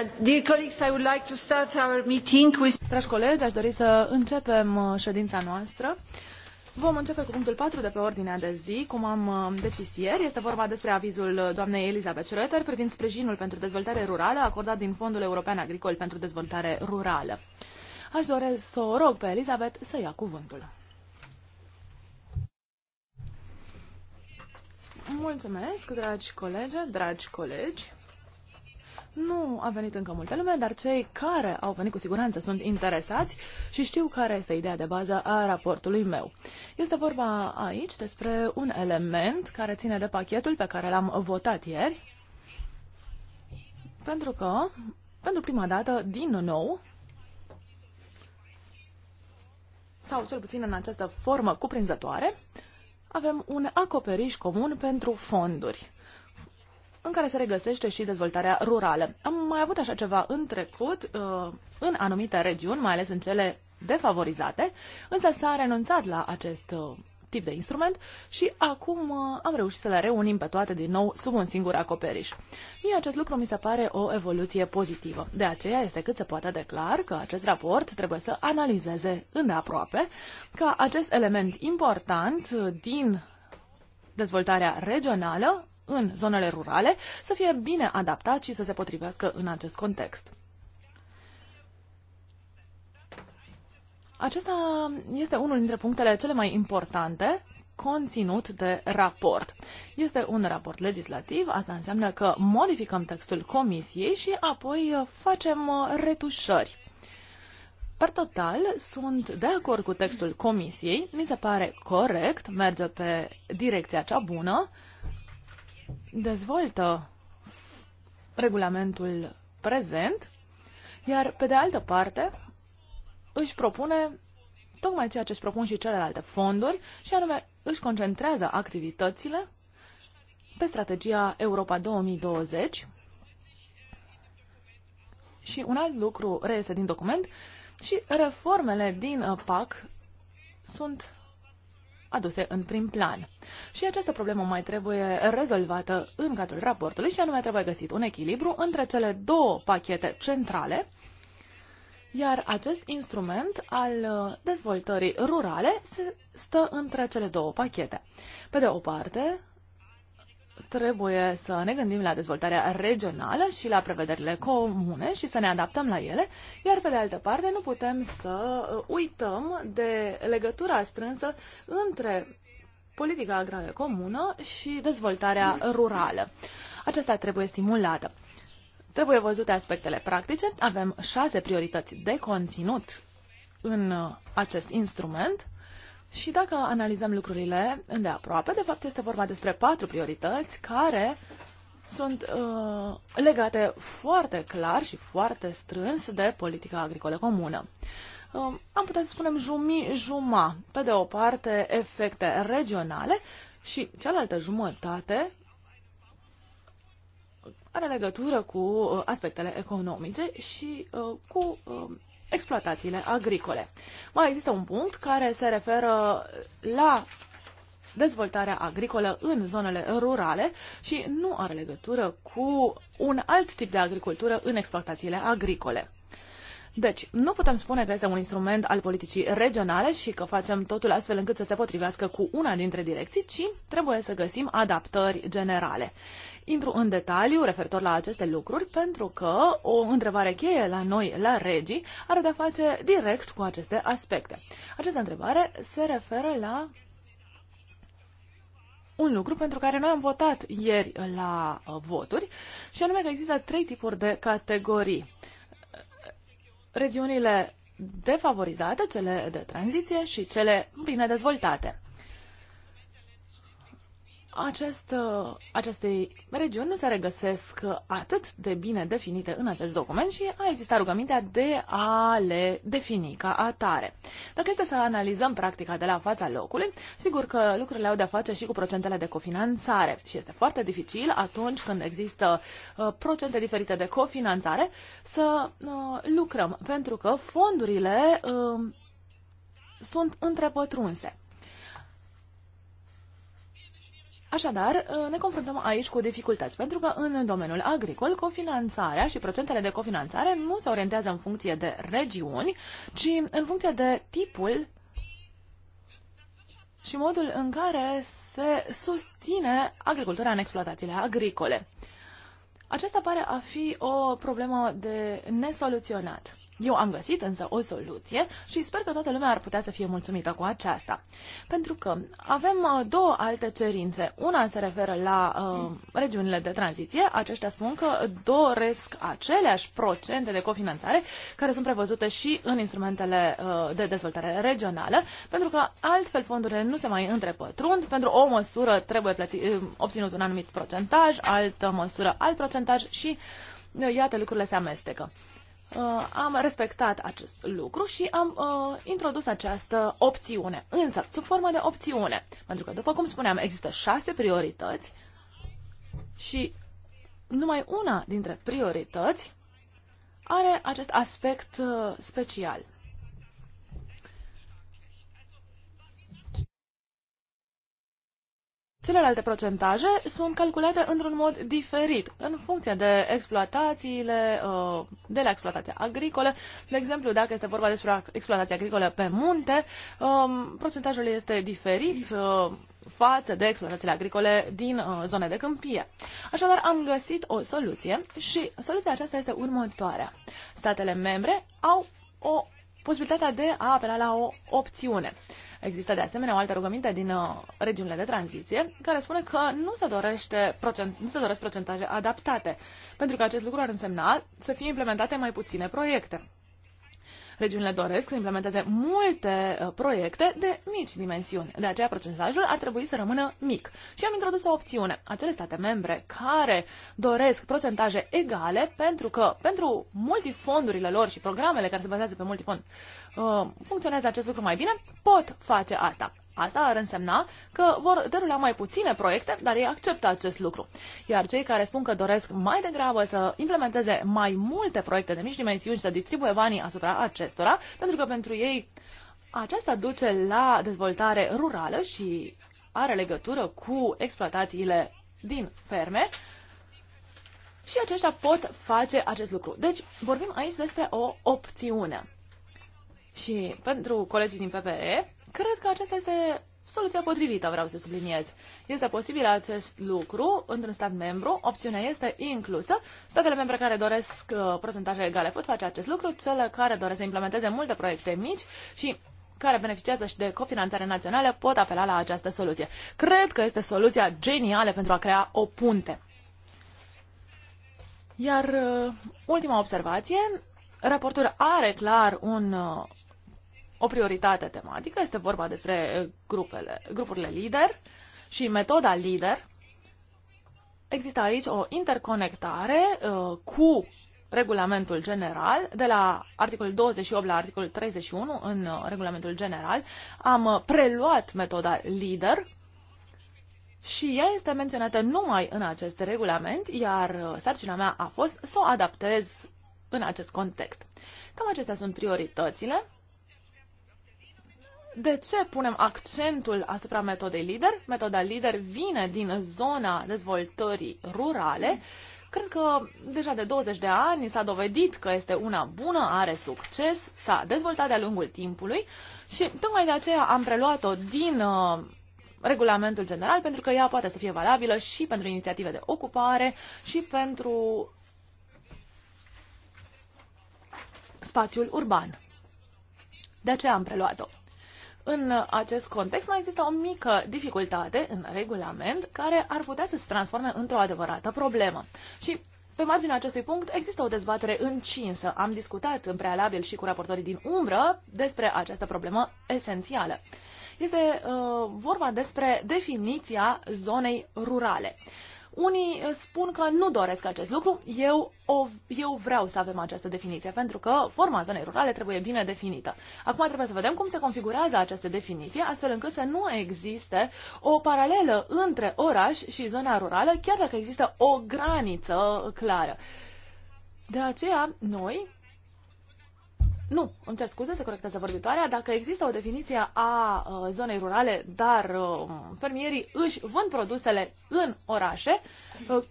Dragi colegi, aș dori să începem uh, ședința noastră. Vom începe cu punctul 4 de pe ordinea de zi, cum am uh, decis ieri. Este vorba despre avizul uh, doamnei Elizabeth Schroeter privind sprijinul pentru dezvoltare rurală acordat din Fondul European Agricol pentru Dezvoltare Rurală. Aș dori să o rog pe Elizabeth să ia cuvântul. Mulțumesc, dragi colegi, dragi colegi. Nu a venit încă multă lume, dar cei care au venit cu siguranță sunt interesați și știu care este ideea de bază a raportului meu. Este vorba aici despre un element care ține de pachetul pe care l-am votat ieri, pentru că, pentru prima dată, din nou, sau cel puțin în această formă cuprinzătoare, avem un acoperiș comun pentru fonduri în care se regăsește și dezvoltarea rurală. Am mai avut așa ceva în trecut, uh, în anumite regiuni, mai ales în cele defavorizate, însă s-a renunțat la acest uh, tip de instrument și acum uh, am reușit să le reunim pe toate din nou sub un singur acoperiș. Mie acest lucru mi se pare o evoluție pozitivă. De aceea este cât se poate declar că acest raport trebuie să analizeze îndeaproape ca acest element important din dezvoltarea regională în zonele rurale să fie bine adaptat și să se potrivească în acest context. Acesta este unul dintre punctele cele mai importante conținut de raport. Este un raport legislativ, asta înseamnă că modificăm textul comisiei și apoi uh, facem uh, retușări. Per total, sunt de acord cu textul comisiei, mi se pare corect, merge pe direcția cea bună, dezvoltă regulamentul prezent, iar pe de altă parte își propune tocmai ceea ce își propun și celelalte fonduri, și anume își concentrează activitățile pe strategia Europa 2020. Și un alt lucru reiese din document și reformele din uh, PAC sunt aduse în prim plan. Și această problemă mai trebuie rezolvată în cadrul raportului și anume trebuie găsit un echilibru între cele două pachete centrale, iar acest instrument al uh, dezvoltării rurale se stă între cele două pachete. Pe de o parte, trebuie să ne gândim la dezvoltarea regională și la prevederile comune și să ne adaptăm la ele, iar pe de altă parte nu putem să uh, uităm de legătura strânsă între politica agrară comună și dezvoltarea rurală. Aceasta trebuie stimulată. Trebuie văzute aspectele practice. Avem șase priorități de conținut în uh, acest instrument și dacă analizăm lucrurile îndeaproape, de fapt este vorba despre patru priorități care sunt uh, legate foarte clar și foarte strâns de politica agricolă comună. Uh, am putea să spunem jumi, juma, pe de o parte efecte regionale și cealaltă jumătate are legătură cu uh, aspectele economice și uh, cu uh, exploatațiile agricole. Mai există un punct care se referă la dezvoltarea agricolă în zonele rurale și nu are legătură cu un alt tip de agricultură în exploatațiile agricole. Deci, nu putem spune că este un instrument al politicii regionale și că facem totul astfel încât să se potrivească cu una dintre direcții, ci trebuie să găsim adaptări generale. Intru în detaliu referitor la aceste lucruri pentru că o întrebare cheie la noi, la regii, are de-a face direct cu aceste aspecte. Această întrebare se referă la un lucru pentru care noi am votat ieri la uh, voturi și anume că există trei tipuri de categorii regiunile defavorizate, cele de tranziție și cele bine dezvoltate această, aceste regiuni nu se regăsesc atât de bine definite în acest document și a existat rugămintea de a le defini ca atare. Dacă este să analizăm practica de la fața locului, sigur că lucrurile au de-a face și cu procentele de cofinanțare și este foarte dificil atunci când există uh, procente diferite de cofinanțare să uh, lucrăm, pentru că fondurile uh, sunt întrepătrunse. Așadar, ă, ne confruntăm aici cu dificultăți, pentru că în domeniul agricol, cofinanțarea și procentele de cofinanțare nu se orientează în funcție de regiuni, ci în funcție de tipul și modul în care se susține agricultura în exploatațiile agricole. Aceasta pare a fi o problemă de nesoluționat. Eu am găsit însă o soluție și sper că toată lumea ar putea să fie mulțumită cu aceasta. Pentru că avem uh, două alte cerințe. Una se referă la uh, regiunile de tranziție. Aceștia spun că doresc aceleași procente de cofinanțare care sunt prevăzute și în instrumentele uh, de dezvoltare regională, pentru că altfel fondurile nu se mai întrepătrund. Pentru o măsură trebuie plăti, uh, obținut un anumit procentaj, altă măsură alt procentaj și uh, iată lucrurile se amestecă. Uh, am respectat acest lucru și am uh, introdus această opțiune, însă sub formă de opțiune, pentru că, după cum spuneam, există șase priorități și numai una dintre priorități are acest aspect uh, special. Celelalte procentaje sunt calculate într-un mod diferit, în funcție de exploatațiile, uh, de la exploatația agricolă. De exemplu, dacă este vorba despre exploatația agricolă pe munte, um, procentajul este diferit uh, față de exploatațiile agricole din uh, zone de câmpie. Așadar, am găsit o soluție și soluția aceasta este următoarea. Statele membre au o posibilitatea de a apela la o opțiune. Există de asemenea o altă rugăminte din uh, regiunile de tranziție care spune că nu se, dorește procent, nu se doresc procentaje adaptate, pentru că acest lucru ar însemna să fie implementate mai puține proiecte. Regiunile doresc să implementeze multe uh, proiecte de mici dimensiuni. De aceea procentajul ar trebui să rămână mic. Și am introdus o opțiune. Acele state membre care doresc procentaje egale pentru că pentru multifondurile lor și programele care se bazează pe multifond Uh, funcționează acest lucru mai bine, pot face asta. Asta ar însemna că vor derula mai puține proiecte, dar ei acceptă acest lucru. Iar cei care spun că doresc mai degrabă să implementeze mai multe proiecte de mici dimensiuni și să distribuie banii asupra acestora, pentru că pentru ei aceasta duce la dezvoltare rurală și are legătură cu exploatațiile din ferme, și aceștia pot face acest lucru. Deci, vorbim aici despre o opțiune. Și pentru colegii din PPE, cred că acesta este soluția potrivită, vreau să subliniez. Este posibil acest lucru într-un stat membru, opțiunea este inclusă. Statele membre care doresc uh, procentaje egale pot face acest lucru, cele care doresc să implementeze multe proiecte mici și care beneficiază și de cofinanțare națională pot apela la această soluție. Cred că este soluția genială pentru a crea o punte. Iar uh, ultima observație, raportul are clar un uh, o prioritate tematică, este vorba despre eh, grupele, grupurile lider și metoda lider. Există aici o interconectare uh, cu regulamentul general, de la articolul 28 la articolul 31 în uh, regulamentul general, am uh, preluat metoda LIDER și ea este menționată numai în acest regulament, iar uh, sarcina mea a fost să o adaptez în acest context. Cam acestea sunt prioritățile de ce punem accentul asupra metodei lider? Metoda lider vine din zona dezvoltării rurale. Cred că deja de 20 de ani s-a dovedit că este una bună, are succes, s-a dezvoltat de-a lungul timpului și tocmai de aceea am preluat-o din uh, regulamentul general pentru că ea poate să fie valabilă și pentru inițiative de ocupare și pentru spațiul urban. De aceea am preluat-o. În acest context mai există o mică dificultate în regulament care ar putea să se transforme într-o adevărată problemă. Și pe marginea acestui punct există o dezbatere încinsă. Am discutat în prealabil și cu raportorii din umbră despre această problemă esențială. Este uh, vorba despre definiția zonei rurale. Unii eh, spun că nu doresc acest lucru, eu, o, eu vreau să avem această definiție, pentru că forma zonei rurale trebuie bine definită. Acum trebuie să vedem cum se configurează această definiție, astfel încât să nu existe o paralelă între oraș și zona rurală, chiar dacă există o graniță clară. De aceea, noi nu, îmi cer scuze, se corectează vorbitoarea. Dacă există o definiție a uh, zonei rurale, dar uh, fermierii își vând produsele în orașe, uh,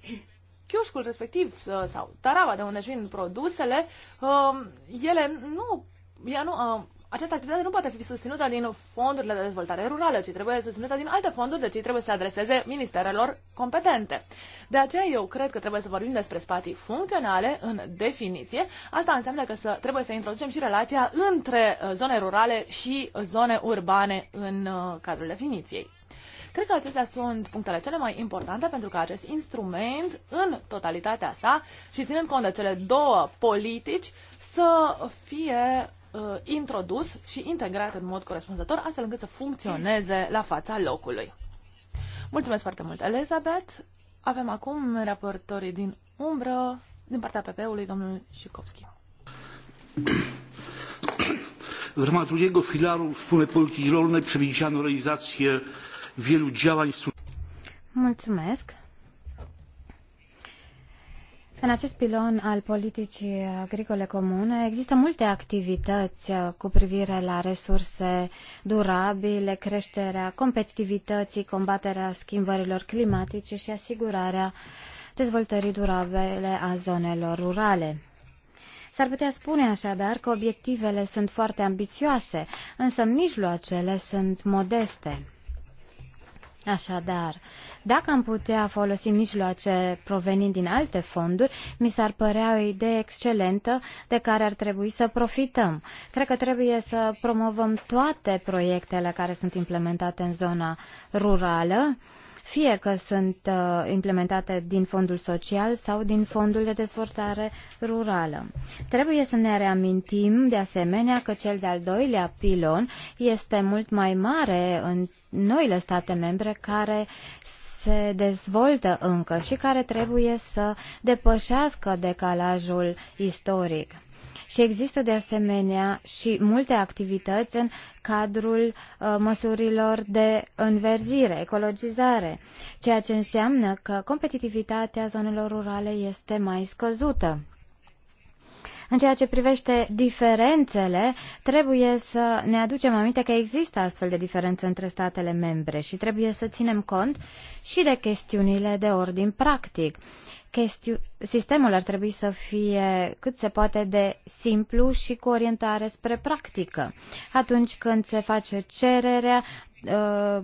chioșcul respectiv uh, sau tarava de unde își vin produsele, ele nu, ea nu, această activitate nu poate fi susținută din fondurile de dezvoltare rurală, ci trebuie susținută din alte fonduri, deci trebuie să se adreseze ministerelor competente. De aceea eu cred că trebuie să vorbim despre spații funcționale în definiție. Asta înseamnă că să, trebuie să introducem și relația între uh, zone rurale și zone urbane în uh, cadrul definiției. Cred că acestea sunt punctele cele mai importante pentru că acest instrument, în totalitatea sa și ținând cont de cele două politici, să fie uh, introdus și integrat în mod corespunzător, astfel încât să funcționeze la fața locului. Mulțumesc foarte mult, Elizabeth. Avem acum raportorii din umbră, din partea PP-ului, domnul Șicovski. W ramach drugiego filaru wspólnej polityki rolnej przewidziano realizację wielu działań. Mulțumesc. În acest pilon al politicii agricole comune există multe activități uh, cu privire la resurse durabile, creșterea competitivității, combaterea schimbărilor climatice și asigurarea dezvoltării durabile a zonelor rurale. S-ar putea spune așadar că obiectivele sunt foarte ambițioase, însă mijloacele sunt modeste. Așadar, dacă am putea folosi mijloace provenind din alte fonduri, mi s-ar părea o idee excelentă de care ar trebui să profităm. Cred că trebuie să promovăm toate proiectele care sunt implementate în zona rurală, fie că sunt uh, implementate din fondul social sau din fondul de dezvoltare rurală. Trebuie să ne reamintim de asemenea că cel de-al doilea pilon este mult mai mare în noile state membre care se dezvoltă încă și care trebuie să depășească decalajul istoric. Și există de asemenea și multe activități în cadrul uh, măsurilor de înverzire, ecologizare, ceea ce înseamnă că competitivitatea zonelor rurale este mai scăzută. În ceea ce privește diferențele, trebuie să ne aducem aminte că există astfel de diferențe între statele membre și trebuie să ținem cont și de chestiunile de ordin practic. Chestiu- sistemul ar trebui să fie cât se poate de simplu și cu orientare spre practică. Atunci când se face cererea, ă,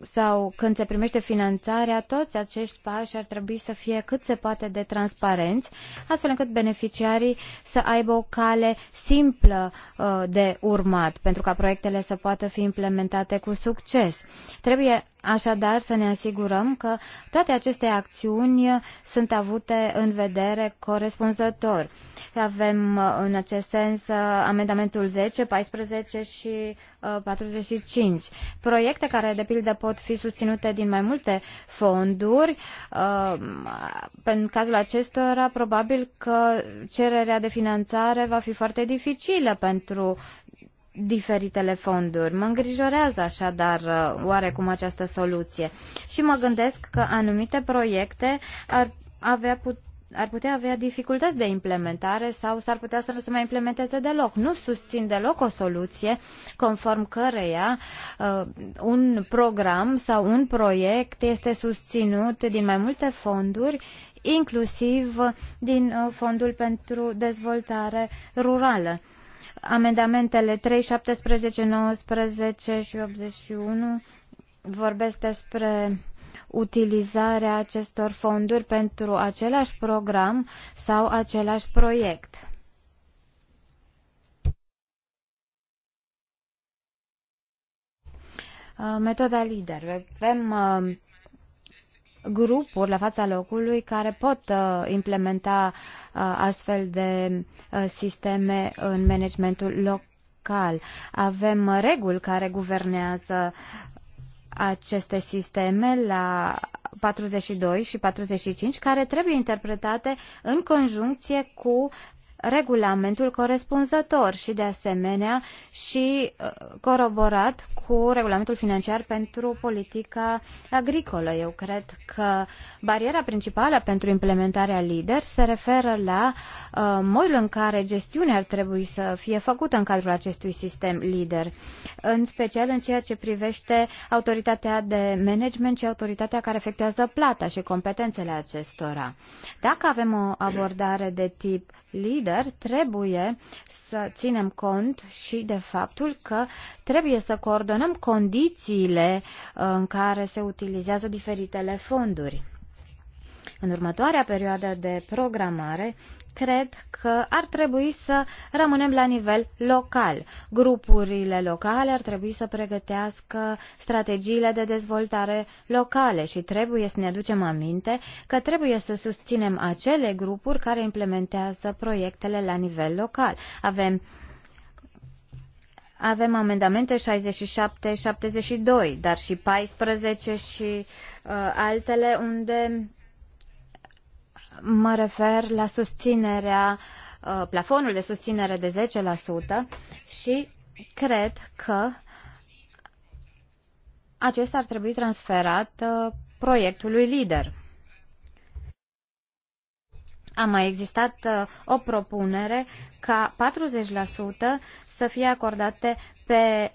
sau când se primește finanțarea, toți acești pași ar trebui să fie cât se poate de transparenți, astfel încât beneficiarii să aibă o cale simplă uh, de urmat, pentru ca proiectele să poată fi implementate cu succes. Trebuie așadar să ne asigurăm că toate aceste acțiuni sunt avute în vedere corespunzător. Avem uh, în acest sens uh, amendamentul 10, 14 și 45. Proiecte care, de pildă, pot fi susținute din mai multe fonduri. Uh, în cazul acestora, probabil că cererea de finanțare va fi foarte dificilă pentru diferitele fonduri. Mă îngrijorează așadar uh, oarecum această soluție și mă gândesc că anumite proiecte ar avea put- ar putea avea dificultăți de implementare sau s-ar putea să nu se mai implementeze deloc. Nu susțin deloc o soluție conform căreia uh, un program sau un proiect este susținut din mai multe fonduri inclusiv din uh, Fondul pentru Dezvoltare Rurală. Amendamentele 3, 17, 19 și 81 vorbesc despre utilizarea acestor fonduri pentru același program sau același proiect. Uh, metoda lider. Avem uh, grupuri la fața locului care pot uh, implementa astfel de sisteme în managementul local. Avem reguli care guvernează aceste sisteme la 42 și 45, care trebuie interpretate în conjuncție cu regulamentul corespunzător și de asemenea și uh, coroborat cu regulamentul financiar pentru politica agricolă. Eu cred că bariera principală pentru implementarea LIDER se referă la uh, modul în care gestiunea ar trebui să fie făcută în cadrul acestui sistem LIDER, în special în ceea ce privește autoritatea de management și autoritatea care efectuează plata și competențele acestora. Dacă avem o abordare de tip Lider trebuie să ținem cont și de faptul că trebuie să coordonăm condițiile uh, în care se utilizează diferitele fonduri în următoarea perioadă de programare, cred că ar trebui să rămânem la nivel local. Grupurile locale ar trebui să pregătească strategiile de dezvoltare locale și trebuie să ne aducem aminte că trebuie să susținem acele grupuri care implementează proiectele la nivel local. Avem avem amendamente 67-72, dar și 14 și uh, altele unde Mă refer la susținerea, uh, plafonul de susținere de 10% și cred că acesta ar trebui transferat uh, proiectului lider. A mai existat uh, o propunere ca 40% să fie acordate pe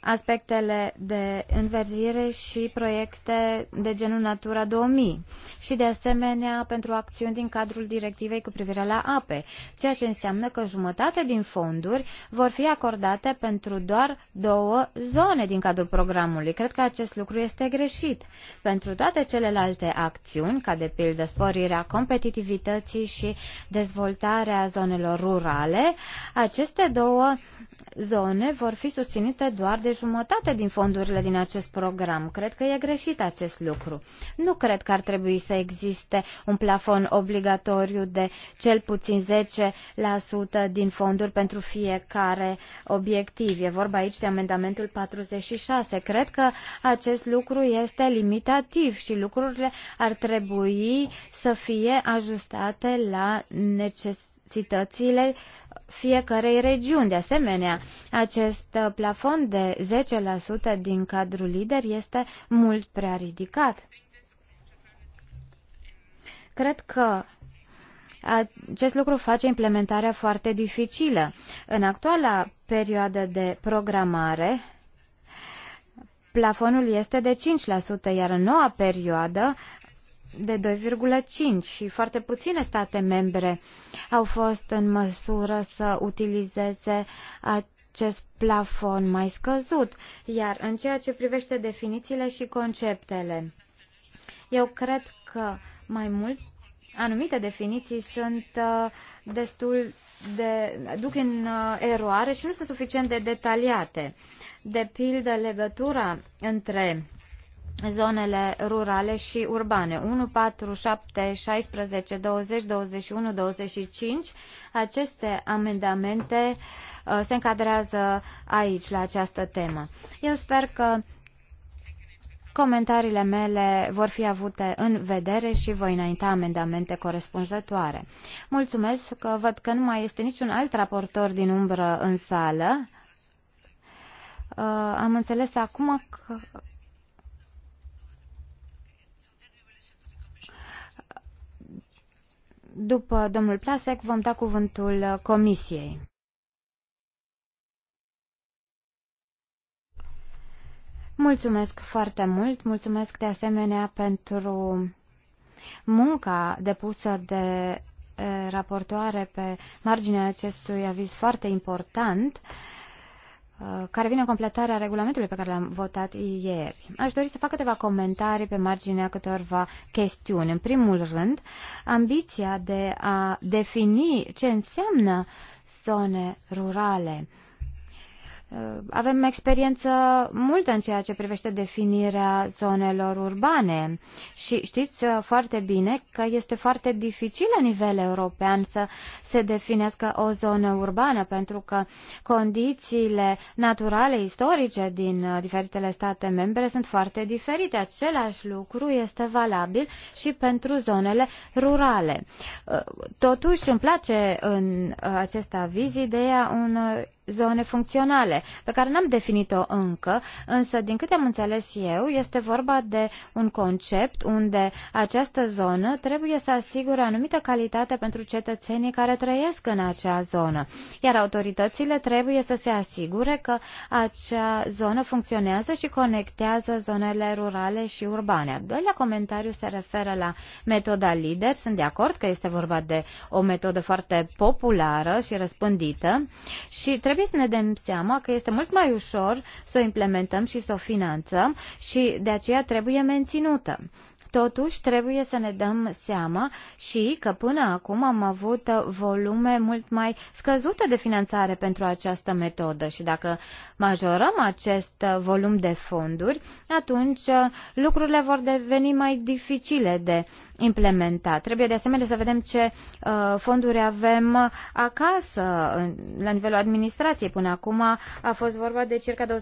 aspectele de înverzire și proiecte de genul Natura 2000 și de asemenea pentru acțiuni din cadrul directivei cu privire la ape, ceea ce înseamnă că jumătate din fonduri vor fi acordate pentru doar două zone din cadrul programului. Cred că acest lucru este greșit. Pentru toate celelalte acțiuni, ca de pildă sporirea competitivității și dezvoltarea zonelor rurale, aceste două zone vor fi susținute doar doar de jumătate din fondurile din acest program. Cred că e greșit acest lucru. Nu cred că ar trebui să existe un plafon obligatoriu de cel puțin 10% din fonduri pentru fiecare obiectiv. E vorba aici de amendamentul 46. Cred că acest lucru este limitativ și lucrurile ar trebui să fie ajustate la necesitățile fiecarei regiuni. De asemenea, acest uh, plafon de 10% din cadrul lider este mult prea ridicat. Cred că acest lucru face implementarea foarte dificilă. În actuala perioadă de programare, plafonul este de 5%, iar în noua perioadă de 2,5 și foarte puține state membre au fost în măsură să utilizeze acest plafon mai scăzut, iar în ceea ce privește definițiile și conceptele. Eu cred că mai mult anumite definiții sunt uh, destul de duc în uh, eroare și nu sunt suficient de detaliate. De pildă legătura între zonele rurale și urbane. 1, 4, 7, 16, 20, 21, 25. Aceste amendamente uh, se încadrează aici, la această temă. Eu sper că comentariile mele vor fi avute în vedere și voi înainta amendamente corespunzătoare. Mulțumesc că văd că nu mai este niciun alt raportor din umbră în sală. Uh, am înțeles acum că După domnul Plasek vom da cuvântul comisiei. Mulțumesc foarte mult, mulțumesc de asemenea pentru munca depusă de eh, raportoare pe marginea acestui aviz foarte important. Uh, Uh, care vine în completarea regulamentului pe care l-am votat ieri. Aș dori să fac câteva comentarii pe marginea câteva chestiuni. În primul rând, ambiția de a defini ce înseamnă zone rurale. Uh, Uh, avem experiență multă în ceea ce privește definirea zonelor urbane și știți uh, foarte bine că este foarte dificil la nivel european să se definească o zonă urbană pentru că condițiile naturale, istorice din uh, diferitele state membre sunt foarte diferite. Același lucru este valabil și pentru zonele rurale. Totuși îmi place în acest aviz ideea unor zone funcționale, pe care n-am definit-o încă, însă, din câte am înțeles eu, este vorba de un concept unde această zonă trebuie să asigure anumită calitate pentru cetățenii care trăiesc în acea zonă, iar autoritățile trebuie să se asigure că acea zonă funcționează și conectează zonele rurale și urbane. Al doilea comentariu se referă la metoda LIDER. Sunt de acord că este vorba de o metodă foarte populară și răspândită și trebuie trebuie să ne dăm seama că este mult mai ușor să o implementăm și să o finanțăm și de aceea trebuie menținută. Totuși, trebuie să ne dăm seama și că până acum am avut volume mult mai scăzute de finanțare pentru această metodă și dacă majorăm acest volum de fonduri, atunci lucrurile vor deveni mai dificile de implementat. Trebuie de asemenea să vedem ce uh, fonduri avem acasă la nivelul administrației. Până acum a fost vorba de circa 25%,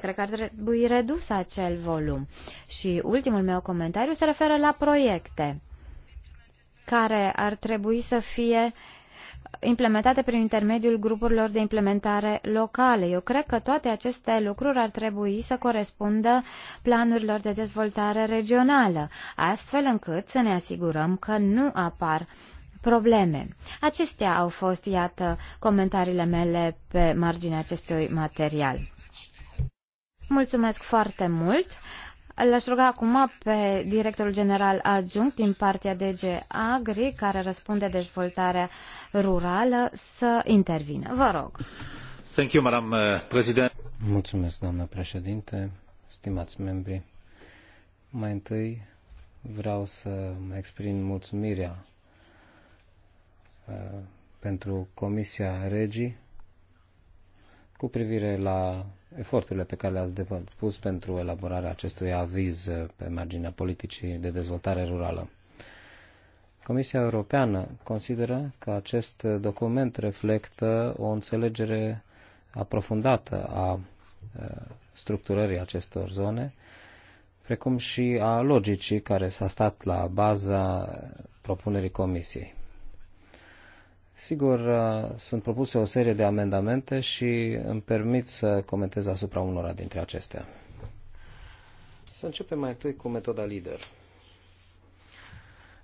cred că ar trebui redus acel volum. Și ultimul meu comentariu comentariu se referă la proiecte care ar trebui să fie implementate prin intermediul grupurilor de implementare locale. Eu cred că toate aceste lucruri ar trebui să corespundă planurilor de dezvoltare regională, astfel încât să ne asigurăm că nu apar probleme. Acestea au fost, iată, comentariile mele pe marginea acestui material. Mulțumesc foarte mult! L-aș ruga acum pe directorul general adjunct din partea DG Agri, care răspunde dezvoltarea rurală, să intervină. Vă rog. Thank you, Madam uh, President. Mulțumesc, doamnă președinte, stimați membri. Mai întâi vreau să mă exprim mulțumirea uh, pentru Comisia Regii cu privire la eforturile pe care le-ați depus pentru elaborarea acestui aviz pe marginea politicii de dezvoltare rurală. Comisia Europeană consideră că acest document reflectă o înțelegere aprofundată a structurării acestor zone, precum și a logicii care s-a stat la baza propunerii Comisiei. Sigur, uh, sunt propuse o serie de amendamente și îmi permit să comentez asupra unora dintre acestea. Să începem mai întâi cu metoda LIDER.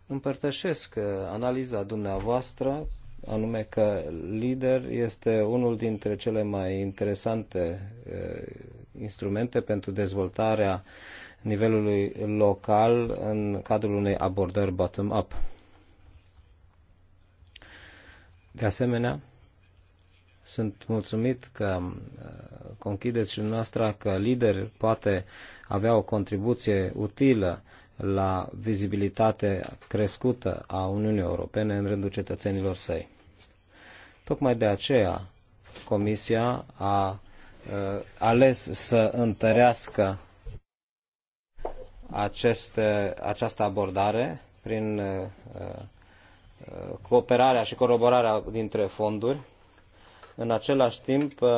Împărtășesc uh, analiza dumneavoastră, anume că LIDER este unul dintre cele mai interesante uh, instrumente pentru dezvoltarea nivelului local în cadrul unei abordări bottom-up. De asemenea, sunt mulțumit că uh, conchideți și noastră că lider poate avea o contribuție utilă la vizibilitate crescută a Uniunii Europene în rândul cetățenilor săi. Tocmai de aceea Comisia a uh, ales să întărească aceste, această abordare prin uh, cooperarea și coroborarea dintre fonduri, în același timp uh,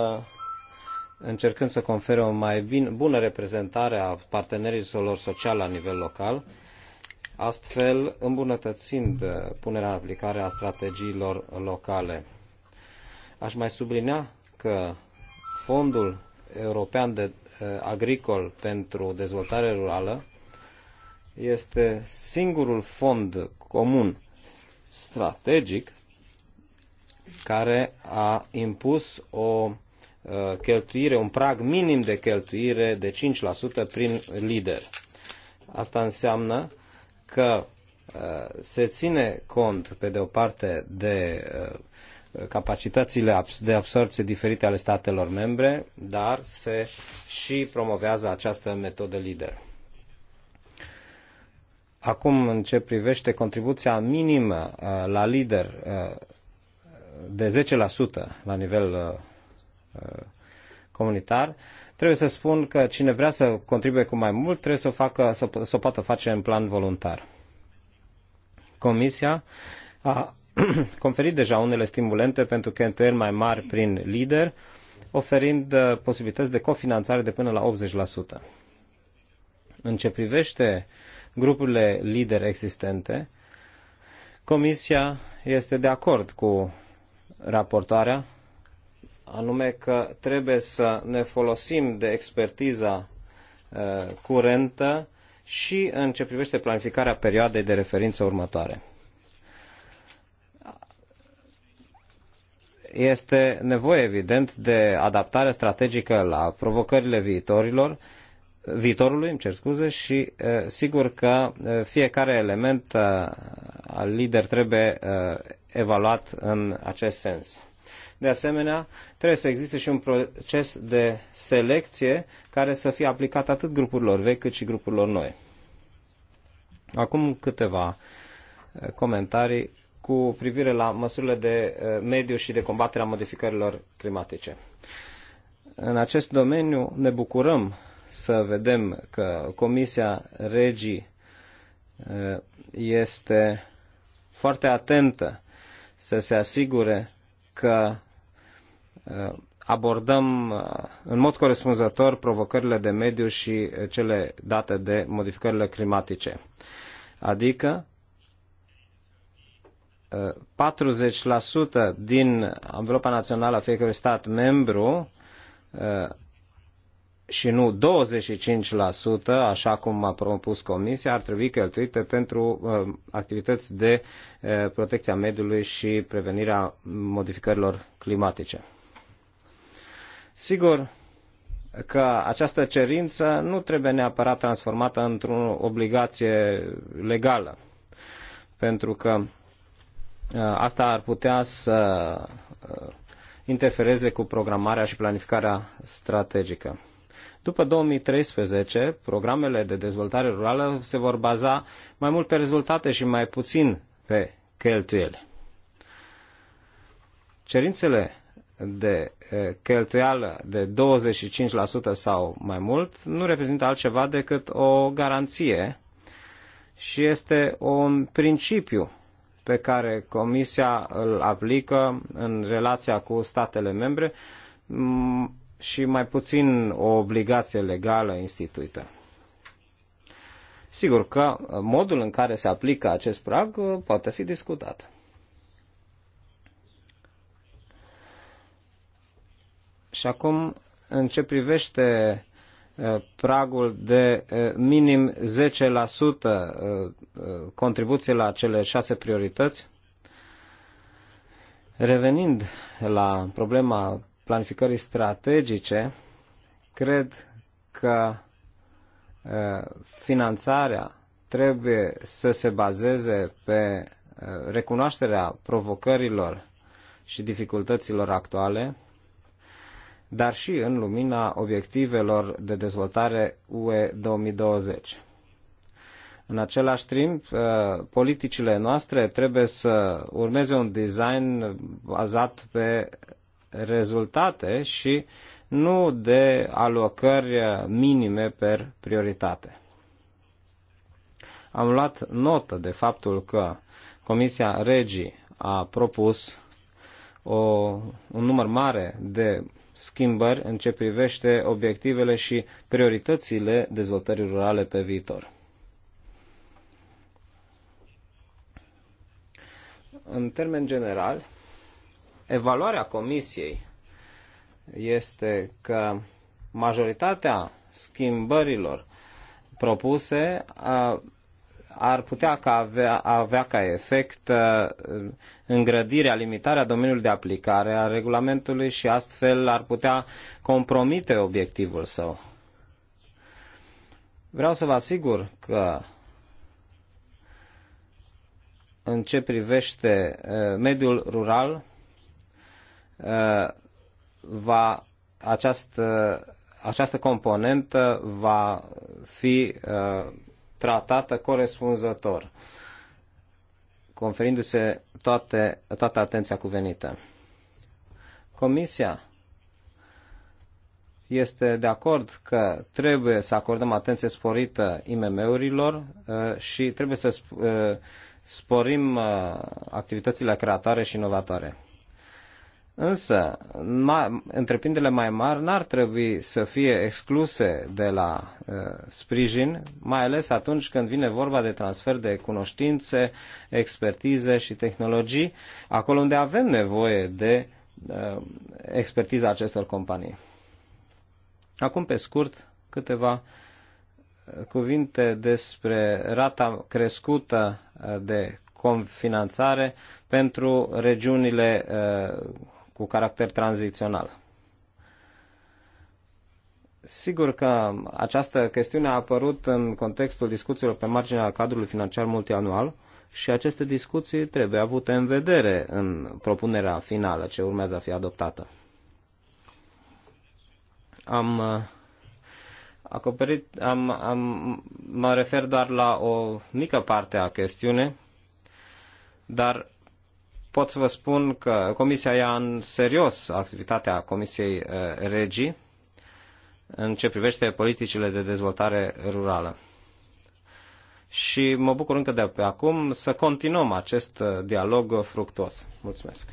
încercând să confere o mai bine, bună reprezentare a partenerilor sociali la nivel local, astfel îmbunătățind uh, punerea în aplicare a strategiilor locale. Aș mai sublinea că Fondul European de uh, Agricol pentru Dezvoltare Rurală este singurul fond comun strategic care a impus o uh, cheltuire, un prag minim de cheltuire de 5% prin lider. Asta înseamnă că uh, se ține cont, pe de o parte, de uh, capacitățile de absorbție diferite ale statelor membre, dar se și promovează această metodă lider. Acum, în ce privește contribuția minimă uh, la lider uh, de 10% la nivel uh, comunitar, trebuie să spun că cine vrea să contribuie cu mai mult trebuie să o, facă, să, să o poată face în plan voluntar. Comisia a conferit deja unele stimulente pentru cheltuieli mai mari prin lider, oferind posibilități de cofinanțare de până la 80%. În ce privește uh, grupurile lider existente. Comisia este de acord cu raportarea, anume că trebuie să ne folosim de expertiza uh, curentă și în ce privește planificarea perioadei de referință următoare. Este nevoie, evident, de adaptare strategică la provocările viitorilor, viitorului, îmi cer scuze, și sigur că fiecare element al lider trebuie evaluat în acest sens. De asemenea, trebuie să existe și un proces de selecție care să fie aplicat atât grupurilor vechi cât și grupurilor noi. Acum câteva comentarii cu privire la măsurile de mediu și de combatere a modificărilor climatice. În acest domeniu ne bucurăm să vedem că Comisia Regii uh, este foarte atentă să se asigure că uh, abordăm uh, în mod corespunzător provocările de mediu și cele date de modificările climatice. Adică 40% din anvelopa națională a fiecărui stat membru și nu 25%, așa cum a propus Comisia, ar trebui cheltuite pentru uh, activități de uh, protecția mediului și prevenirea modificărilor climatice. Sigur că această cerință nu trebuie neapărat transformată într-o obligație legală, pentru că uh, asta ar putea să uh, interfereze cu programarea și planificarea strategică după 2013, programele de dezvoltare rurală se vor baza mai mult pe rezultate și mai puțin pe cheltuieli. Cerințele de cheltuială de 25% sau mai mult nu reprezintă altceva decât o garanție și este un principiu pe care Comisia îl aplică în relația cu statele membre și mai puțin o obligație legală instituită. Sigur că modul în care se aplică acest prag uh, poate fi discutat. Și acum, în ce privește uh, pragul de uh, minim 10% contribuție la cele șase priorități, revenind la problema planificării strategice, cred că uh, finanțarea trebuie să se bazeze pe uh, recunoașterea provocărilor și dificultăților actuale, dar și în lumina obiectivelor de dezvoltare UE 2020. În același timp, uh, politicile noastre trebuie să urmeze un design bazat pe rezultate și nu de alocări minime per prioritate. Am luat notă de faptul că Comisia Regii a propus o, un număr mare de schimbări în ce privește obiectivele și prioritățile dezvoltării rurale pe viitor. În termen general, evaluarea Comisiei este că majoritatea schimbărilor propuse ar putea ca avea, avea ca efect îngrădirea, limitarea domeniului de aplicare a regulamentului și astfel ar putea compromite obiectivul său. Vreau să vă asigur că în ce privește mediul rural, Uh, va, această, această componentă va fi uh, tratată corespunzător, conferindu-se toate, toată atenția cuvenită. Comisia este de acord că trebuie să acordăm atenție sporită IMM-urilor uh, și trebuie să sporim activitățile creatoare și inovatoare. Însă, ma, întreprinderile mai mari n-ar trebui să fie excluse de la uh, sprijin, mai ales atunci când vine vorba de transfer de cunoștințe, expertize și tehnologii, acolo unde avem nevoie de uh, expertiza acestor companii. Acum, pe scurt, câteva uh, cuvinte despre rata crescută uh, de confinanțare pentru regiunile uh, cu caracter tranzițional. Sigur că această chestiune a apărut în contextul discuțiilor pe marginea cadrului financiar multianual și aceste discuții trebuie avute în vedere în propunerea finală ce urmează a fi adoptată. Am uh, acoperit, am, am, mă refer doar la o mică parte a chestiune, dar pot să vă spun că Comisia ia în serios activitatea Comisiei eh, Regii în ce privește politicile de dezvoltare rurală. Și mă bucur încă de pe acum să continuăm acest eh, dialog fructuos. Mulțumesc!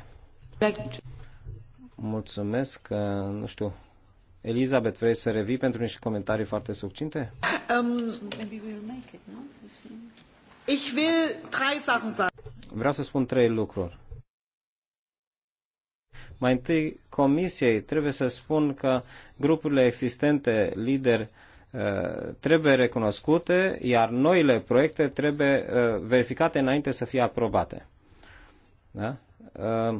Mulțumesc, eh, nu știu, Elizabeth, vrei să revii pentru niște comentarii foarte succinte? Um, Vreau să spun trei lucruri. Mai întâi Comisiei trebuie să spun că grupurile existente lideri uh, trebuie recunoscute, iar noile proiecte trebuie uh, verificate înainte să fie aprobate. Da? Uh,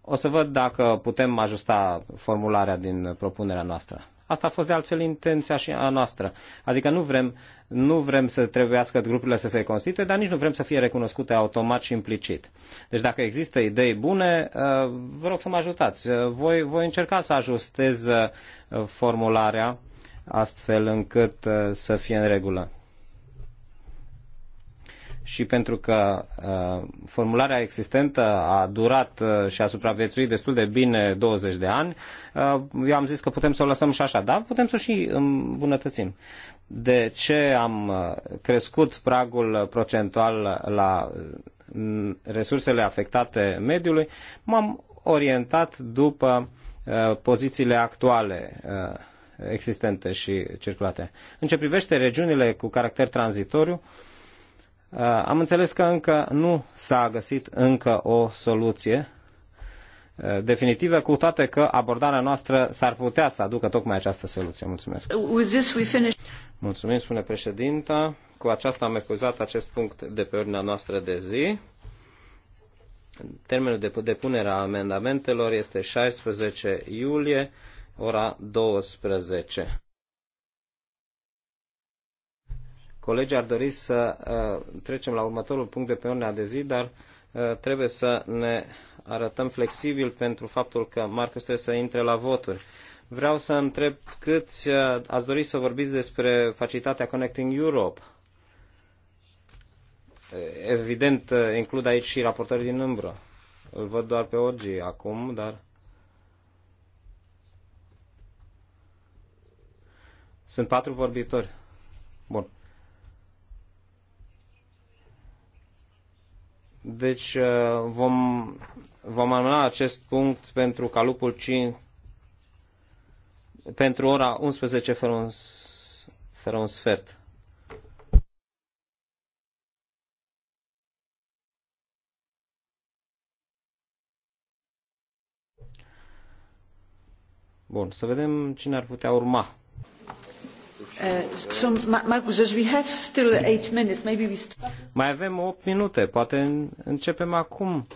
o să văd dacă putem ajusta formularea din propunerea noastră. Asta a fost de altfel intenția și a noastră. Adică nu vrem, nu vrem să trebuiască grupurile să se constituie, dar nici nu vrem să fie recunoscute automat și implicit. Deci dacă există idei bune, uh, vă rog să mă ajutați. Uh, voi, voi încerca să ajustez uh, formularea astfel încât să fie în regulă și pentru că uh, formularea existentă a durat uh, și a supraviețuit destul de bine 20 de ani, uh, eu am zis că putem să o lăsăm și așa, dar putem să o și îmbunătățim. De ce am crescut pragul procentual la mm, resursele afectate mediului? M-am orientat după pozițiile actuale existente și circulate. În ce privește regiunile cu caracter tranzitoriu, uh, Uh, am înțeles că încă nu s-a găsit încă o soluție uh, definitivă, cu toate că abordarea noastră s-ar putea să aducă tocmai această soluție. Mulțumesc. Uh, Mulțumim, spune președinta. Cu aceasta am epuizat acest punct de pe ordinea noastră de zi. Termenul de depunere a amendamentelor este 16 iulie, ora 12. Colegii ar dori să uh, trecem la următorul punct de pe ordinea de zi, dar uh, trebuie să ne arătăm flexibil pentru faptul că Marcus trebuie să intre la voturi. Vreau să întreb câți uh, ați dori să vorbiți despre facilitatea Connecting Europe. Evident, includ aici și raportorii din umbră. Îl văd doar pe Orgi acum, dar... Sunt patru vorbitori. Bun. Deci uh, vom, vom anula acest punct pentru calupul 5 pentru ora 11 fără un, fără un sfert. Bun, să vedem cine ar putea urma. Uh, so, Marcus, as we have still eight minutes, maybe we start. Mai avem 8 minute, poate începem acum.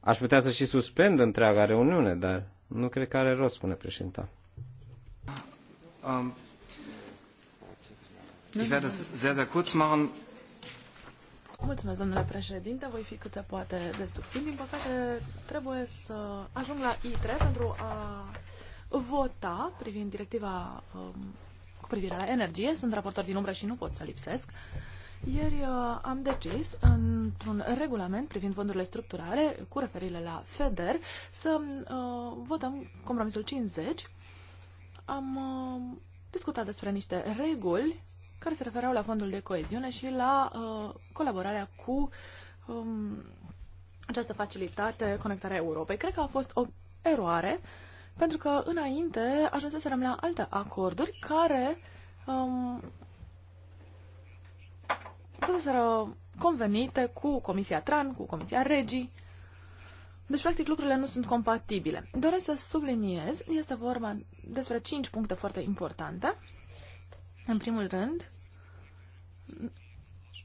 Aș putea să și suspend întreaga reuniune, dar nu cred că are rost, spune președinta. Um, ich werde es sehr, sehr kurz machen. Mulțumesc, domnule președinte. Voi fi câte poate de subțin. Din păcate, trebuie să ajung la I3 pentru a vota privind directiva um, cu privire la energie. Sunt raportor din umbră și nu pot să lipsesc. Ieri uh, am decis, într-un regulament privind fondurile structurale, cu referire la FEDER, să uh, votăm compromisul 50. Am uh, discutat despre niște reguli care se refereau la fondul de coeziune și la uh, colaborarea cu um, această facilitate Conectarea Europei. Cred că a fost o eroare uh, pentru că înainte ajunseserăm la alte acorduri care um, convenite cu Comisia TRAN, cu Comisia REGI. Deci, practic, lucrurile nu sunt compatibile. Doresc să subliniez, este vorba despre cinci puncte foarte importante. În primul rând,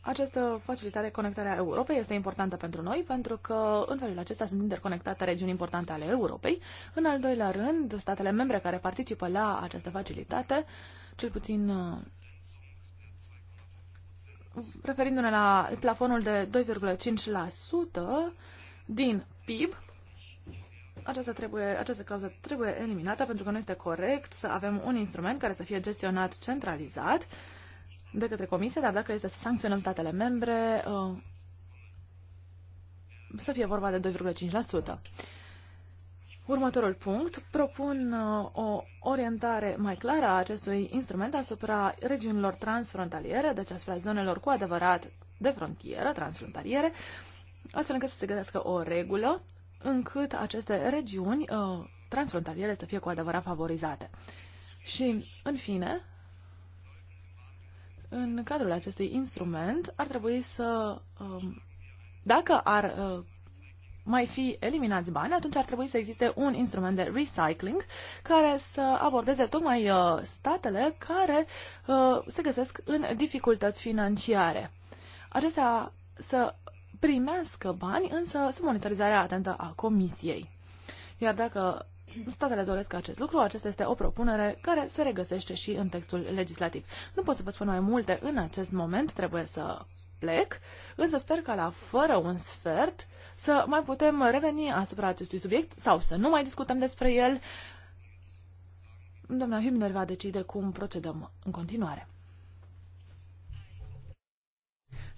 această facilitare conectarea Europei este importantă pentru noi pentru că în felul acesta sunt interconectate regiuni importante ale Europei. În al doilea rând, statele membre care participă la această facilitate, cel puțin uh, referindu-ne la plafonul de 2,5% din PIB, această, trebuie, această clauză trebuie eliminată pentru că nu este corect să avem un instrument care să fie gestionat centralizat de către Comisie, dar dacă este să sancționăm statele membre, uh, să fie vorba de 2,5%. Următorul punct, propun uh, o orientare mai clară a acestui instrument asupra regiunilor transfrontaliere, deci asupra zonelor cu adevărat de frontieră, transfrontaliere, astfel încât să se găsească o regulă încât aceste regiuni uh, transfrontaliere să fie cu adevărat favorizate. Și, în fine, în cadrul acestui instrument ar trebui să, um, dacă ar uh, mai fi eliminați bani, atunci ar trebui să existe un instrument de recycling care să abordeze tocmai uh, statele care uh, se găsesc în dificultăți financiare. Acestea să primească bani, însă sub monitorizarea atentă a Comisiei. Iar dacă statele doresc acest lucru, acesta este o propunere care se regăsește și în textul legislativ. Nu pot să vă spun mai multe în acest moment, trebuie să plec, însă sper că la fără un sfert să mai putem reveni asupra acestui subiect sau să nu mai discutăm despre el. Doamna Hübner va decide cum procedăm în continuare.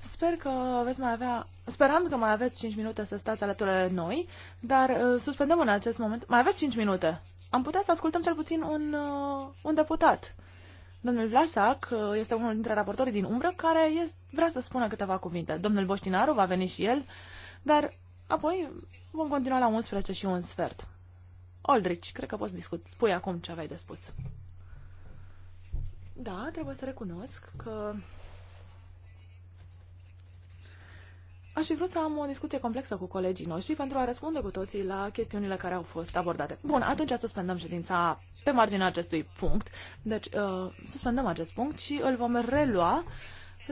Sper că veți mai avea, speram că mai aveți 5 minute să stați alături de noi, dar uh, suspendăm în acest moment. Mai aveți 5 minute. Am putea să ascultăm cel puțin un, uh, un deputat. Domnul Vlasac uh, este unul dintre raportorii din umbră care e, vrea să spună câteva cuvinte. Domnul Boștinaru va veni și el, dar apoi vom continua la 11 și un sfert. Oldrich, cred că poți discut. Spui acum ce aveai de spus. Da, trebuie să recunosc că Aș fi vrut să am o discuție complexă cu colegii noștri pentru a răspunde cu toții la chestiunile care au fost abordate. Bun, atunci suspendăm ședința pe marginea acestui punct. Deci, uh, suspendăm acest punct și îl vom relua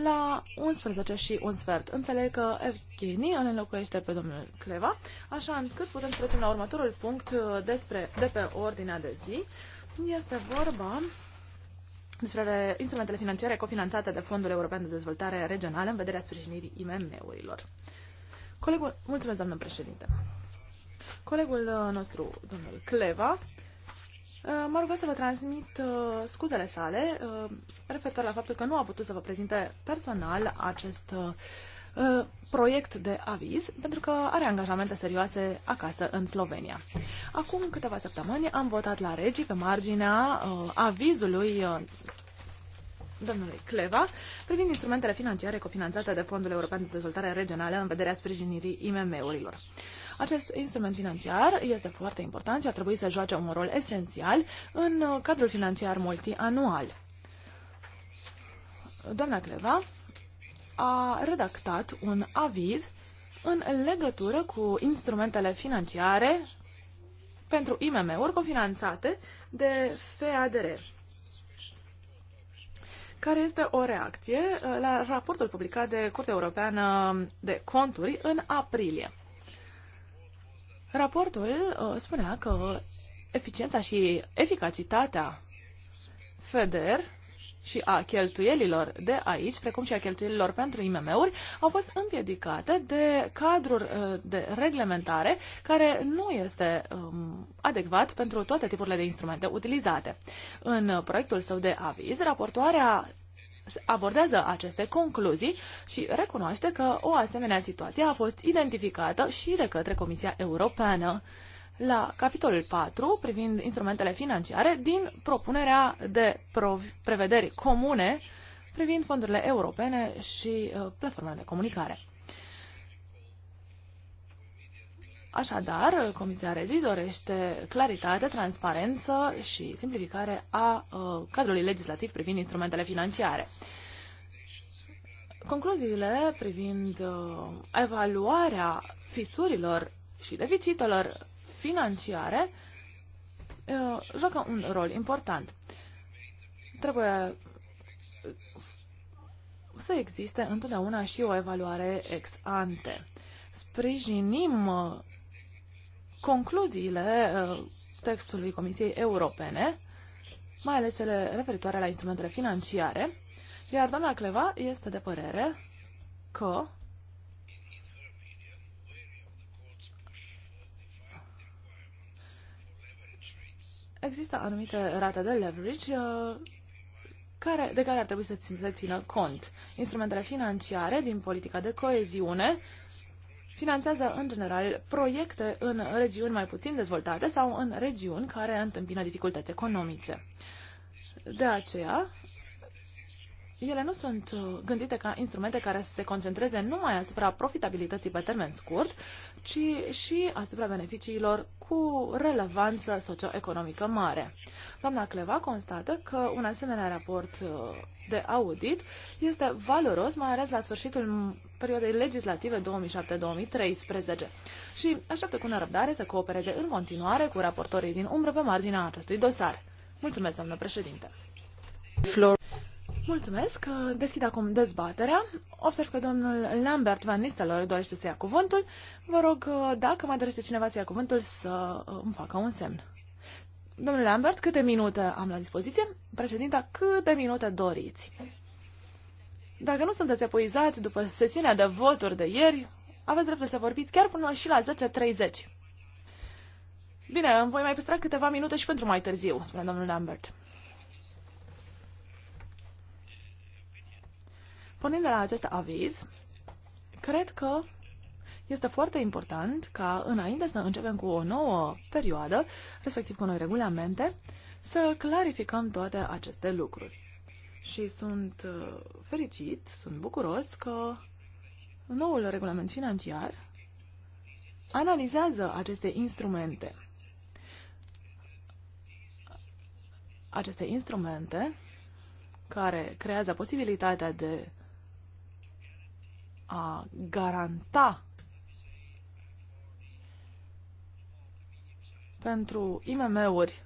la 11 și un sfert. Înțeleg că Evgenie îl înlocuiește pe domnul Cleva, așa încât putem să trecem la următorul punct uh, despre, de pe ordinea de zi. Este vorba despre instrumentele financiare cofinanțate de Fondul European de Dezvoltare Regională în vederea sprijinirii IMM-urilor. Colegul, mulțumesc, doamnă președinte. Colegul uh, nostru, domnul Cleva, uh, m-a rugat să vă transmit uh, scuzele sale referitor la faptul că nu a putut să vă prezinte personal acest Uh, proiect de aviz, pentru că are angajamente serioase acasă în Slovenia. Acum câteva săptămâni am votat la regii pe marginea uh, avizului uh, domnului Cleva privind instrumentele financiare cofinanțate de Fondul European de Dezvoltare Regională în vederea sprijinirii IMM-urilor. Acest instrument financiar este foarte important și a trebuit să joace un rol esențial în uh, cadrul financiar multianual. Doamna Cleva a redactat un aviz în legătură cu instrumentele financiare pentru IMM-uri cofinanțate de FADR, care este o reacție uh, la raportul publicat de Curtea Europeană de Conturi în aprilie. Raportul uh, spunea că eficiența și eficacitatea FEDER și a cheltuielilor de aici, precum și a cheltuielilor pentru IMM-uri, au fost împiedicate de cadrul uh, de reglementare care nu este um, adecvat pentru toate tipurile de instrumente utilizate. În proiectul său de aviz, raportoarea abordează aceste concluzii și recunoaște că o asemenea situație a fost identificată și de către Comisia Europeană la capitolul 4 privind instrumentele financiare din propunerea de prevederi comune privind fondurile europene și uh, platformele de comunicare. Așadar, Comisia Regii dorește claritate, transparență și simplificare a uh, cadrului legislativ privind instrumentele financiare. Concluziile privind uh, evaluarea fisurilor și deficitelor financiare uh, joacă un rol important. Trebuie să existe întotdeauna și o evaluare ex ante. Sprijinim uh, concluziile uh, textului Comisiei Europene, mai ales cele referitoare la instrumentele financiare, iar doamna Cleva este de părere că există anumite rate de leverage uh, care, de care ar trebui să se țină cont. Instrumentele financiare din politica de coeziune finanțează în general proiecte în regiuni mai puțin dezvoltate sau în regiuni care întâmpină dificultăți economice. De aceea, ele nu sunt uh, gândite ca instrumente care să se concentreze numai asupra profitabilității pe termen scurt, ci și asupra beneficiilor cu relevanță socioeconomică mare. Doamna Cleva constată că un asemenea raport uh, de audit este valoros, mai ales la sfârșitul perioadei legislative 2007-2013 și așteaptă cu nerăbdare să coopereze în continuare cu raportorii din umbră pe marginea acestui dosar. Mulțumesc, doamnă președinte! Flor Mulțumesc. Deschid acum dezbaterea. Observ că domnul Lambert Van Nistelor dorește să ia cuvântul. Vă rog, dacă mai dorește cineva să ia cuvântul, să uh, îmi facă un semn. Domnule Lambert, câte minute am la dispoziție? Președinta, câte minute doriți? Dacă nu sunteți epuizat după sesiunea de voturi de ieri, aveți dreptul să vorbiți chiar până și la 10.30. Bine, îmi voi mai păstra câteva minute și pentru mai târziu, spune domnul Lambert. Pornind de la acest aviz, cred că este foarte important ca înainte să începem cu o nouă perioadă, respectiv cu noi regulamente, să clarificăm toate aceste lucruri. Și sunt uh, fericit, sunt bucuros că noul regulament financiar analizează aceste instrumente. Aceste instrumente care creează posibilitatea de a garanta pentru IMM-uri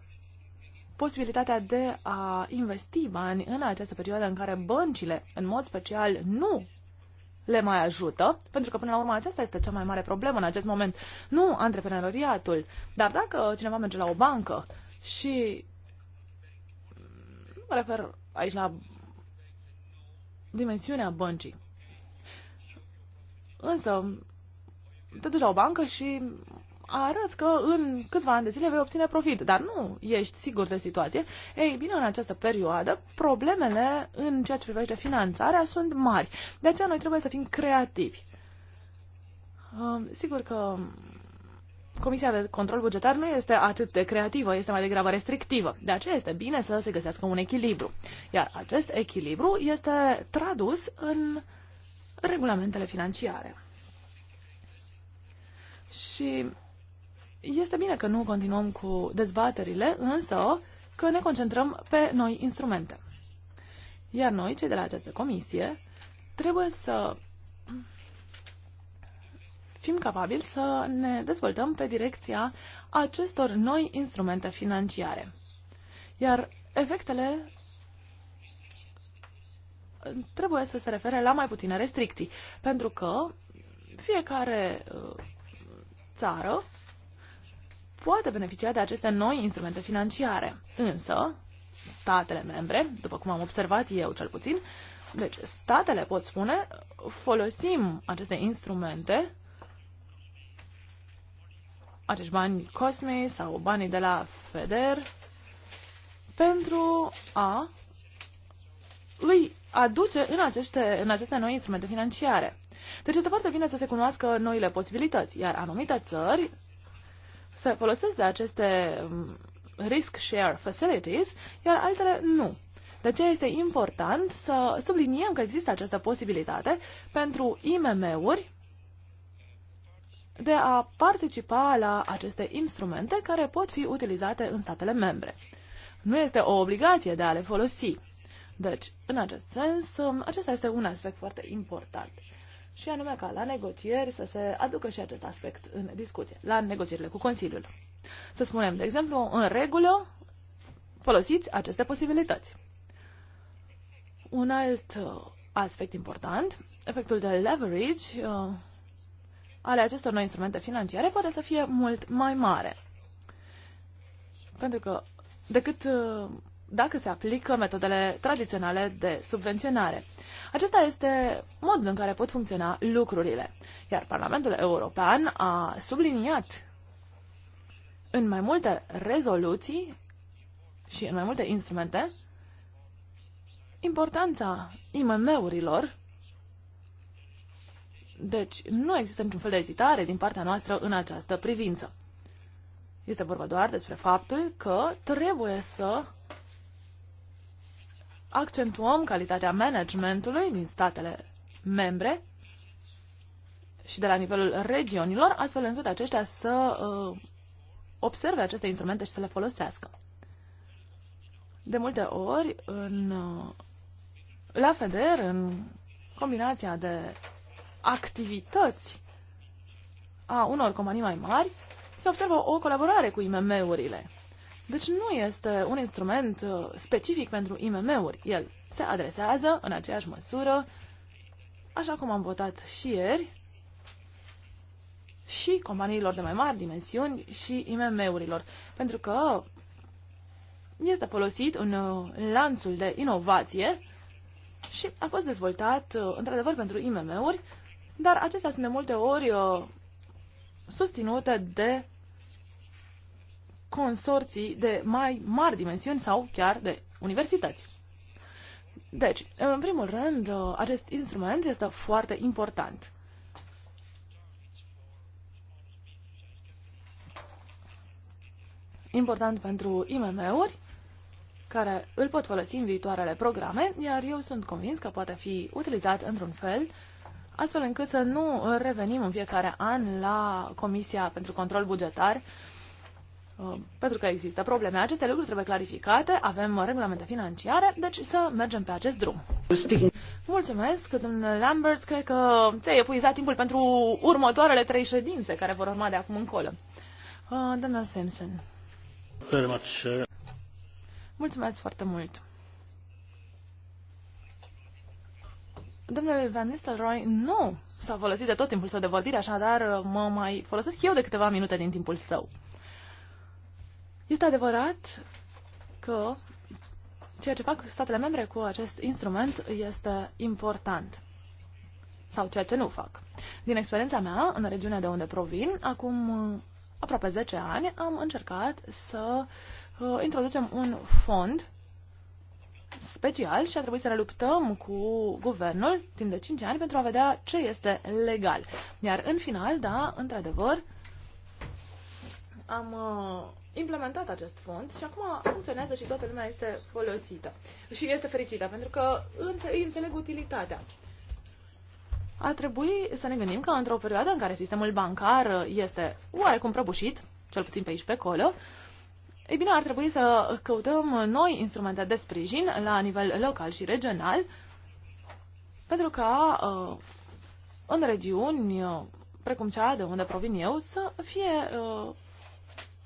posibilitatea de a investi bani în această perioadă în care băncile, în mod special, nu le mai ajută, pentru că până la urmă aceasta este cea mai mare problemă în acest moment, nu antreprenoriatul. Dar dacă cineva merge la o bancă și mă refer aici la dimensiunea băncii. Însă, te duci la o bancă și arăți că în câțiva ani de zile vei obține profit, dar nu ești sigur de situație. Ei bine, în această perioadă, problemele în ceea ce privește finanțarea sunt mari. De aceea noi trebuie să fim creativi. Um, sigur că Comisia de Control Bugetar nu este atât de creativă, este mai degrabă restrictivă. De aceea este bine să se găsească un echilibru. Iar acest echilibru este tradus în regulamentele financiare. Și este bine că nu continuăm cu dezbaterile, însă că ne concentrăm pe noi instrumente. Iar noi, cei de la această comisie, trebuie să fim capabili să ne dezvoltăm pe direcția acestor noi instrumente financiare. Iar efectele trebuie să se refere la mai puține restricții, pentru că fiecare uh, țară poate beneficia de aceste noi instrumente financiare. Însă, statele membre, după cum am observat eu cel puțin, deci statele pot spune, folosim aceste instrumente, acești bani COSME sau banii de la FEDER, pentru a îi aduce în aceste, în aceste noi instrumente financiare. Deci este foarte bine să se cunoască noile posibilități, iar anumite țări se folosesc de aceste um, risk share facilities, iar altele nu. De aceea este important să subliniem că există această posibilitate pentru IMM-uri de a participa la aceste instrumente care pot fi utilizate în statele membre. Nu este o obligație de a le folosi. Deci, în acest sens, um, acesta este un aspect foarte important. Și anume ca la negocieri să se aducă și acest aspect în discuție, la negocierile cu Consiliul. Să spunem, de exemplu, în regulă, folosiți aceste posibilități. Un alt uh, aspect important, efectul de leverage uh, ale acestor noi instrumente financiare poate să fie mult mai mare. Pentru că decât uh, dacă se aplică metodele tradiționale de subvenționare. Acesta este modul în care pot funcționa lucrurile. Iar Parlamentul European a subliniat în mai multe rezoluții și în mai multe instrumente importanța IMM-urilor. Deci nu există niciun fel de ezitare din partea noastră în această privință. Este vorba doar despre faptul că trebuie să accentuăm calitatea managementului din statele membre și de la nivelul regiunilor, astfel încât aceștia să uh, observe aceste instrumente și să le folosească. De multe ori, în, uh, la FEDER, în combinația de activități a unor companii mai mari, se observă o colaborare cu IMM-urile. Deci nu este un instrument uh, specific pentru IMM-uri. El se adresează în aceeași măsură, așa cum am votat și ieri, și companiilor de mai mari dimensiuni și IMM-urilor. Pentru că este folosit în uh, lanțul de inovație și a fost dezvoltat, uh, într-adevăr, pentru IMM-uri, dar acestea sunt de multe ori susținute de consorții de mai mari dimensiuni sau chiar de universități. Deci, în primul rând, uh, acest instrument este foarte important. Important pentru IMM-uri, care îl pot folosi în viitoarele programe, iar eu sunt convins că poate fi utilizat într-un fel, astfel încât să nu revenim în fiecare an la Comisia pentru Control Bugetar Uh, pentru că există probleme. Aceste lucruri trebuie clarificate, avem regulamente financiare, deci să mergem pe acest drum. Mulțumesc, domnule Lambert, cred că ți-ai epuizat timpul pentru următoarele trei ședințe care vor urma de acum încolo. Uh, domnul Simpson. Uh, Mulțumesc foarte mult. Domnule Van Nistelrooy, nu s-a folosit de tot timpul său de vorbire, așadar mă mai folosesc eu de câteva minute din timpul său. Este adevărat că ceea ce fac statele membre cu acest instrument este important sau ceea ce nu fac. Din experiența mea, în regiunea de unde provin, acum uh, aproape 10 ani, am încercat să uh, introducem un fond special și a trebuit să ne luptăm cu guvernul timp de 5 ani pentru a vedea ce este legal. Iar în final, da, într-adevăr, am uh, implementat acest fond și acum funcționează și toată lumea este folosită și este fericită pentru că îi înțeleg utilitatea. Ar trebui să ne gândim că într-o perioadă în care sistemul bancar este oarecum prăbușit, cel puțin pe aici pe acolo, ei bine, ar trebui să căutăm noi instrumente de sprijin la nivel local și regional, pentru ca uh, în regiuni uh, precum cea de unde provin eu să fie uh,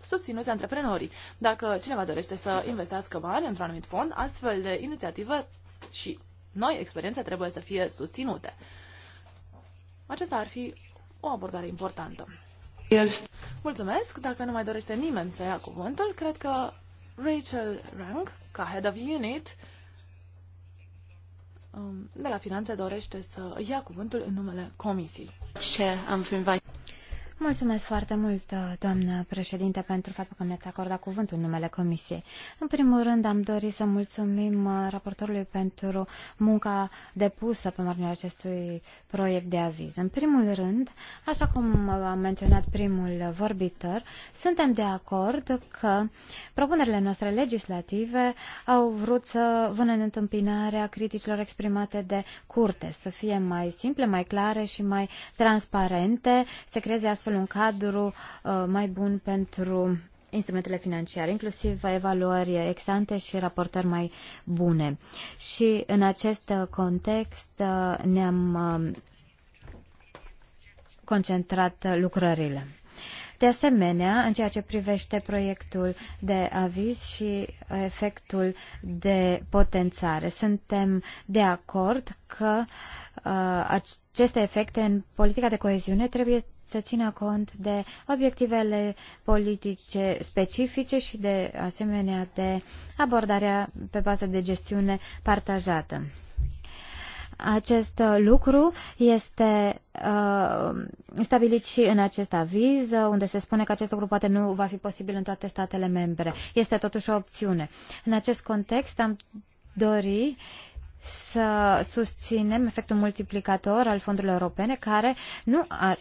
susținuți antreprenorii. Dacă cineva dorește să investească bani într-un anumit fond, astfel de inițiative și noi experiențe trebuie să fie susținute. Acesta ar fi o abordare importantă. Yes. Mulțumesc. Dacă nu mai dorește nimeni să ia cuvântul, cred că Rachel Rank, ca Head of Unit, um, de la Finanțe dorește să ia cuvântul în numele Comisiei. am fi Mulțumesc foarte mult, uh, doamnă președinte, pentru faptul că mi-ați acordat cuvântul în numele Comisiei. În primul rând, am dorit să mulțumim uh, raportorului pentru munca depusă pe marginea acestui proiect de aviz. În primul rând, așa cum a menționat primul vorbitor, suntem de acord că propunerile noastre legislative au vrut să vână în întâmpinarea criticilor exprimate de curte, să fie mai simple, mai clare și mai transparente, să creeze astfel astfel un cadru uh, mai bun pentru instrumentele financiare, inclusiv evaluări exante și raportări mai bune. Și în acest context uh, ne-am uh, concentrat lucrările. De asemenea, în ceea ce privește proiectul de aviz și efectul de potențare, suntem de acord că uh, aceste efecte în politica de coeziune trebuie să țină cont de obiectivele politice specifice și de asemenea de abordarea pe bază de gestiune partajată. Acest lucru este uh, stabilit și în acest aviz, uh, unde se spune că acest lucru poate nu va fi posibil în toate statele membre. Este totuși o opțiune. În acest context am dori să susținem efectul multiplicator al fondurilor europene, care nu ar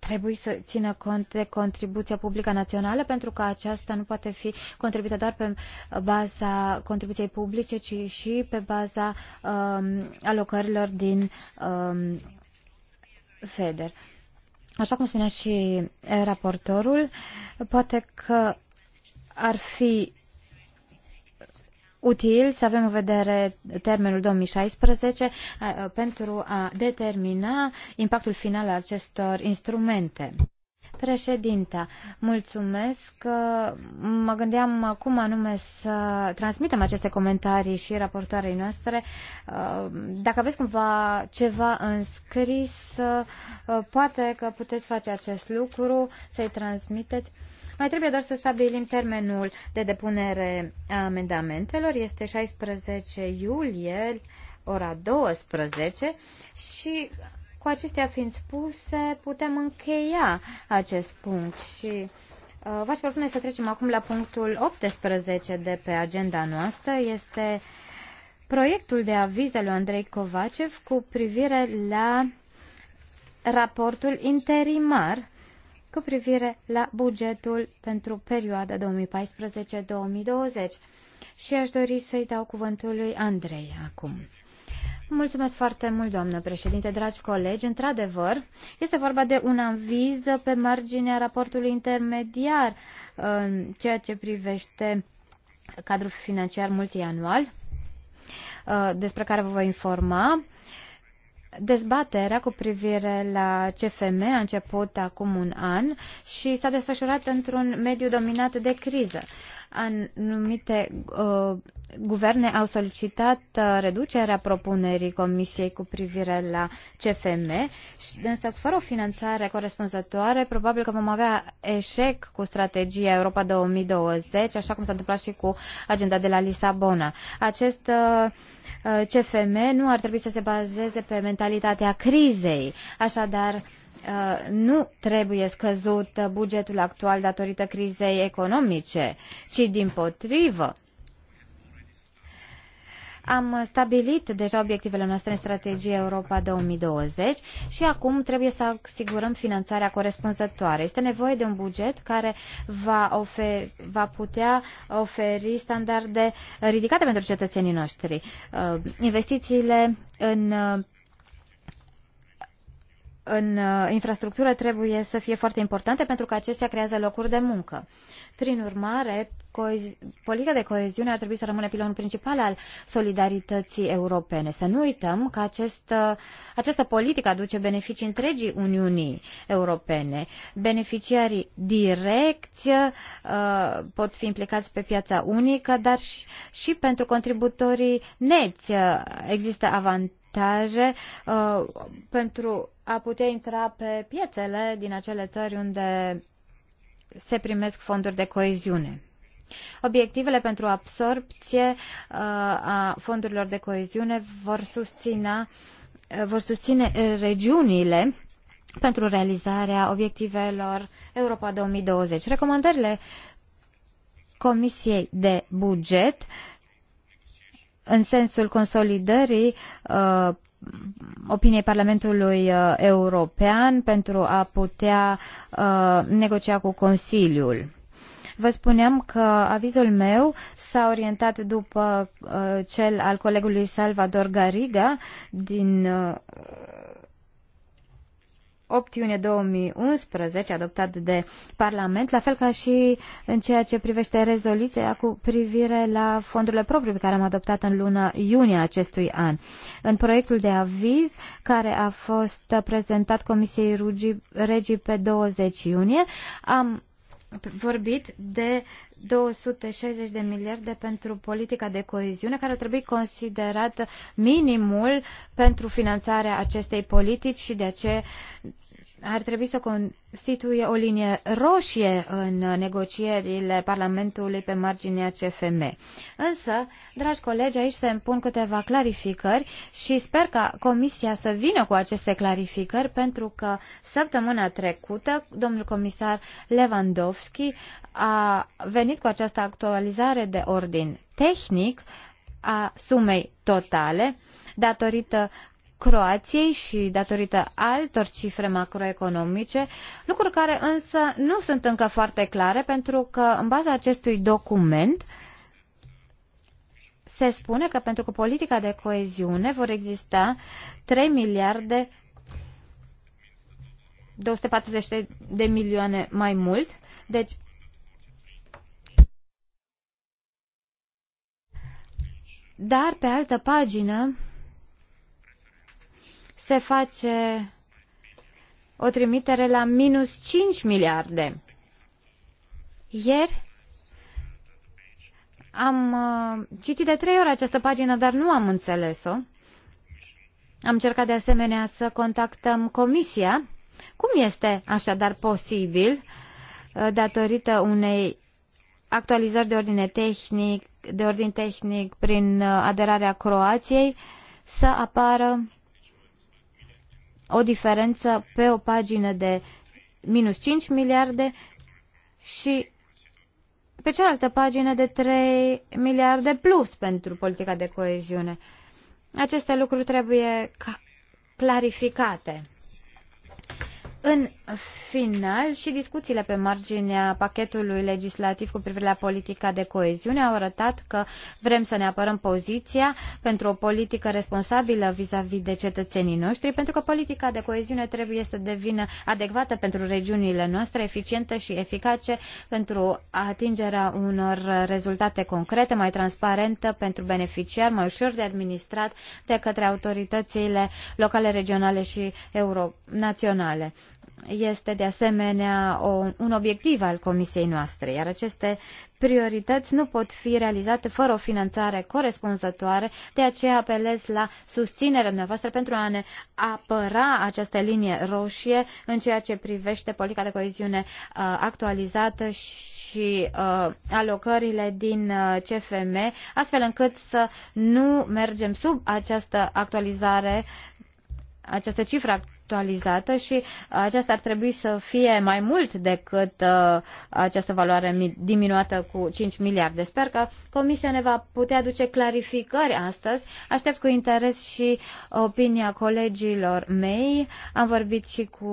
trebuie să țină cont de contribuția publică națională, pentru că aceasta nu poate fi contribuită doar pe baza contribuției publice, ci și pe baza um, alocărilor din um, FEDER. Așa cum spunea și raportorul, poate că ar fi util să avem în vedere termenul 2016 pentru a determina impactul final al acestor instrumente. Președinte, mulțumesc. Mă gândeam cum anume să transmitem aceste comentarii și raportoarei noastre. Dacă aveți cumva ceva înscris, poate că puteți face acest lucru, să-i transmiteți. Mai trebuie doar să stabilim termenul de depunere a amendamentelor. Este 16 iulie, ora 12 și cu acestea fiind spuse, putem încheia acest punct și uh, v-aș propune să trecem acum la punctul 18 de pe agenda noastră. Este proiectul de aviz al lui Andrei Covacev cu privire la raportul interimar cu privire la bugetul pentru perioada 2014-2020. Și aș dori să-i dau cuvântul lui Andrei acum. Mulțumesc foarte mult, doamnă președinte, dragi colegi. Într-adevăr, este vorba de un aviz pe marginea raportului intermediar în ceea ce privește cadrul financiar multianual, uh, despre care vă voi informa. Dezbaterea cu privire la CFM a început acum un an și s-a desfășurat într-un mediu dominat de criză. Anumite uh, guverne au solicitat uh, reducerea propunerii Comisiei cu privire la CFM, însă fără o finanțare corespunzătoare, probabil că vom avea eșec cu strategia Europa 2020, așa cum s-a întâmplat și cu agenda de la Lisabona. Acest uh, uh CFM nu ar trebui să se bazeze pe mentalitatea crizei. Așadar, uh, Uh, nu trebuie scăzut bugetul actual datorită crizei economice, ci din potrivă. Am stabilit deja obiectivele noastre în strategie Europa 2020 și acum trebuie să asigurăm finanțarea corespunzătoare. Este nevoie de un buget care va, oferi, va putea oferi standarde ridicate pentru cetățenii noștri. Uh, investițiile în uh, în uh, infrastructură trebuie să fie foarte importante pentru că acestea creează locuri de muncă. Prin urmare, politica de coeziune ar trebui să rămână pilonul principal al solidarității europene. Să nu uităm că acest, uh, această politică aduce beneficii întregii Uniunii Europene. Beneficiarii direcți uh, pot fi implicați pe piața unică, dar și, și pentru contributorii neți uh, există avantaje avantaje uh, pentru a putea intra pe piețele din acele țări unde se primesc fonduri de coeziune. Obiectivele pentru absorpție uh, a fondurilor de coeziune vor susține, uh, vor susține regiunile pentru realizarea obiectivelor Europa 2020. Recomandările Comisiei de Buget în sensul consolidării uh, opiniei Parlamentului uh, European pentru a putea uh, negocia cu Consiliul. Vă spuneam că avizul meu s-a orientat după uh, cel al colegului Salvador Gariga din uh, 8 iunie 2011 adoptat de Parlament, la fel ca și în ceea ce privește rezoluția cu privire la fondurile proprii pe care am adoptat în luna iunie acestui an. În proiectul de aviz care a fost prezentat Comisiei Rugii, Regii pe 20 iunie, am vorbit de 260 de miliarde pentru politica de coeziune, care ar trebui considerată minimul pentru finanțarea acestei politici și de aceea ar trebui să constituie o linie roșie în negocierile Parlamentului pe marginea CFM. Însă, dragi colegi, aici se împun câteva clarificări și sper ca Comisia să vină cu aceste clarificări pentru că săptămâna trecută domnul comisar Lewandowski a venit cu această actualizare de ordin tehnic a sumei totale datorită Croației și datorită altor cifre macroeconomice, lucruri care însă nu sunt încă foarte clare pentru că în baza acestui document se spune că pentru că politica de coeziune vor exista 3 miliarde 240 de milioane mai mult. Deci dar pe altă pagină se face o trimitere la minus 5 miliarde. Ieri am uh, citit de trei ori această pagină, dar nu am înțeles-o. Am încercat de asemenea să contactăm Comisia. Cum este așadar posibil, uh, datorită unei actualizări de ordine tehnic, de ordin tehnic prin uh, aderarea Croației, să apară o diferență pe o pagină de minus 5 miliarde și pe cealaltă pagină de 3 miliarde plus pentru politica de coeziune. Aceste lucruri trebuie clarificate. În final, și discuțiile pe marginea pachetului legislativ cu privire la politica de coeziune au arătat că vrem să ne apărăm poziția pentru o politică responsabilă vis-a-vis -vis de cetățenii noștri, pentru că politica de coeziune trebuie să devină adecvată pentru regiunile noastre, eficientă și eficace pentru atingerea unor rezultate concrete, mai transparentă pentru beneficiar, mai ușor de administrat de către autoritățile locale, regionale și euro naționale este de asemenea o, un obiectiv al comisiei noastre, iar aceste priorități nu pot fi realizate fără o finanțare corespunzătoare, de aceea apelez la susținerea dumneavoastră pentru a ne apăra această linie roșie în ceea ce privește politica de coeziune uh, actualizată și uh, alocările din uh, CFM, astfel încât să nu mergem sub această actualizare, această cifră actualizată și aceasta ar trebui să fie mai mult decât uh, această valoare diminuată cu 5 miliarde. Sper că Comisia ne va putea aduce clarificări astăzi. Aștept cu interes și opinia colegilor mei. Am vorbit și cu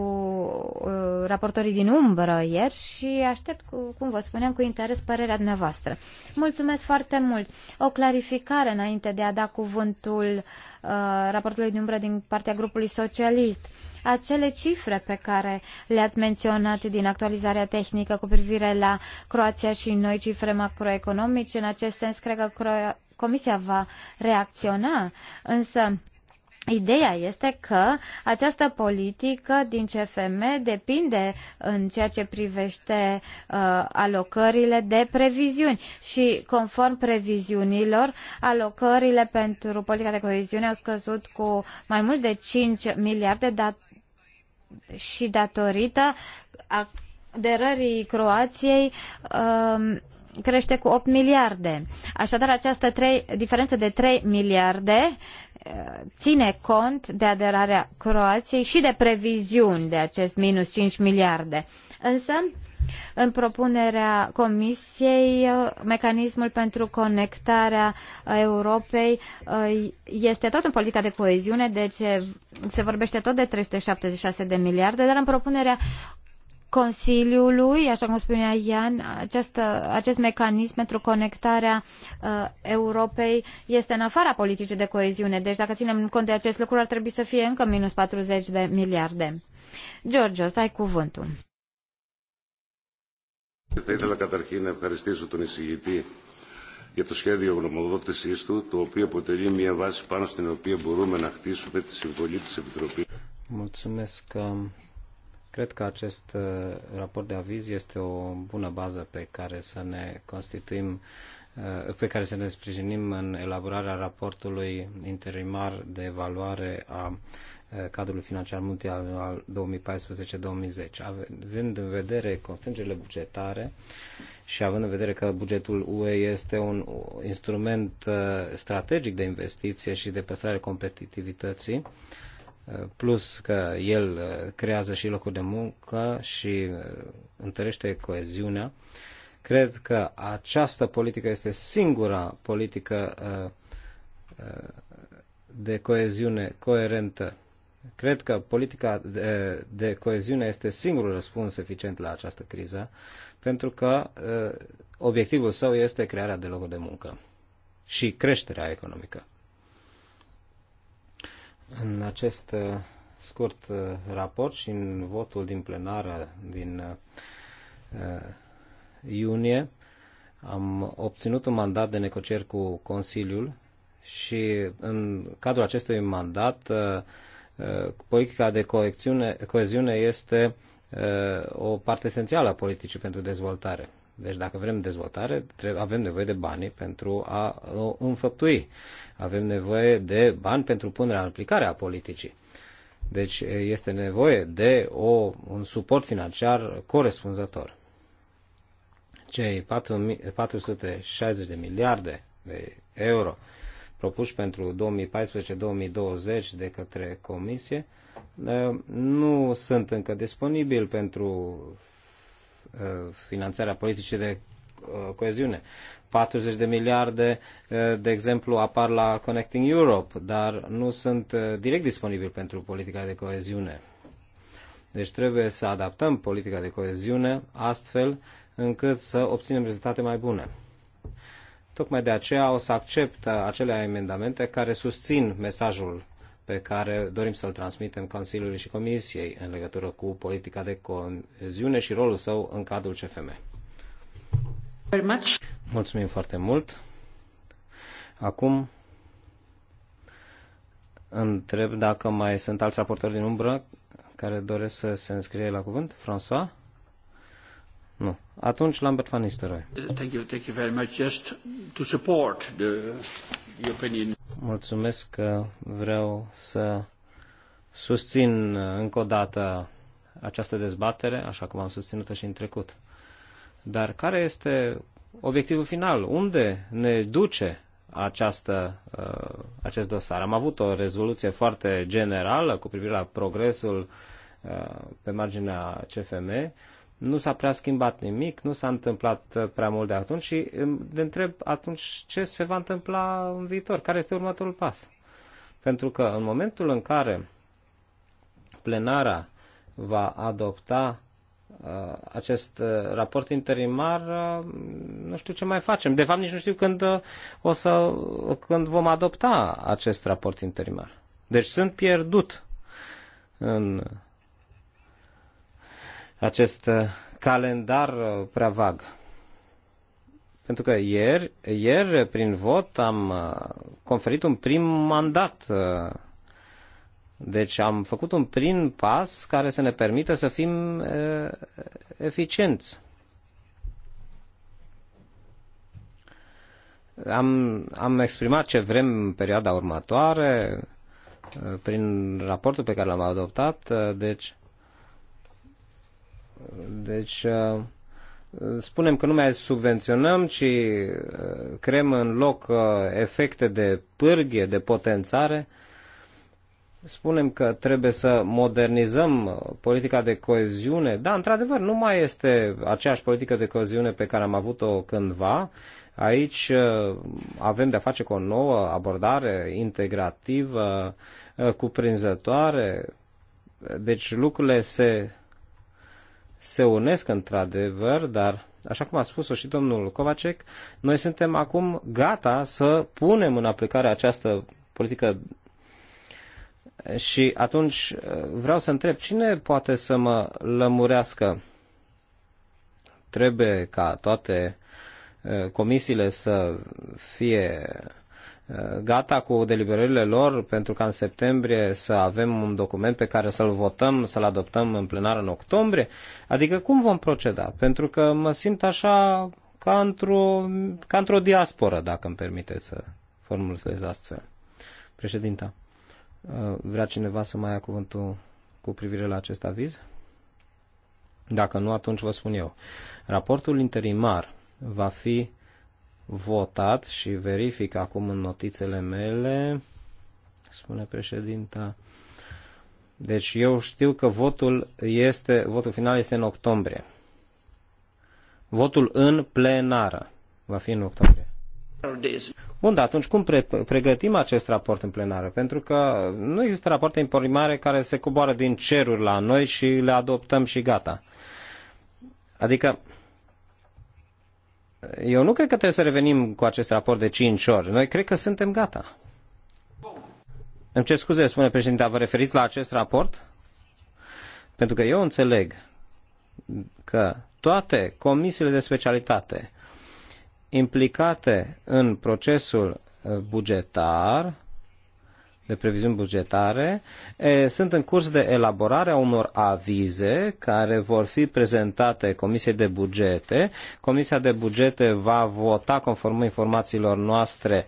uh, raportorii din umbră ieri și aștept, cu, cum vă spuneam, cu interes părerea dumneavoastră. Mulțumesc foarte mult. O clarificare înainte de a da cuvântul uh, Uh, raportului de umbră din partea grupului socialist. Acele cifre pe care le-ați menționat din actualizarea tehnică cu privire la Croația și noi cifre macroeconomice, în acest sens cred că Comisia va reacționa, însă Ideea este că această politică din CFM depinde în ceea ce privește uh, alocările de previziuni și conform previziunilor, alocările pentru politica de coeziune au scăzut cu mai mult de 5 miliarde dat- și datorită aderării Croației uh, crește cu 8 miliarde. Așadar, această trei, diferență de 3 miliarde uh, ține cont de aderarea Croației și de previziuni de acest minus 5 miliarde. Însă, în propunerea Comisiei, mecanismul pentru conectarea Europei uh, este tot în politica de coeziune, deci se vorbește tot de 376 de miliarde, dar în propunerea Consiliului, așa cum spunea Ian, această, acest mecanism pentru conectarea uh, Europei este în afara politicii de coeziune. Deci dacă ținem cont de acest lucru ar trebui să fie încă minus 40 de miliarde. să ai cuvântul. Θα ήθελα καταρχήν να ευχαριστήσω τον εισηγητή για το σχέδιο γνωμοδότησή του, το οποίο αποτελεί μια βάση πάνω στην οποία μπορούμε να χτίσουμε τη συμβολή τη Επιτροπή. Cred că acest uh, raport de aviz este o bună bază pe care să ne constituim uh, pe care să ne sprijinim în elaborarea raportului interimar de evaluare a uh, cadrului financiar multianual 2014-2010. Având în vedere constrângerile bugetare și având în vedere că bugetul UE este un instrument strategic de investiție și de păstrare competitivității, plus că el uh, creează și locuri de muncă și uh, întărește coeziunea. Cred că această politică este singura politică uh, de coeziune coerentă. Cred că politica de, de coeziune este singurul răspuns eficient la această criză, pentru că obiectivul său este crearea de locuri de muncă și creșterea economică. În acest uh, scurt uh, raport și în votul din plenară din uh, iunie am obținut un mandat de negocieri cu Consiliul și în cadrul acestui mandat politica de coeziune, coeziune este o parte esențială a politicii pentru dezvoltare. Deci dacă vrem dezvoltare, avem nevoie de bani pentru a o înfăptui. Avem nevoie de bani pentru punerea în aplicare a politicii. Deci este nevoie de o, un suport financiar corespunzător. Cei 460 de miliarde de euro propuși pentru 2014-2020 de către Comisie nu sunt încă disponibili pentru Uh, finanțarea politicii de uh, coeziune. 40 de miliarde, uh, de exemplu, apar la Connecting Europe, dar nu sunt direct disponibili pentru politica de coeziune. Deci trebuie să adaptăm politica de coeziune astfel încât să obținem rezultate mai bune. Tocmai de aceea o să accept acele amendamente care susțin mesajul pe care dorim să-l transmitem Consiliului și Comisiei în legătură cu politica de coziune și rolul său în cadrul CFM. Mulțumim foarte mult. Acum întreb dacă mai sunt alți raportori din umbră care doresc să se înscrie la cuvânt. François? Nu. Atunci Lambert van Nistelrooy. Thank you, thank you very much. Just to support the Mulțumesc că vreau să susțin uh, încă o dată această dezbatere, așa cum am susținut-o și în trecut. Dar care este obiectivul final? Unde ne duce această, uh, acest dosar? Am avut o rezoluție foarte generală cu privire la progresul uh, pe marginea CFM, nu s-a prea schimbat nimic, nu s-a întâmplat uh, prea mult de atunci și ne um, întreb atunci ce se va întâmpla în viitor, care este următorul pas. Pentru că în momentul în care plenara va adopta uh, acest uh, raport interimar, nu știu ce mai facem. De fapt, nici nu știu când, o să, când vom adopta acest raport interimar. Deci sunt pierdut în acest uh, calendar uh, prea vag. Pentru că ieri, ieri prin vot, am uh, conferit un prim mandat. Deci am făcut un prim pas care să ne permită să fim eficienți. Am, am exprimat ce vrem în perioada următoare prin raportul pe care l-am adoptat, deci deci, uh, spunem că nu mai subvenționăm, ci uh, creăm în loc uh, efecte de pârghie, de potențare. Spunem că trebuie să modernizăm politica de coeziune. Da, într-adevăr, nu mai este aceeași politică de coeziune pe care am avut-o cândva. Aici avem de-a face cu o nouă abordare integrativă, cuprinzătoare. Deci lucrurile se se unesc într-adevăr, dar, așa cum a spus-o și domnul Kovacek, noi suntem acum gata să punem în aplicare această politică și atunci uh, vreau să întreb, cine poate să mă lămurească? Trebuie ca toate uh, comisiile să fie Uh, gata cu deliberările lor pentru ca în septembrie să avem un document pe care să-l votăm, să-l adoptăm în plenar în octombrie? Adică cum vom proceda? Pentru că mă simt așa ca într-o, ca într-o diasporă, dacă îmi permiteți să formulez astfel. Președinta, uh, vrea cineva să mai ia cuvântul cu privire la acest aviz? Dacă nu, atunci vă spun eu. Raportul interimar va fi votat și verific acum în notițele mele, spune președinta. Deci eu știu că votul este, votul final este în octombrie. Votul în plenară va fi în octombrie. Bun, dar atunci cum pre- pregătim acest raport în plenară? Pentru că nu există rapoarte imprimare care se coboară din ceruri la noi și le adoptăm și gata. Adică eu nu cred că trebuie să revenim cu acest raport de 5 ori. Noi cred că suntem gata. Îmi cer scuze, spune președinte, vă referiți la acest raport? Pentru că eu înțeleg că toate comisiile de specialitate implicate în procesul bugetar de previziuni bugetare, sunt în curs de elaborare a unor avize care vor fi prezentate Comisiei de Bugete. Comisia de Bugete va vota conform informațiilor noastre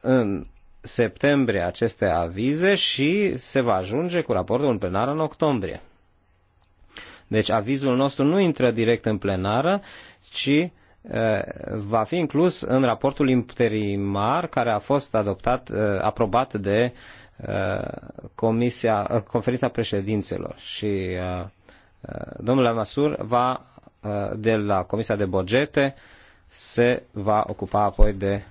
în septembrie aceste avize și se va ajunge cu raportul în plenară în octombrie. Deci avizul nostru nu intră direct în plenară, ci Eh, va fi inclus în raportul interimar care a fost adoptat, eh, aprobat de eh, comisia, conferința președinților și domnul Masur va de la Comisia de Bugete se va ocupa apoi de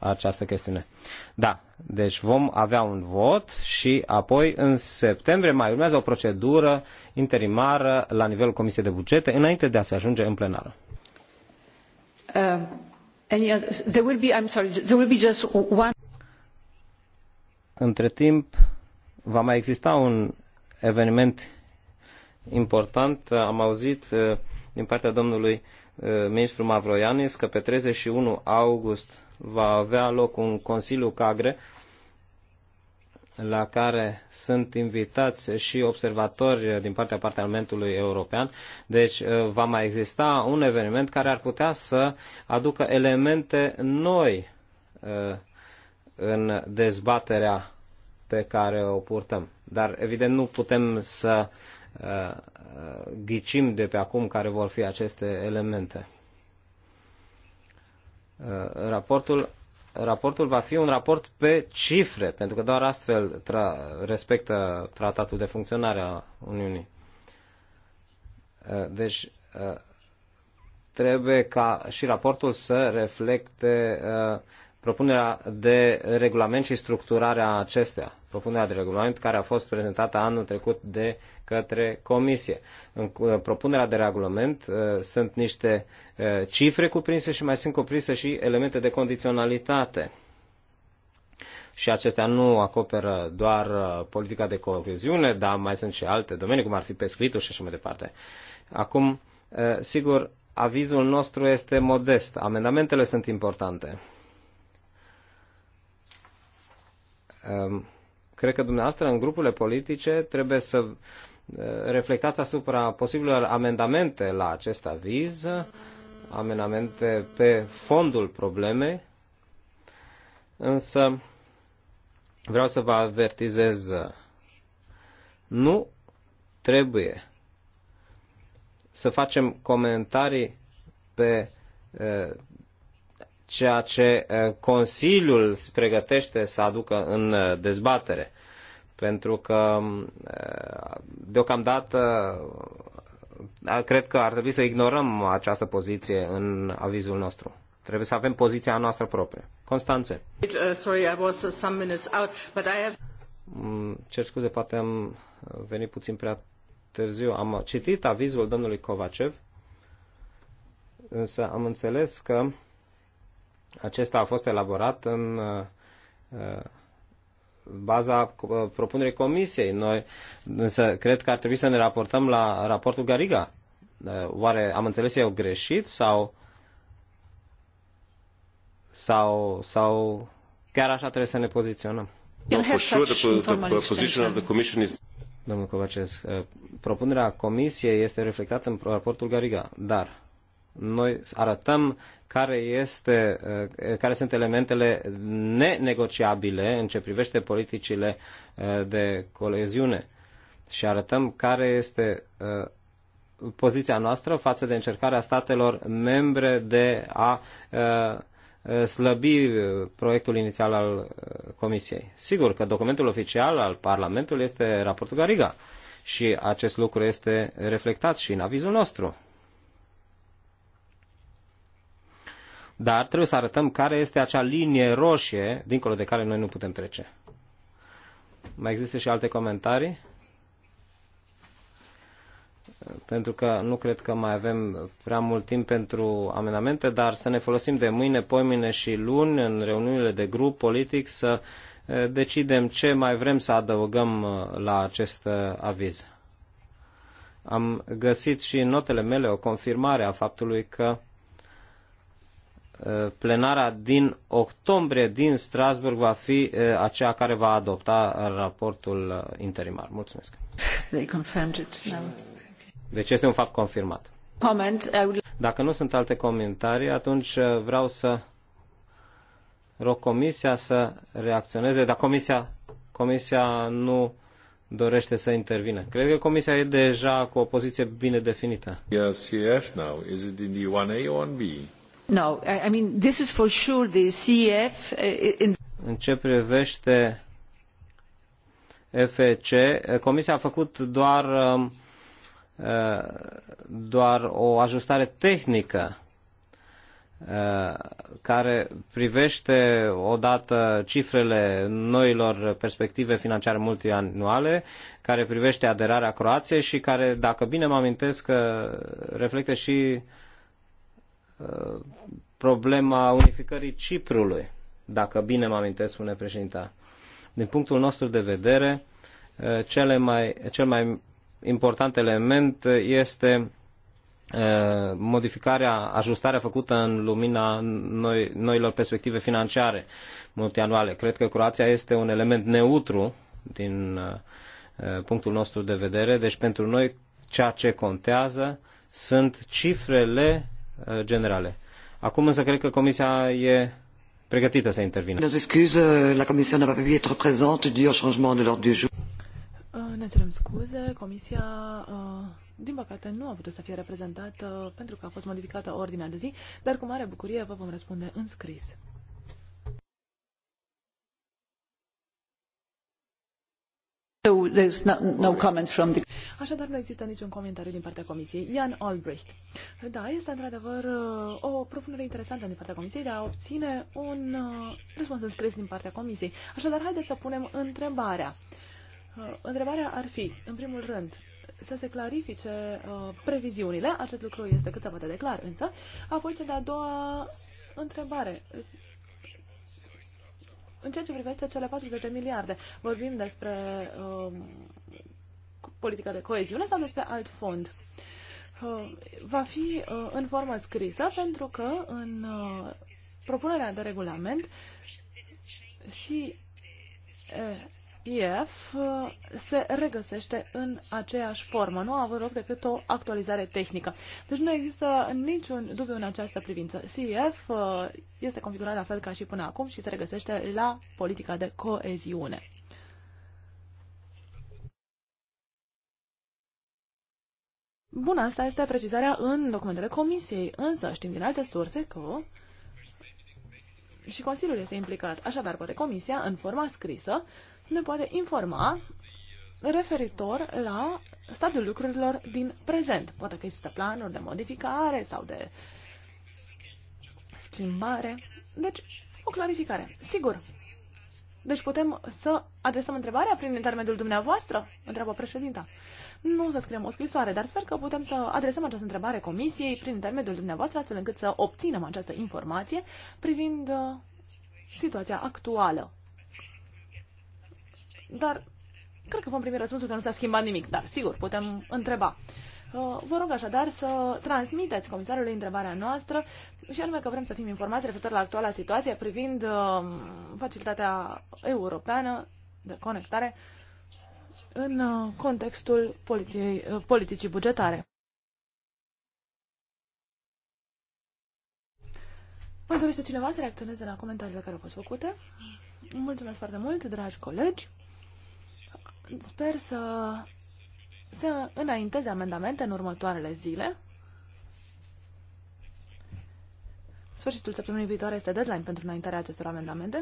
această chestiune. Da, deci vom avea un vot și apoi în septembrie mai urmează o procedură interimară la nivelul Comisiei de Bugete înainte de a se ajunge în plenară. Între timp, va mai exista un eveniment important. Uh, am auzit uh, din partea domnului uh, ministru Mavroianis că pe 31 august va avea loc un Consiliu Cagre la care sunt invitați și observatori din partea Parlamentului European. Deci uh, va mai exista un eveniment care ar putea să aducă elemente noi uh, în dezbaterea pe care o purtăm. Dar evident nu putem să uh, ghicim de pe acum care vor fi aceste elemente. Raportul raportul va fi un raport pe cifre, pentru că doar astfel tra- respectă tratatul de funcționare a Uniunii. Uh, deci uh, trebuie ca și raportul să reflecte uh, propunerea de regulament și structurarea acestea, propunerea de regulament care a fost prezentată anul trecut de către Comisie. În propunerea de regulament uh, sunt niște uh, cifre cuprinse și mai sunt cuprinse și elemente de condiționalitate. Și acestea nu acoperă doar uh, politica de coeziune, dar mai sunt și alte domenii, cum ar fi pescuitul și așa mai departe. Acum, sigur, avizul nostru este modest. Amendamentele sunt importante Ehm, cred că dumneavoastră în grupurile politice trebuie să eh, reflectați asupra posibilor amendamente la acest aviz, amendamente pe fondul problemei, însă vreau să vă avertizez, nu trebuie să facem comentarii pe eh, ceea ce Consiliul se pregătește să aducă în dezbatere. Pentru că, deocamdată, cred că ar trebui să ignorăm această poziție în avizul nostru. Trebuie să avem poziția noastră proprie. Constanțe. Sorry, I was uh, some minutes out, but I have... Mm, cer scuze, poate am venit puțin prea târziu. Am citit avizul domnului Kovacev, însă am înțeles că acesta a fost elaborat în uh, baza uh, propunerii comisiei. Noi însă cred că ar trebui să ne raportăm la raportul Gariga. Uh, oare am înțeles eu greșit sau sau, sau chiar așa trebuie să ne poziționăm? Domnul Covacez, propunerea comisiei este reflectată în raportul Gariga, dar noi arătăm care, este, eh, care sunt elementele nenegociabile în ce privește politicile eh, de coleziune și arătăm care este eh, poziția noastră față de încercarea statelor membre de a slăbi proiectul inițial al Comisiei. Sigur că documentul oficial al Parlamentului este raportul Gariga și acest lucru este reflectat și în avizul nostru. dar trebuie să arătăm care este acea linie roșie dincolo de care noi nu putem trece. Mai există și alte comentarii? Pentru că nu cred că mai avem prea mult timp pentru amendamente, dar să ne folosim de mâine, poimine și luni în reuniunile de grup politic să eh, decidem ce mai vrem să adăugăm eh, la acest eh, aviz. Am găsit și în notele mele o confirmare a faptului că Eh, plenara din octombrie din Strasburg va fi eh, aceea care va adopta raportul eh, interimar. Mulțumesc. They confirmed it Deci este un fapt confirmat. Comment, Dacă nu sunt alte comentarii, atunci vreau să rog comisia să reacționeze, dar comisia, comisia nu dorește să intervină. Cred că comisia e deja cu o poziție bine definită. Yes, CF now. Is it in the 1A or 1B? No, I mean, this is for sure the uh, in... În ce privește FEC, uh, Comisia a făcut doar, um, uh, doar o ajustare tehnică care privește odată cifrele noilor perspective financiare multianuale, care privește aderarea Croației și care, dacă bine mă amintesc, reflectă și uh, Uh, problema unificării Ciprului, dacă bine mă amintesc, spune președinta. Din punctul nostru de vedere, uh, cele mai, cel mai important element este uh, modificarea, ajustarea făcută în lumina noi, noilor perspective financiare multianuale. Cred că Croația este un element neutru din punctul nostru de vedere, deci pentru noi ceea ce contează sunt cifrele Uh, generale. Acum însă cred că Comisia e pregătită să intervină. Nos excuses, la Comisia nu a pas pu être présente dû changement de l'ordre du jour. Uh, ne cerem scuze, Comisia uh, din păcate nu a putut să fie reprezentată pentru că a fost modificată ordinea de zi, dar cu mare bucurie vă vom răspunde în scris. Așadar, nu există niciun comentariu din partea Comisiei. Ian Albrecht. Da, este într-adevăr uh, o propunere interesantă din partea Comisiei de a obține un uh, răspuns scris din partea Comisiei. Așadar, haideți să punem întrebarea. Uh, întrebarea ar fi, în primul rând, să se clarifice previziunile. Acest lucru este cât se poate de clar, însă. Apoi, cea de-a doua întrebare. În ceea ce privește cele 40 de miliarde, vorbim despre um, politica de coeziune sau despre alt fond? Uh, va fi uh, în formă scrisă pentru că în uh, propunerea de regulament și uh, EF se regăsește în aceeași formă. Nu a avut loc decât o actualizare tehnică. Deci nu există niciun dubiu în această privință. CEF uh, este configurat la fel ca și până acum și se regăsește la politica de coeziune. Bun, asta este precizarea în documentele comisiei, însă știm din alte surse că și Consiliul este implicat. Așadar, poate Comisia, în forma scrisă, ne poate informa referitor la stadiul lucrurilor din prezent. Poate că există planuri de modificare sau de schimbare. Deci, o clarificare. Sigur. Deci putem să adresăm întrebarea prin intermediul dumneavoastră? Întreabă președinta. Nu să scriem o scrisoare, dar sper că putem să adresăm această întrebare comisiei prin intermediul dumneavoastră, astfel încât să obținem această informație privind uh, situația actuală dar cred că vom primi răspunsul că nu s-a schimbat nimic, dar sigur, putem întreba. Uh, vă rog așadar să transmiteți comisarului întrebarea noastră și anume că vrem să fim informați referitor la actuala situație privind uh, facilitatea europeană de conectare în uh, contextul politi- politicii bugetare. Mai doresc cineva să reacționeze la comentariile care au fost făcute? Mulțumesc foarte mult, dragi colegi! Sper să, să înainteze amendamente în următoarele zile. Sfârșitul săptămânii viitoare este deadline pentru înaintarea acestor amendamente.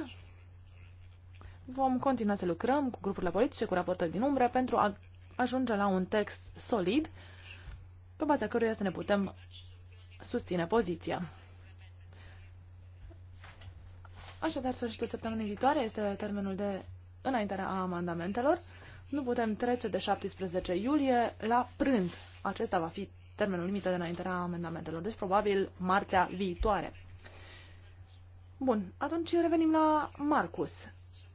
Vom continua să lucrăm cu grupurile politice, cu raportări din umbră, pentru a ajunge la un text solid pe baza căruia să ne putem susține poziția. Așadar, sfârșitul săptămânii viitoare este termenul de înaintea a amendamentelor. Nu putem trece de 17 iulie la prânz. Acesta va fi termenul limită de înaintarea amendamentelor, deci probabil marțea viitoare. Bun, atunci revenim la Marcus,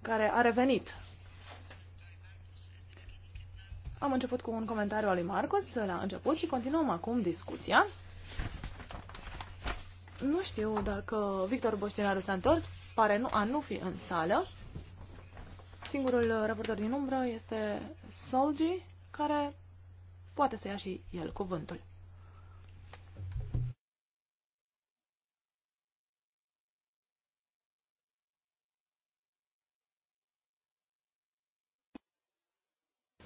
care a revenit. Am început cu un comentariu al lui Marcus la început și continuăm acum discuția. Nu știu dacă Victor Boștinaru s-a întors, pare nu, a nu fi în sală. Singurul uh, raportor din umbră este Solgi, care poate să ia și el cuvântul.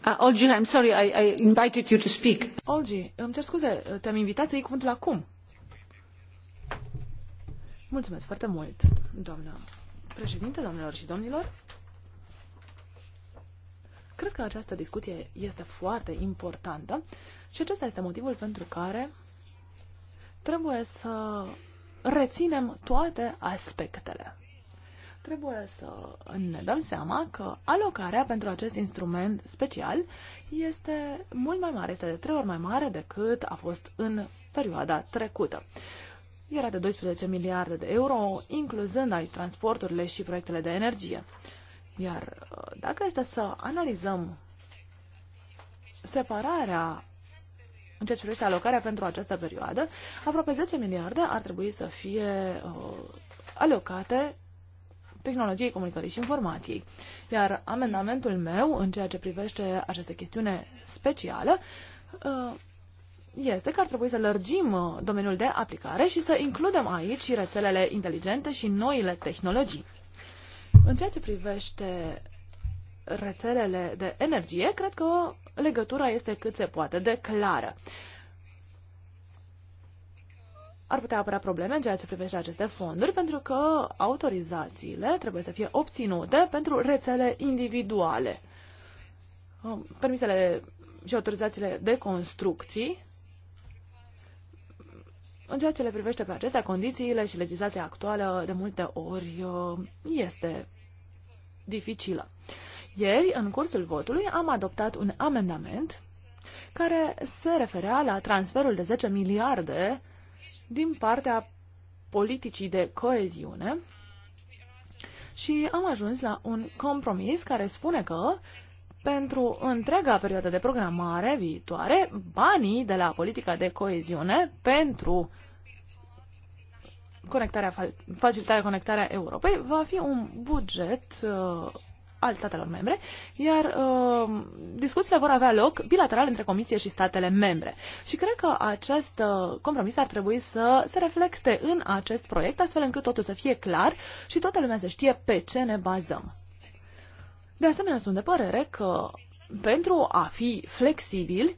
Uh, Olgi, I'm sorry, I, I invited you to speak. Olgi, îmi cer scuze, te-am invitat să iei cuvântul acum. Mulțumesc foarte mult, doamnă președinte, doamnelor și domnilor. Cred că această discuție este foarte importantă și acesta este motivul pentru care trebuie să reținem toate aspectele. Trebuie să ne dăm seama că alocarea pentru acest instrument special este mult mai mare, este de trei ori mai mare decât a fost în perioada trecută era de 12 miliarde de euro, incluzând aici transporturile și proiectele de energie. Iar uh, dacă este să analizăm separarea în ceea ce privește alocarea pentru această perioadă, aproape 10 miliarde ar trebui să fie uh, alocate tehnologiei comunicării și informației. Iar amendamentul meu în ceea ce privește această chestiune specială uh, este că ar trebui să lărgim uh, domeniul de aplicare și să includem aici și rețelele inteligente și noile tehnologii. În ceea ce privește rețelele de energie, cred că legătura este cât se poate de clară. Ar putea apărea probleme în ceea ce privește aceste fonduri, pentru că autorizațiile trebuie să fie obținute pentru rețele individuale. Permisele și autorizațiile de construcții în ceea ce le privește pe acestea, condițiile și legislația actuală de multe ori uh, este dificilă. Ieri, în cursul votului, am adoptat un amendament care se referea la transferul de 10 miliarde din partea politicii de coeziune și am ajuns la un compromis care spune că pentru întreaga perioadă de programare viitoare, banii de la politica de coeziune pentru conectarea, facilitarea conectarea Europei va fi un buget uh, al statelor membre, iar uh, discuțiile vor avea loc bilateral între Comisie și statele membre. Și cred că acest uh, compromis ar trebui să se reflecte în acest proiect, astfel încât totul să fie clar și toată lumea să știe pe ce ne bazăm. De asemenea, sunt de părere că pentru a fi flexibil,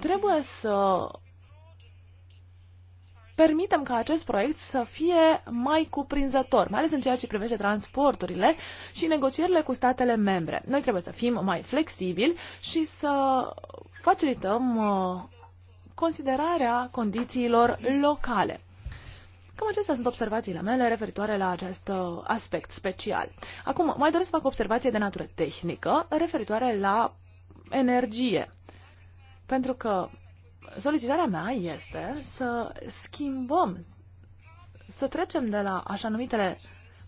trebuie să permitem ca acest proiect să fie mai cuprinzător, mai ales în ceea ce privește transporturile și negocierile cu statele membre. Noi trebuie să fim mai flexibili și să facilităm uh, considerarea condițiilor locale. Cam acestea sunt observațiile mele referitoare la acest uh, aspect special. Acum, mai doresc să fac o observație de natură tehnică referitoare la energie. Pentru că solicitarea mea este să schimbăm, să trecem de la așa numitele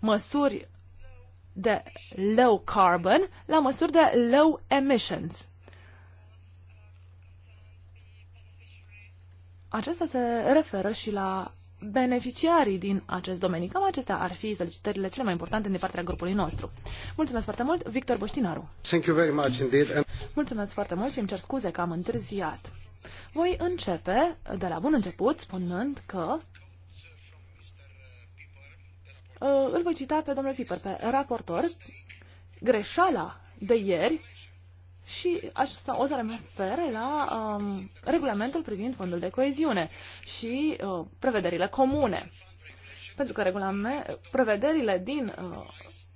măsuri de low carbon la măsuri de low emissions. Acesta se referă și la beneficiarii din acest domeniu. Cam acestea ar fi solicitările cele mai importante din partea grupului nostru. Mulțumesc foarte mult, Victor Boștinaru. Thank you very much indeed. Mulțumesc foarte mult și îmi cer scuze că am întârziat. Voi începe de la bun început spunând că uh, îl voi cita pe domnul Piper, pe raportor, greșala de ieri și aș, sau, o să refer la um, regulamentul privind fondul de coeziune și uh, prevederile comune. Pentru că prevederile din uh,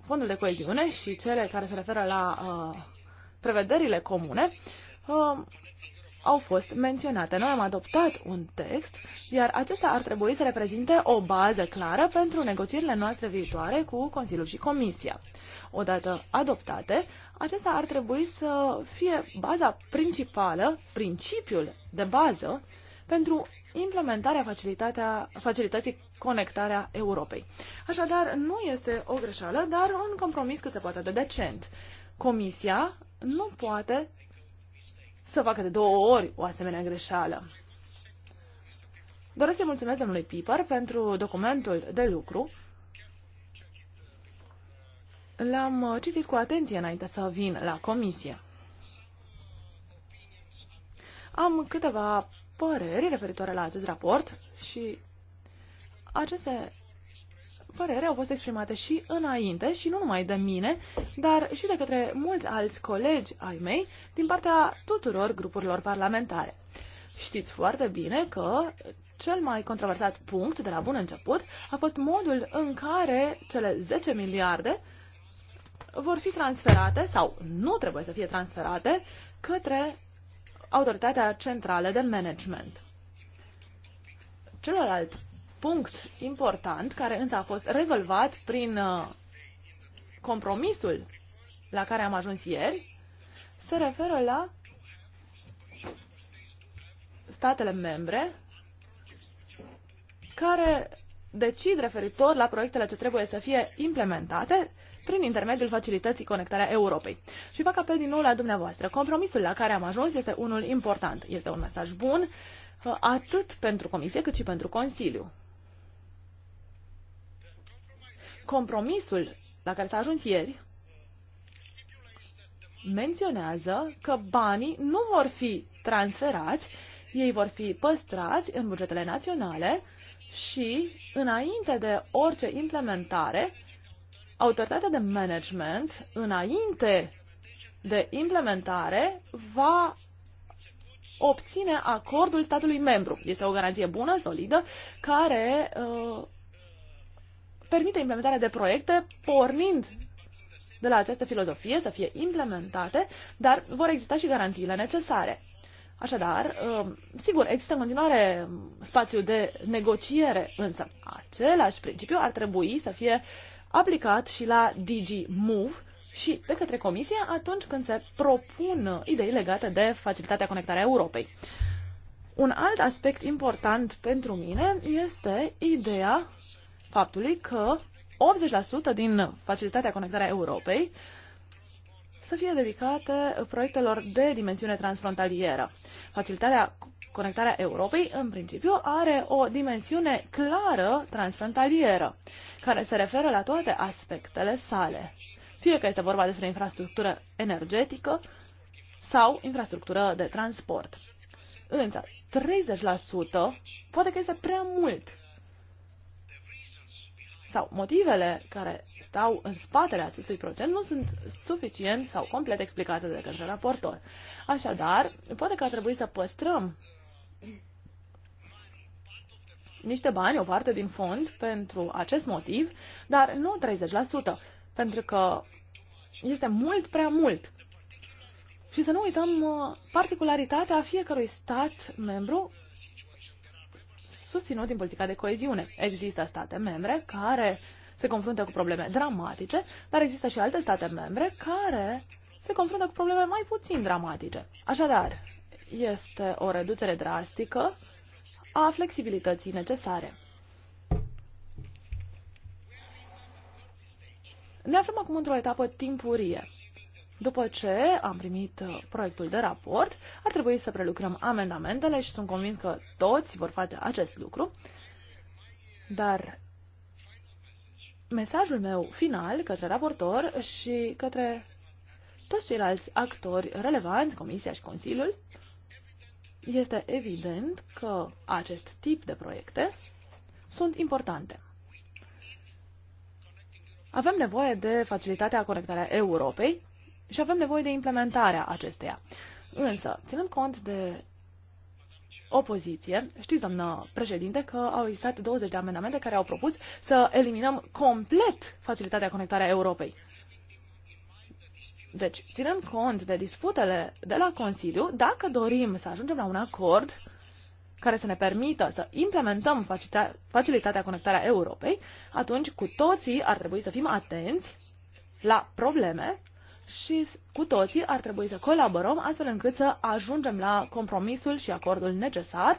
fondul de coeziune și cele care se referă la uh, prevederile comune uh, au fost menționate. Noi am adoptat un text, iar acesta ar trebui să reprezinte o bază clară pentru negocierile noastre viitoare cu Consiliul și Comisia. Odată adoptate, acesta ar trebui să fie baza principală, principiul de bază pentru implementarea facilitatea, facilității conectarea Europei. Așadar, nu este o greșeală, dar un compromis cât se poate de decent. Comisia nu poate să facă de două ori o asemenea greșeală. Doresc să-i mulțumesc domnului Piper pentru documentul de lucru. L-am uh, citit cu atenție înainte să vin la comisie. Am câteva păreri referitoare la acest raport și aceste părere au fost exprimate și înainte, și nu numai de mine, dar și de către mulți alți colegi ai mei din partea tuturor grupurilor parlamentare. Știți foarte bine că cel mai controversat punct de la bun început a fost modul în care cele 10 miliarde vor fi transferate sau nu trebuie să fie transferate către Autoritatea Centrală de Management. Celălalt punct important, care însă a fost rezolvat prin uh, compromisul la care am ajuns ieri, se referă la statele membre care decid referitor la proiectele ce trebuie să fie implementate prin intermediul facilității conectarea Europei. Și fac apel din nou la dumneavoastră. Compromisul la care am ajuns este unul important. Este un mesaj bun uh, atât pentru Comisie cât și pentru Consiliu. Compromisul la care s-a ajuns ieri menționează că banii nu vor fi transferați, ei vor fi păstrați în bugetele naționale și, înainte de orice implementare, autoritatea de management, înainte de implementare, va obține acordul statului membru. Este o garanție bună, solidă, care uh, permite implementarea de proiecte pornind de la această filozofie să fie implementate, dar vor exista și garantiile necesare. Așadar, um, sigur, există în continuare spațiu de negociere, însă același principiu ar trebui să fie aplicat și la DG Move și de către Comisie atunci când se propun idei legate de facilitatea conectarea Europei. Un alt aspect important pentru mine este ideea faptului că 80% din facilitatea conectarea Europei să fie dedicate proiectelor de dimensiune transfrontalieră. Facilitatea Conectarea Europei, în principiu, are o dimensiune clară transfrontalieră, care se referă la toate aspectele sale. Fie că este vorba despre infrastructură energetică sau infrastructură de transport. Însă, 30% poate că este prea mult sau motivele care stau în spatele acestui procent nu sunt suficient sau complet explicate de către raportor. Așadar, poate că ar trebui să păstrăm niște bani, o parte din fond, pentru acest motiv, dar nu 30%, pentru că este mult prea mult. Și să nu uităm uh, particularitatea fiecărui stat membru susținut din politica de coeziune. Există state membre care se confruntă cu probleme dramatice, dar există și alte state membre care se confruntă cu probleme mai puțin dramatice. Așadar, este o reducere drastică a flexibilității necesare. Ne aflăm acum într-o etapă timpurie. După ce am primit uh, proiectul de raport, ar trebui să prelucrăm amendamentele și sunt convins că toți vor face acest lucru. Dar mesajul meu final către raportor și către toți ceilalți actori relevanți, Comisia și Consiliul, este evident că acest tip de proiecte sunt importante. Avem nevoie de facilitatea conectarea Europei și avem nevoie de implementarea acesteia. Însă, ținând cont de opoziție, știți, doamnă președinte, că au existat 20 de amendamente care au propus să eliminăm complet facilitatea conectarea Europei. Deci, ținând cont de disputele de la Consiliu, dacă dorim să ajungem la un acord care să ne permită să implementăm facilitatea, facilitatea conectarea Europei, atunci cu toții ar trebui să fim atenți la probleme și cu toții ar trebui să colaborăm astfel încât să ajungem la compromisul și acordul necesar,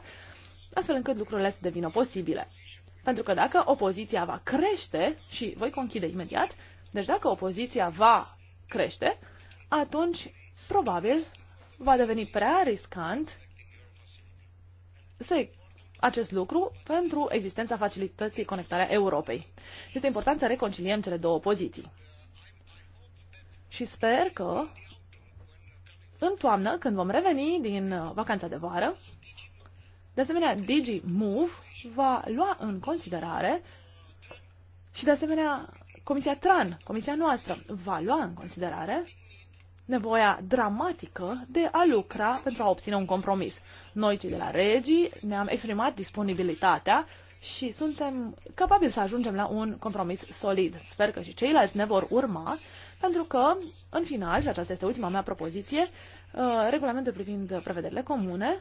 astfel încât lucrurile să devină posibile. Pentru că dacă opoziția va crește, și voi conchide imediat, deci dacă opoziția va crește, atunci probabil va deveni prea riscant să acest lucru pentru existența facilității conectarea Europei. Este important să reconciliem cele două poziții și sper că în toamnă, când vom reveni din uh, vacanța de vară, de asemenea, Digi Move va lua în considerare și, de asemenea, Comisia TRAN, comisia noastră, va lua în considerare nevoia dramatică de a lucra pentru a obține un compromis. Noi, cei de la Regii, ne-am exprimat disponibilitatea și suntem capabili să ajungem la un compromis solid. Sper că și ceilalți ne vor urma pentru că, în final, și aceasta este ultima mea propoziție, uh, regulamentul privind prevederile comune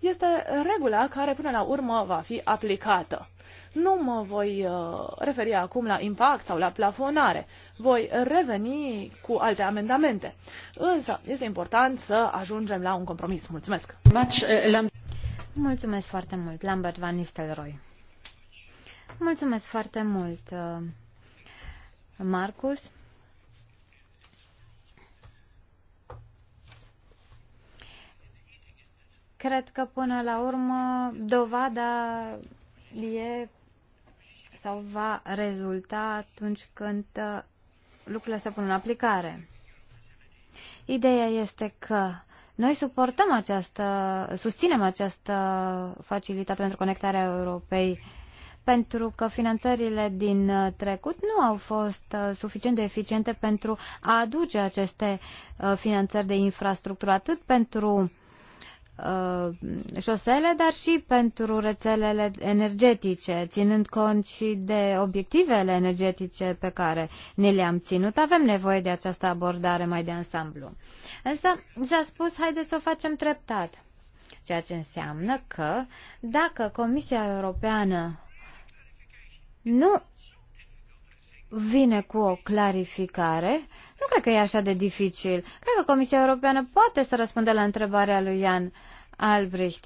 este regula care până la urmă va fi aplicată. Nu mă voi uh, referi acum la impact sau la plafonare. Voi reveni cu alte amendamente. Însă este important să ajungem la un compromis. Mulțumesc! Uh, Mulțumesc foarte mult, Lambert Van Nistelrooy. Mulțumesc foarte mult, Marcus. Cred că până la urmă dovada e sau va rezulta atunci când uh, lucrurile se pun în aplicare. Ideea este că noi suportăm această, susținem această facilitate pentru conectarea Europei pentru că finanțările din uh, trecut nu au fost uh, suficient de eficiente pentru a aduce aceste finanțări de infrastructură atât pentru Uh, șosele, dar și pentru rețelele energetice, ținând cont și de obiectivele energetice pe care ne le-am ținut, avem nevoie de această abordare mai de ansamblu. Însă s-a spus, haideți să o facem treptat, ceea ce înseamnă că dacă Comisia Europeană nu vine cu o clarificare, uh, nu cred că e așa de dificil. Cred că Comisia Europeană poate să răspundă la întrebarea lui Jan Albrecht.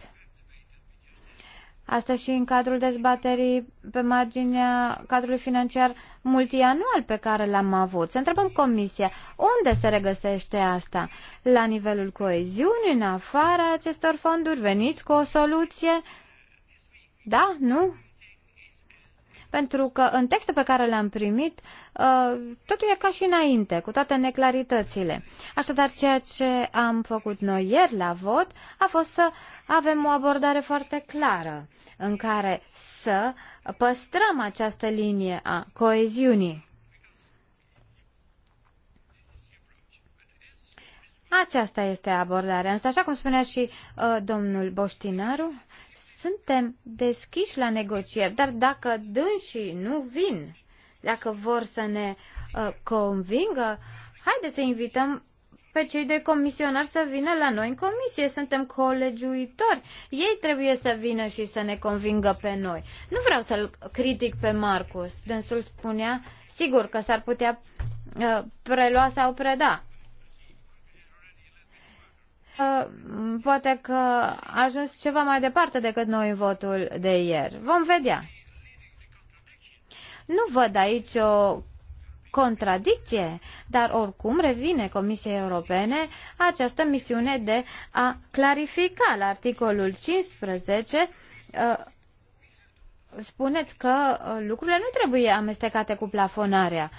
Asta și în cadrul dezbaterii pe marginea cadrului financiar multianual pe care l-am avut. Să întrebăm Comisia, unde se regăsește asta? La nivelul coeziunii, în afara acestor fonduri, veniți cu o soluție? Da? Nu? pentru că în textul pe care l-am primit, uh, totul e ca și înainte, cu toate neclaritățile. Așadar, ceea ce am făcut noi ieri la vot a fost să avem o abordare foarte clară în care să păstrăm această linie a coeziunii. Aceasta este abordarea. Însă, așa cum spunea și uh, domnul Boștinaru, suntem deschiși la negocieri, dar dacă dânsii nu vin, dacă vor să ne uh, convingă, haideți să invităm pe cei doi comisionari să vină la noi în comisie. Suntem colegiuitori. Ei trebuie să vină și să ne convingă pe noi. Nu vreau să-l critic pe Marcus. Dânsul spunea, sigur că s-ar putea uh, prelua sau preda poate că a ajuns ceva mai departe decât noi în votul de ieri. Vom vedea. Nu văd aici o contradicție, dar oricum revine Comisiei Europene această misiune de a clarifica la articolul 15 ă, spuneți că ă, lucrurile nu trebuie amestecate cu plafonarea.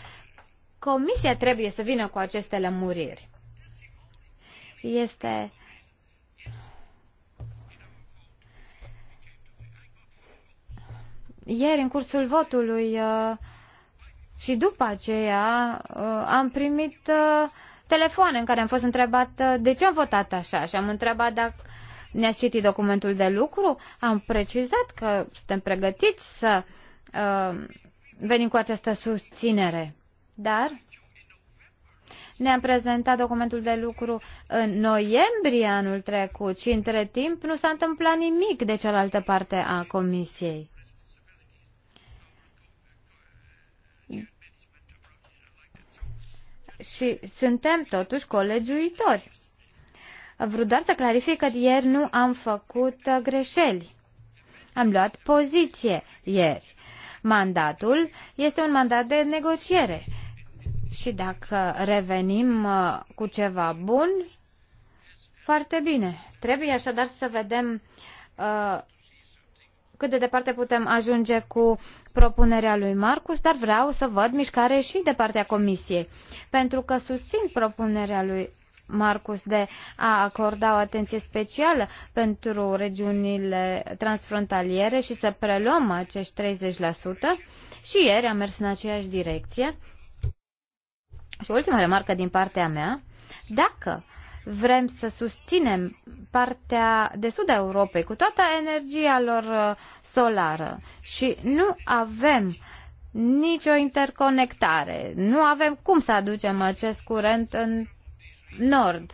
Comisia trebuie să vină cu aceste lămuriri este ieri în cursul votului uh, și după aceea uh, am primit uh, telefoane în care am fost întrebat de ce am votat așa și am întrebat dacă ne-a citit documentul de lucru, am precizat că suntem pregătiți să uh, venim cu această susținere. Dar ne-am prezentat documentul de lucru în noiembrie anul trecut și între timp nu s-a întâmplat nimic de cealaltă parte a Comisiei. Și suntem totuși colegiuitori. Vreau doar să clarific că ieri nu am făcut uh, greșeli. Am luat poziție ieri. Mandatul este un mandat de negociere și dacă revenim uh, cu ceva bun, foarte bine. Trebuie așadar să vedem uh, cât de departe putem ajunge cu propunerea lui Marcus, dar vreau să văd mișcare și de partea Comisiei, pentru că susțin propunerea lui Marcus de a acorda o atenție specială pentru regiunile transfrontaliere și să preluăm acești 30% și ieri am mers în aceeași direcție și ultima remarcă din partea mea, dacă vrem să susținem partea de sud a Europei cu toată energia lor uh, solară și nu avem nicio interconectare, nu avem cum să aducem acest curent în nord.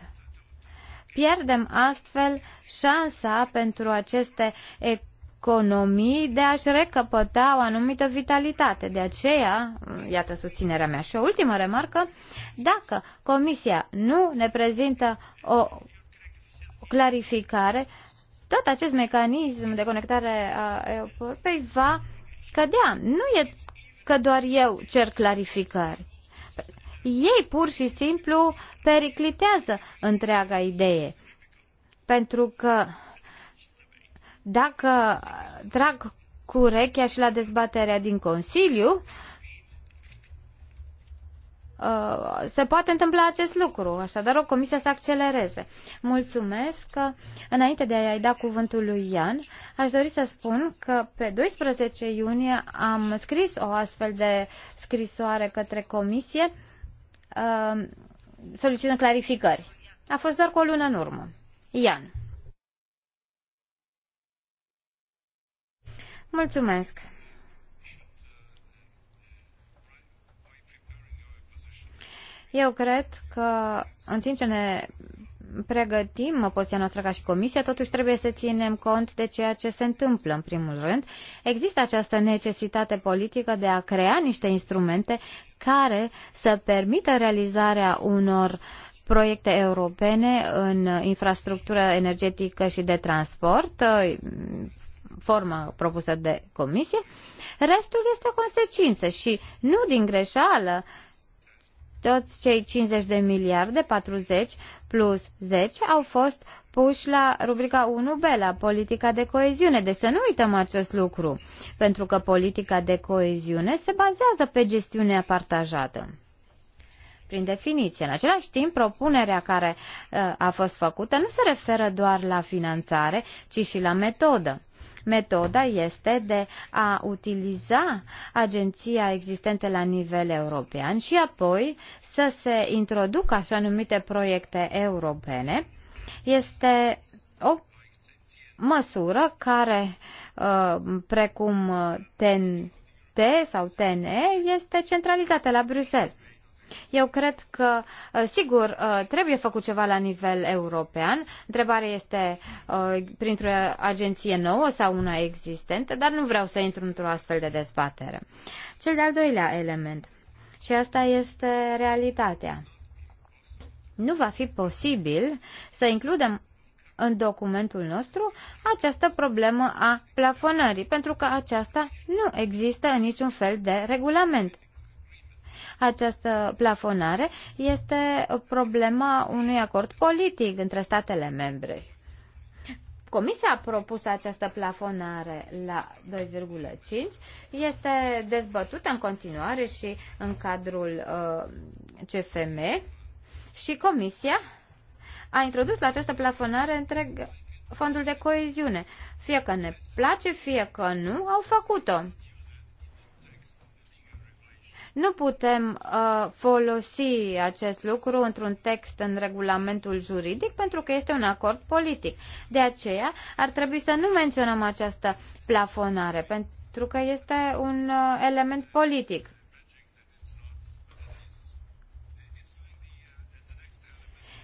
Pierdem astfel șansa pentru aceste economii economii de a-și recăpăta o anumită vitalitate. De aceea, iată susținerea mea și o ultimă remarcă, dacă Comisia nu ne prezintă o clarificare, tot acest mecanism de conectare a Europei va cădea. Nu e că doar eu cer clarificări. Ei pur și simplu periclitează întreaga idee. Pentru că dacă trag cu urechea și la dezbaterea din Consiliu, uh, se poate întâmpla acest lucru, așadar o comisie să accelereze. Mulțumesc. Înainte de a-i da cuvântul lui Ian, aș dori să spun că pe 12 iunie am scris o astfel de scrisoare către comisie uh, solicitând clarificări. A fost doar cu o lună în urmă. Ian. Mulțumesc! Eu cred că în timp ce ne pregătim poziția noastră ca și Comisia, totuși trebuie să ținem cont de ceea ce se întâmplă în primul rând. Există această necesitate politică de a crea niște instrumente care să permită realizarea unor proiecte europene în infrastructură energetică și de transport, formă propusă de comisie, restul este o consecință și nu din greșeală toți cei 50 de miliarde, 40 plus 10, au fost puși la rubrica 1B, la politica de coeziune. Deci să nu uităm acest lucru, pentru că politica de coeziune se bazează pe gestiunea partajată. Prin definiție, în același timp, propunerea care uh, a fost făcută nu se referă doar la finanțare, ci și la metodă. Metoda este de a utiliza agenția existentă la nivel european și apoi să se introducă așa numite proiecte europene. Este o măsură care, uh, precum TEN T sau TNE este centralizată la Bruxelles. Eu cred că, uh, sigur, uh, trebuie făcut ceva la nivel european. Întrebarea este uh, printr-o agenție nouă sau una existentă, dar nu vreau să intru într-o astfel de dezbatere. Cel de-al doilea element, și asta este realitatea. Nu va fi posibil să includem în documentul nostru această problemă a plafonării, pentru că aceasta nu există în niciun fel de regulament. Această plafonare este problema unui acord politic între statele membre. Comisia a propus această plafonare la 2,5. Este dezbătută în continuare și în cadrul uh, CFM și Comisia a introdus la această plafonare întreg fondul de coeziune. Fie că ne place, fie că nu, au făcut-o. Nu putem uh, folosi acest lucru într-un text în regulamentul juridic pentru că este un acord politic. De aceea ar trebui să nu menționăm această plafonare pentru că este un uh, element politic.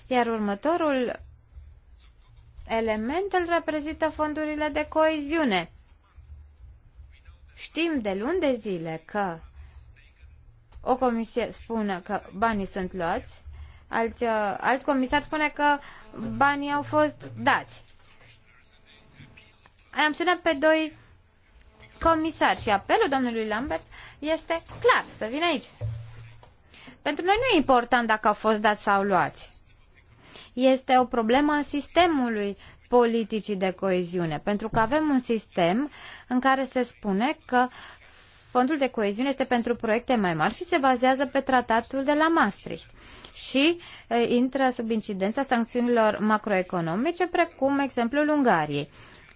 Iar următorul element îl reprezintă fondurile de coeziune. Știm de luni de zile că o comisie spune că banii sunt luați, alt, uh, alt comisar spune că banii au fost dați. Am sunat pe doi comisari și apelul domnului Lambert este clar, să vină aici. Pentru noi nu e important dacă au fost dați sau luați. Este o problemă a sistemului politicii de coeziune, pentru că avem un sistem în care se spune că fondul de coeziune este pentru proiecte mai mari și se bazează pe tratatul de la Maastricht și intră sub incidența sancțiunilor macroeconomice, precum exemplul Ungariei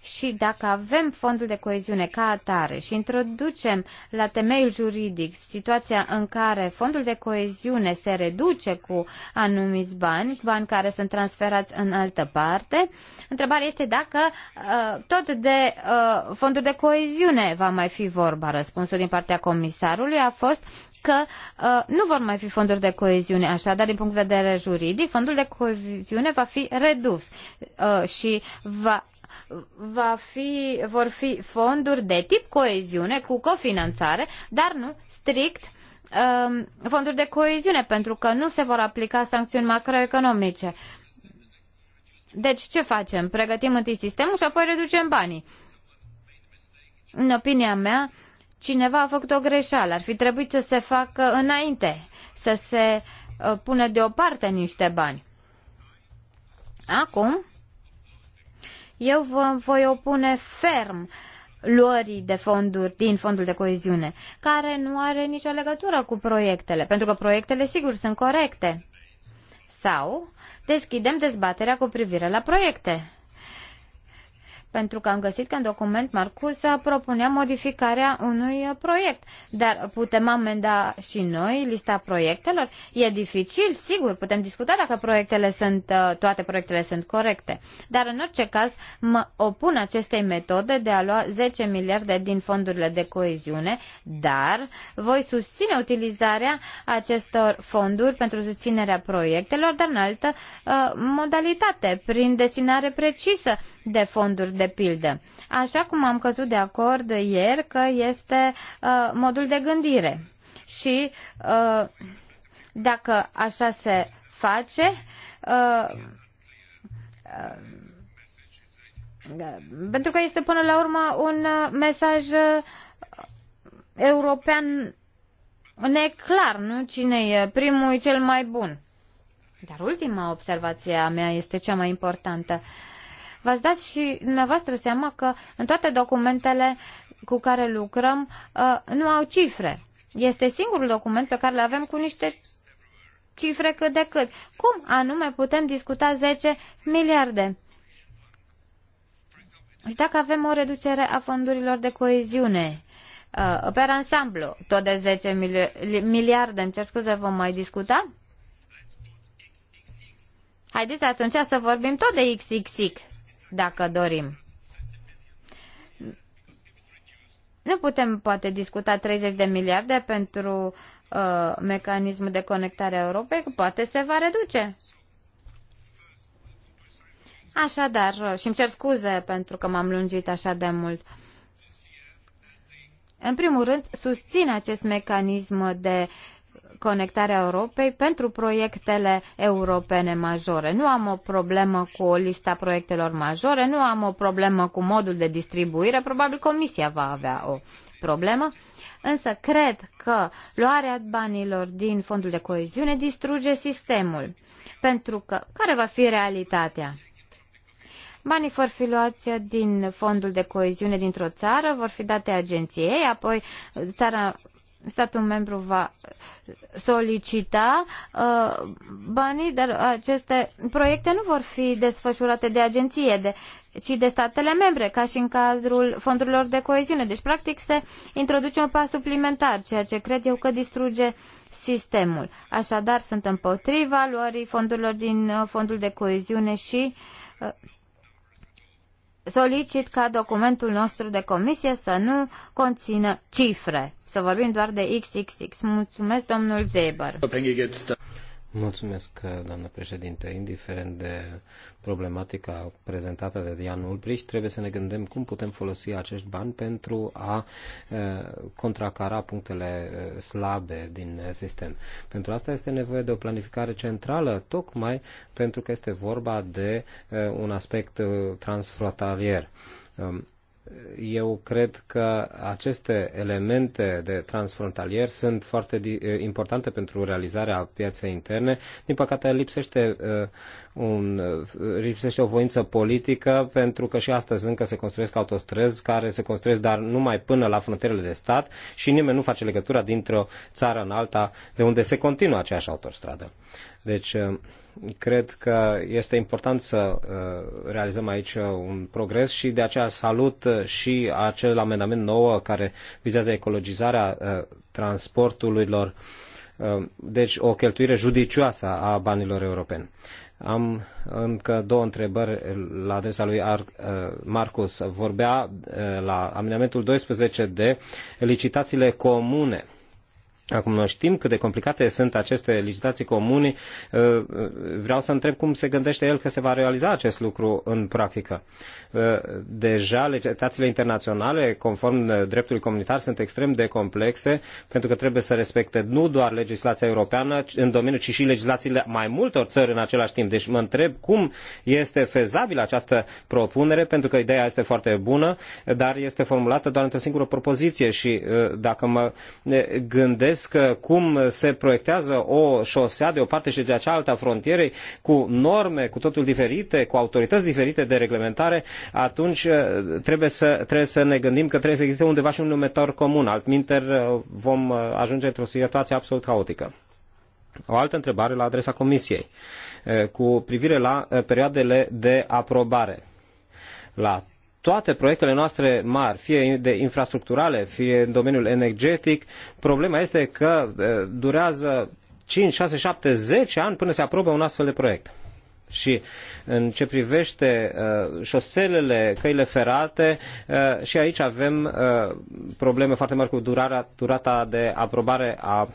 și dacă avem fondul de coeziune ca atare și introducem la temeiul juridic situația în care fondul de coeziune se reduce cu anumiți bani, bani care sunt transferați în altă parte, întrebarea este dacă uh, tot de uh, fondul de coeziune va mai fi vorba. Răspunsul din partea comisarului a fost că uh, nu vor mai fi fonduri de coeziune, așa, dar din punct de vedere juridic, fondul de coeziune va fi redus uh, și va va fi, vor fi fonduri de tip coeziune cu cofinanțare, dar nu strict um, fonduri de coeziune, pentru că nu se vor aplica sancțiuni macroeconomice. Deci ce facem? Pregătim întâi sistemul și apoi reducem banii. În opinia mea, cineva a făcut o greșeală. Ar fi trebuit să se facă înainte, să se uh, pună deoparte niște bani. Acum, eu vă voi opune ferm luării de fonduri din fondul de coeziune, care nu are nicio legătură cu proiectele, pentru că proiectele, sigur, sunt corecte. Sau deschidem dezbaterea cu privire la proiecte pentru că am găsit că în document Marcusa propunea modificarea unui proiect. Dar putem amenda și noi lista proiectelor? E dificil, sigur, putem discuta dacă proiectele sunt, uh, toate proiectele sunt corecte. Dar în orice caz mă opun acestei metode de a lua 10 miliarde din fondurile de coeziune, dar voi susține utilizarea acestor fonduri pentru susținerea proiectelor, dar în altă uh, modalitate, prin destinare precisă de fonduri de de pildă. Așa cum am căzut de acord ieri că este uh, modul de gândire. Și uh, dacă așa se face, uh, uh, pentru că este până la urmă un uh, mesaj uh, european neclar, nu? Cine e primul, e cel mai bun. Dar ultima observație a mea este cea mai importantă. Uh, V-ați dat și dumneavoastră seama că în toate documentele cu care lucrăm uh, nu au cifre. Este singurul document pe care le avem cu niște cifre cât de cât. Cum anume putem discuta 10 miliarde? Și dacă avem o reducere a fondurilor de coeziune uh, pe ansamblu, tot de 10 miliarde, îmi cer scuze, vom mai discuta? Haideți atunci să vorbim tot de XXX dacă dorim. Nu putem poate discuta 30 de miliarde pentru uh, mecanismul de conectare a Europei, că poate se va reduce. Așadar, uh, și îmi cer scuze pentru că m-am lungit așa de mult. În primul rând, susțin acest mecanism de uh, conectarea Europei pentru proiectele europene majore. Nu am o problemă cu o lista proiectelor majore, nu am o problemă cu modul de distribuire, probabil Comisia va avea o problemă, însă cred că luarea banilor din fondul de coeziune distruge sistemul. Pentru că, care va fi realitatea? Banii vor fi luați din fondul de coeziune dintr-o țară, vor fi date agenției, apoi țara statul membru va solicita uh, banii, dar aceste proiecte nu vor fi desfășurate de agenție, de, ci de statele membre, ca și în cadrul fondurilor de coeziune. Deci, practic, se introduce un pas suplimentar, ceea ce cred eu că distruge sistemul. Așadar, sunt împotriva luării fondurilor din uh, fondul de coeziune și uh, solicit ca documentul nostru de comisie să nu conțină cifre, să vorbim doar de XXX. Mulțumesc, domnul Zeber. Mulțumesc, doamnă președinte. Indiferent de problematica prezentată de Dian Ulbricht, trebuie să ne gândim cum putem folosi acești bani pentru a contracara punctele slabe din sistem. Pentru asta este nevoie de o planificare centrală, tocmai pentru că este vorba de un aspect transfrontalier eu cred că aceste elemente de transfrontalier sunt foarte eh, importante pentru realizarea pieței interne. Din păcate lipsește, eh, un, eh, lipsește o voință politică pentru că și astăzi încă se construiesc autostrăzi care se construiesc dar numai până la frontierele de stat și nimeni nu face legătura dintre o țară în alta de unde se continuă aceeași autostradă. Deci, uh, cred că este important să uh, realizăm aici uh, un progres și de aceea salut și acel amendament nou care vizează ecologizarea transporturilor, deci o cheltuire judicioasă a banilor europeni. Am încă două întrebări la adresa lui Ar, Marcus. Vorbea la amendamentul 12 de licitațiile comune. Acum noi știm cât de complicate sunt aceste licitații comune. Uh, uh, vreau să întreb cum se gândește el că se va realiza acest lucru în practică. Uh, deja licitațiile internaționale, conform dreptului comunitar, sunt extrem de complexe pentru că trebuie să respecte nu doar legislația europeană în domeniu, ci și legislațiile mai multor țări în același timp. Deci mă întreb cum este fezabilă această propunere, pentru că ideea este foarte bună, dar este formulată doar într-o singură propoziție și dacă mă gândesc Că cum se proiectează o șosea de o parte și de cealaltă a frontierei cu norme cu totul diferite, cu autorități diferite de reglementare, atunci uh, trebuie să, trebuie să ne gândim că trebuie să existe undeva și un numitor comun. Altminter uh, vom uh, ajunge într-o situație absolut haotică. O altă întrebare la adresa Comisiei cu privire la perioadele de aprobare. La toate proiectele noastre mari, fie de infrastructurale, fie în domeniul energetic, problema este că eh, durează 5, 6, 7, 10 ani până se aprobă un astfel de proiect. Și în ce privește uh, șoselele, căile ferate, uh, și aici avem uh, probleme foarte mari cu durarea, durata de aprobare a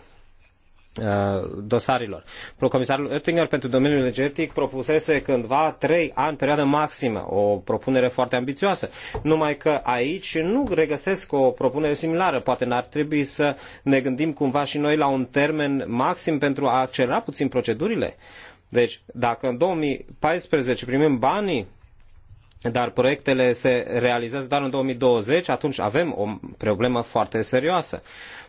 Uh, dosarilor. Procomisarul Oettinger pentru domeniul energetic propusese cândva trei ani perioadă maximă, o propunere foarte ambițioasă, numai că aici nu regăsesc o propunere similară. Poate n-ar trebui să ne gândim cumva și noi la un termen maxim pentru a accelera puțin procedurile. Deci, dacă în 2014 primim banii dar proiectele se realizează doar în 2020, atunci avem o problemă foarte serioasă.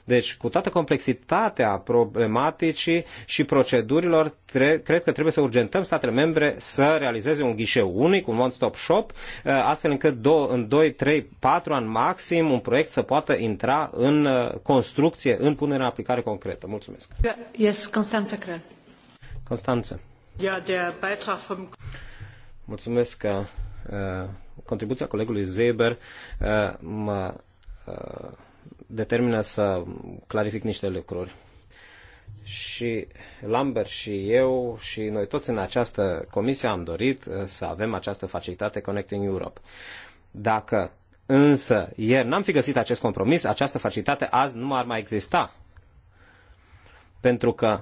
Deci, cu toată complexitatea problematicii și procedurilor, cred că trebuie să urgentăm statele membre să realizeze un ghișeu unic, un one-stop shop, ă, astfel încât în 2, 3, 4 ani maxim un proiect să poată intra în ă, construcție, în punerea în aplicare concretă. Mulțumesc. Da, yes, Constanța Crel. Constanță. Ja, der Beitrag vom... Mulțumesc că Uh, contribuția colegului Zeber uh, mă uh, determină să clarific niște lucruri. Și Lambert și eu și noi toți în această comisie am dorit să avem această facilitate Connecting Europe. Dacă însă ieri n-am fi găsit acest compromis, această facilitate azi nu ar mai exista. Pentru că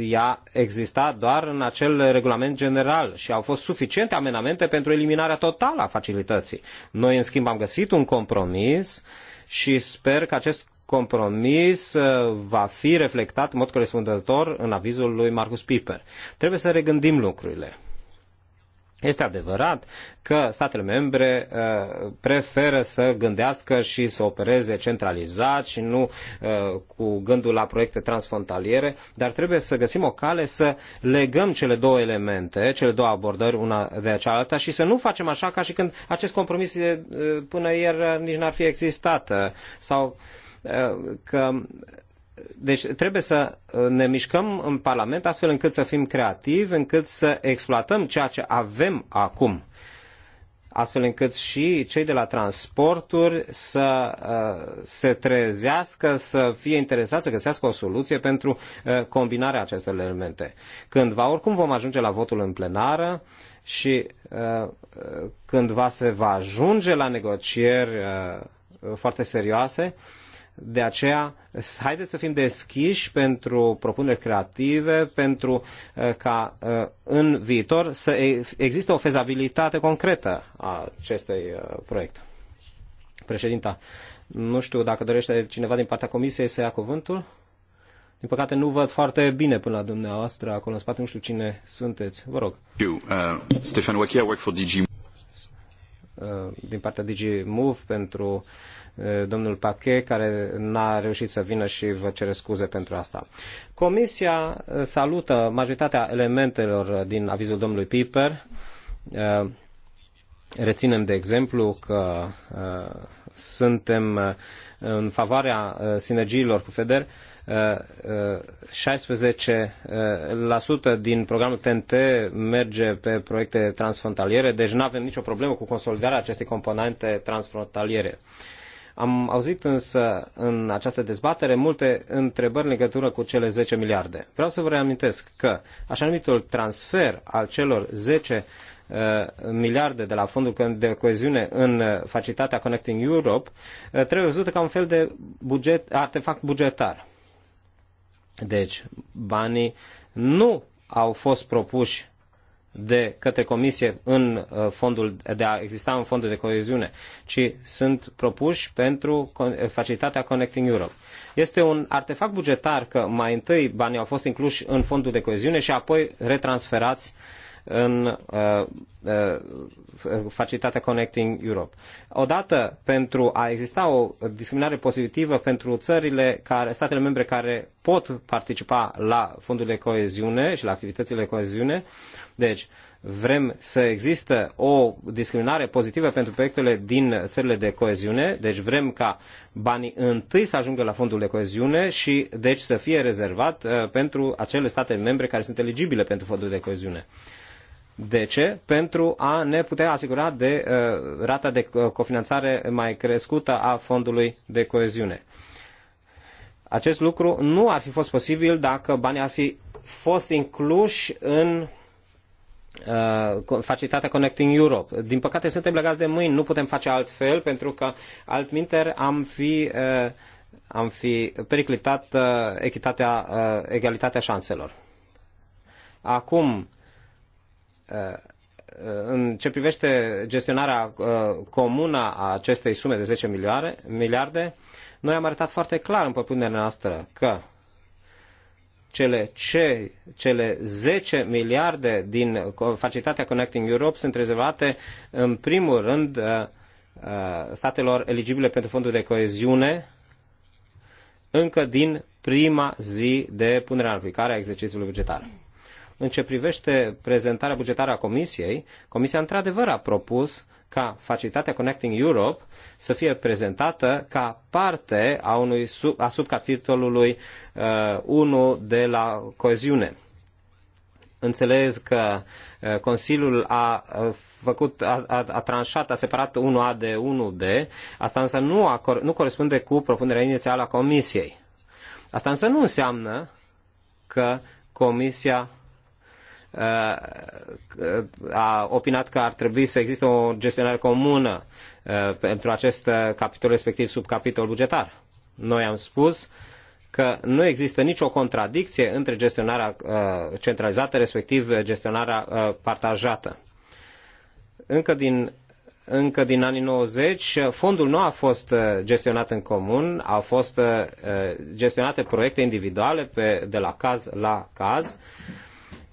ea exista doar în acel regulament general și au fost suficiente amenamente pentru eliminarea totală a facilității. Noi, în schimb, am găsit un compromis și sper că acest compromis uh, va fi reflectat în mod corespunzător în avizul lui Marcus Piper. Trebuie să regândim lucrurile. Este adevărat că statele membre uh, preferă să gândească și să opereze centralizat și nu uh, cu gândul la proiecte transfrontaliere, dar trebuie să găsim o cale să legăm cele două elemente, cele două abordări una de cealaltă și să nu facem așa ca și când acest compromis uh, până ieri nici n-ar fi existat sau că deci trebuie să uh, ne mișcăm în Parlament astfel încât să fim creativi, încât să exploatăm ceea ce avem acum, astfel încât și cei de la transporturi să uh, se trezească, să fie interesați să găsească o soluție pentru uh, combinarea acestor elemente. Cândva, oricum, vom ajunge la votul în plenară și cândva se va ajunge la negocieri foarte serioase, uh, de aceea, haideți să fim deschiși pentru propuneri creative, pentru uh, ca uh, în viitor să existe o fezabilitate concretă a acestui uh, proiect. Președinta, nu știu dacă dorește cineva din partea comisiei să ia cuvântul. Din păcate nu văd foarte bine până la dumneavoastră acolo în spate, nu știu cine sunteți. Vă rog. Eu, uh, Stefan Wachia, work for DG. Uh, din partea DG Move pentru domnul Pachet, care n-a reușit să vină și vă cere scuze pentru asta. Comisia uh, salută majoritatea elementelor din avizul domnului Piper. Uh, reținem, de exemplu, că uh, suntem în favoarea sinergiilor cu FEDER. 16% din programul TNT merge pe proiecte transfrontaliere, deci nu avem nicio problemă cu consolidarea acestei componente transfrontaliere. Am auzit însă în această dezbatere multe întrebări în legătură cu cele 10 miliarde. Vreau să vă reamintesc că așa numitul transfer al celor 10 uh, miliarde de la fondul de coeziune în uh, facilitatea Connecting Europe uh, trebuie văzută ca un fel de buget, artefact bugetar. Deci, banii nu au fost propuși de către Comisie în uh, fondul, de a exista în fondul de coeziune, ci sunt propuși pentru eh, facilitatea Connecting Europe. Este un artefact bugetar că mai întâi banii au fost incluși în fondul de coeziune și apoi retransferați uh, în uh, uh, facilitatea Connecting Europe. Odată, pentru a exista o discriminare pozitivă pentru țările care, statele membre care pot participa la fondurile coeziune și la activitățile coeziune, deci vrem să existe o discriminare pozitivă pentru proiectele din țările de coeziune, deci vrem ca banii întâi să ajungă la fondul de coeziune și deci să fie rezervat uh, pentru acele state membre care sunt eligibile pentru fondul de coeziune. Uh, de ce? Pentru a ne putea asigura de uh, rata de uh, cofinanțare mai crescută a fondului de coeziune. Acest lucru nu ar fi fost posibil dacă banii ar fi fost incluși în uh, facilitatea Connecting Europe. Din păcate suntem legați de mâini, nu putem face altfel pentru că altminteri am fi, uh, am fi periclitat uh, echitatea, uh, egalitatea șanselor. Acum, Uh, în ce privește gestionarea uh, comună a acestei sume de 10 miliarde, miliarde, noi am arătat foarte clar în propunerea noastră că cele, ce, cele 10 miliarde din facilitatea Connecting Europe sunt rezervate în primul rând uh, statelor eligibile pentru fondul de coeziune încă din prima zi de punere în aplicare a exercițiului bugetar. În ce privește prezentarea bugetară a Comisiei, Comisia într-adevăr a propus ca facilitatea Connecting Europe să fie prezentată ca parte a, unui sub, a subcapitolului uh, 1 de la coeziune. Înțeleg că uh, Consiliul a uh, făcut, a, a, a tranșat, a separat 1A de 1B, asta însă nu, a, nu corespunde cu propunerea inițială a Comisiei. Asta însă nu înseamnă că Comisia a opinat că ar trebui să existe o gestionare comună uh, pentru acest uh, capitol, respectiv subcapitol bugetar. Noi am spus că nu există nicio contradicție între gestionarea uh, centralizată, respectiv gestionarea partajată. Încă din încă din anii 90, fondul nu a fost gestionat în comun, au fost gestionate proiecte individuale pe, de la caz la caz. Uh,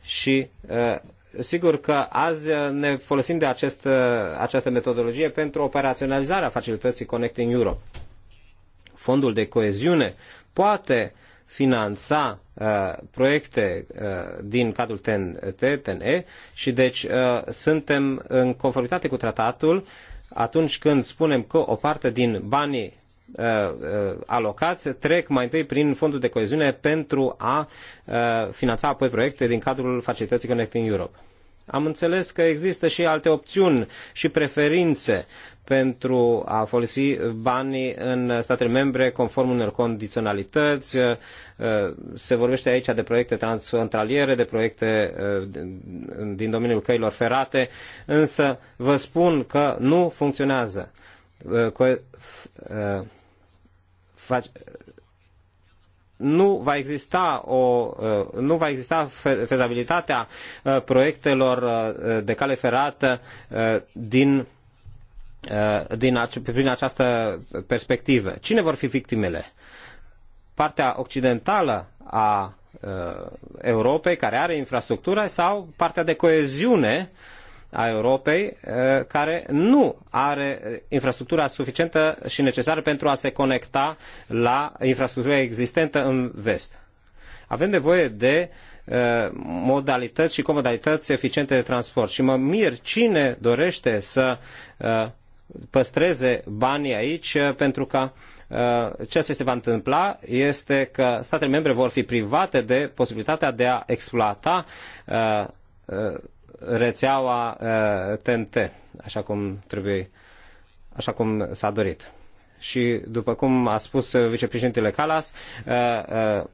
și uh, sigur că azi ne folosim de acest, uh, această metodologie pentru operaționalizarea facilității Connecting Europe. Fondul de coeziune poate finanța uh, proiecte uh, din cadrul TNT, TNE și deci uh, suntem în conformitate cu tratatul atunci când spunem că o parte din banii Uh, uh, alocați trec mai întâi prin fondul de coeziune pentru a uh, finanța apoi proiecte din cadrul facilității Connecting Europe. Am înțeles că există și alte opțiuni și preferințe pentru a folosi banii în statele membre conform unor condiționalități. Se vorbește aici de proiecte transfrontaliere, de proiecte din domeniul căilor ferate, însă vă spun că nu funcționează Ă, ă, nu va exista, o, ă, nu va exista fezabilitatea proiectelor de cale ferată din, din, prin această perspectivă. Cine vor fi victimele? Partea occidentală a Europei, care are infrastructura, sau partea de coeziune uh, a Europei eh, care nu are infrastructura suficientă și necesară pentru a se conecta la infrastructura existentă în vest. Avem nevoie de eh, modalități și comodalități eficiente de transport și mă mir cine dorește să eh, păstreze banii aici pentru că ceea ce se va întâmpla este că statele membre vor fi private de posibilitatea de a exploata rețeaua TNT, uh, așa cum trebuie, așa cum s-a dorit. Și după cum a spus vicepreședintele Calas, uh, uh,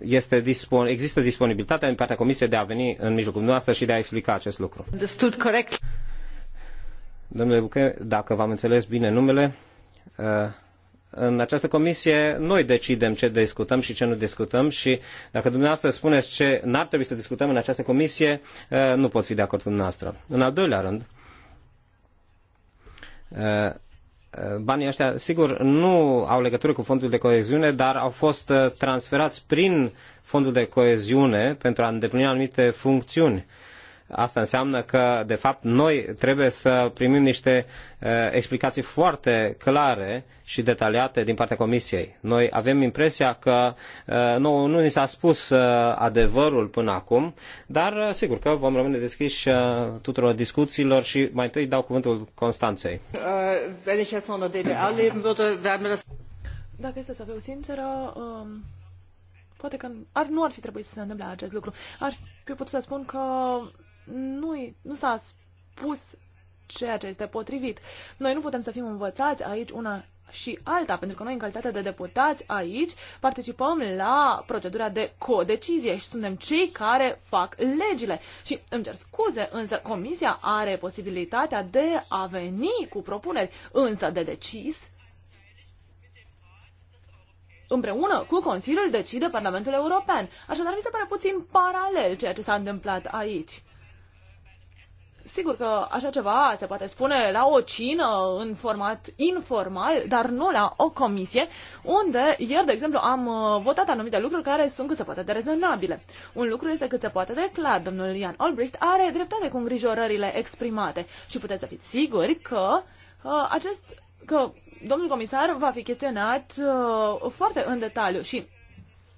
este dispon, există disponibilitatea din partea Comisiei de a veni în mijlocul noastră și de a explica acest lucru. Understood correct. Domnule Buche, dacă v-am înțeles bine numele, în această comisie noi decidem ce discutăm și ce nu discutăm și dacă dumneavoastră spuneți ce n-ar trebui să discutăm în această comisie, uh, nu pot fi de acord cu dumneavoastră. În al doilea rând, uh, banii ăștia, sigur, nu au legătură cu fondul de coeziune, dar au fost uh, transferați prin fondul de coeziune pentru a îndeplini anumite funcțiuni. Uh, Asta înseamnă că, de fapt, noi trebuie să primim niște eh, explicații foarte clare și detaliate din partea Comisiei. Noi avem impresia că eh, nouă nu ni s-a spus eh, adevărul până acum, dar sigur că vom rămâne deschiși tuturor discuțiilor și mai întâi dau cuvântul Constanței. Dacă este să fiu sinceră, um poate că ar, nu ar fi trebuit să se întâmple acest lucru. Ar fi putut să spun că nu, nu s-a spus ceea ce este potrivit. Noi nu putem să fim învățați aici una și alta, pentru că noi, în calitate de deputați aici, participăm la procedura de codecizie și suntem cei care fac legile. Și îmi cer scuze, însă Comisia are posibilitatea de a veni cu propuneri, însă de decis împreună cu Consiliul decide Parlamentul European. Așadar, mi se pare puțin paralel ceea ce s-a întâmplat aici. Sigur că așa ceva se poate spune la o cină în format informal, dar nu la o comisie, unde eu, de exemplu, am uh, votat anumite lucruri care sunt cât se poate de rezonabile. Un lucru este cât se poate de clar. Domnul Ian Albrecht are dreptate cu îngrijorările exprimate și puteți să fiți siguri că că uh, acest că domnul comisar va fi chestionat uh, foarte în detaliu și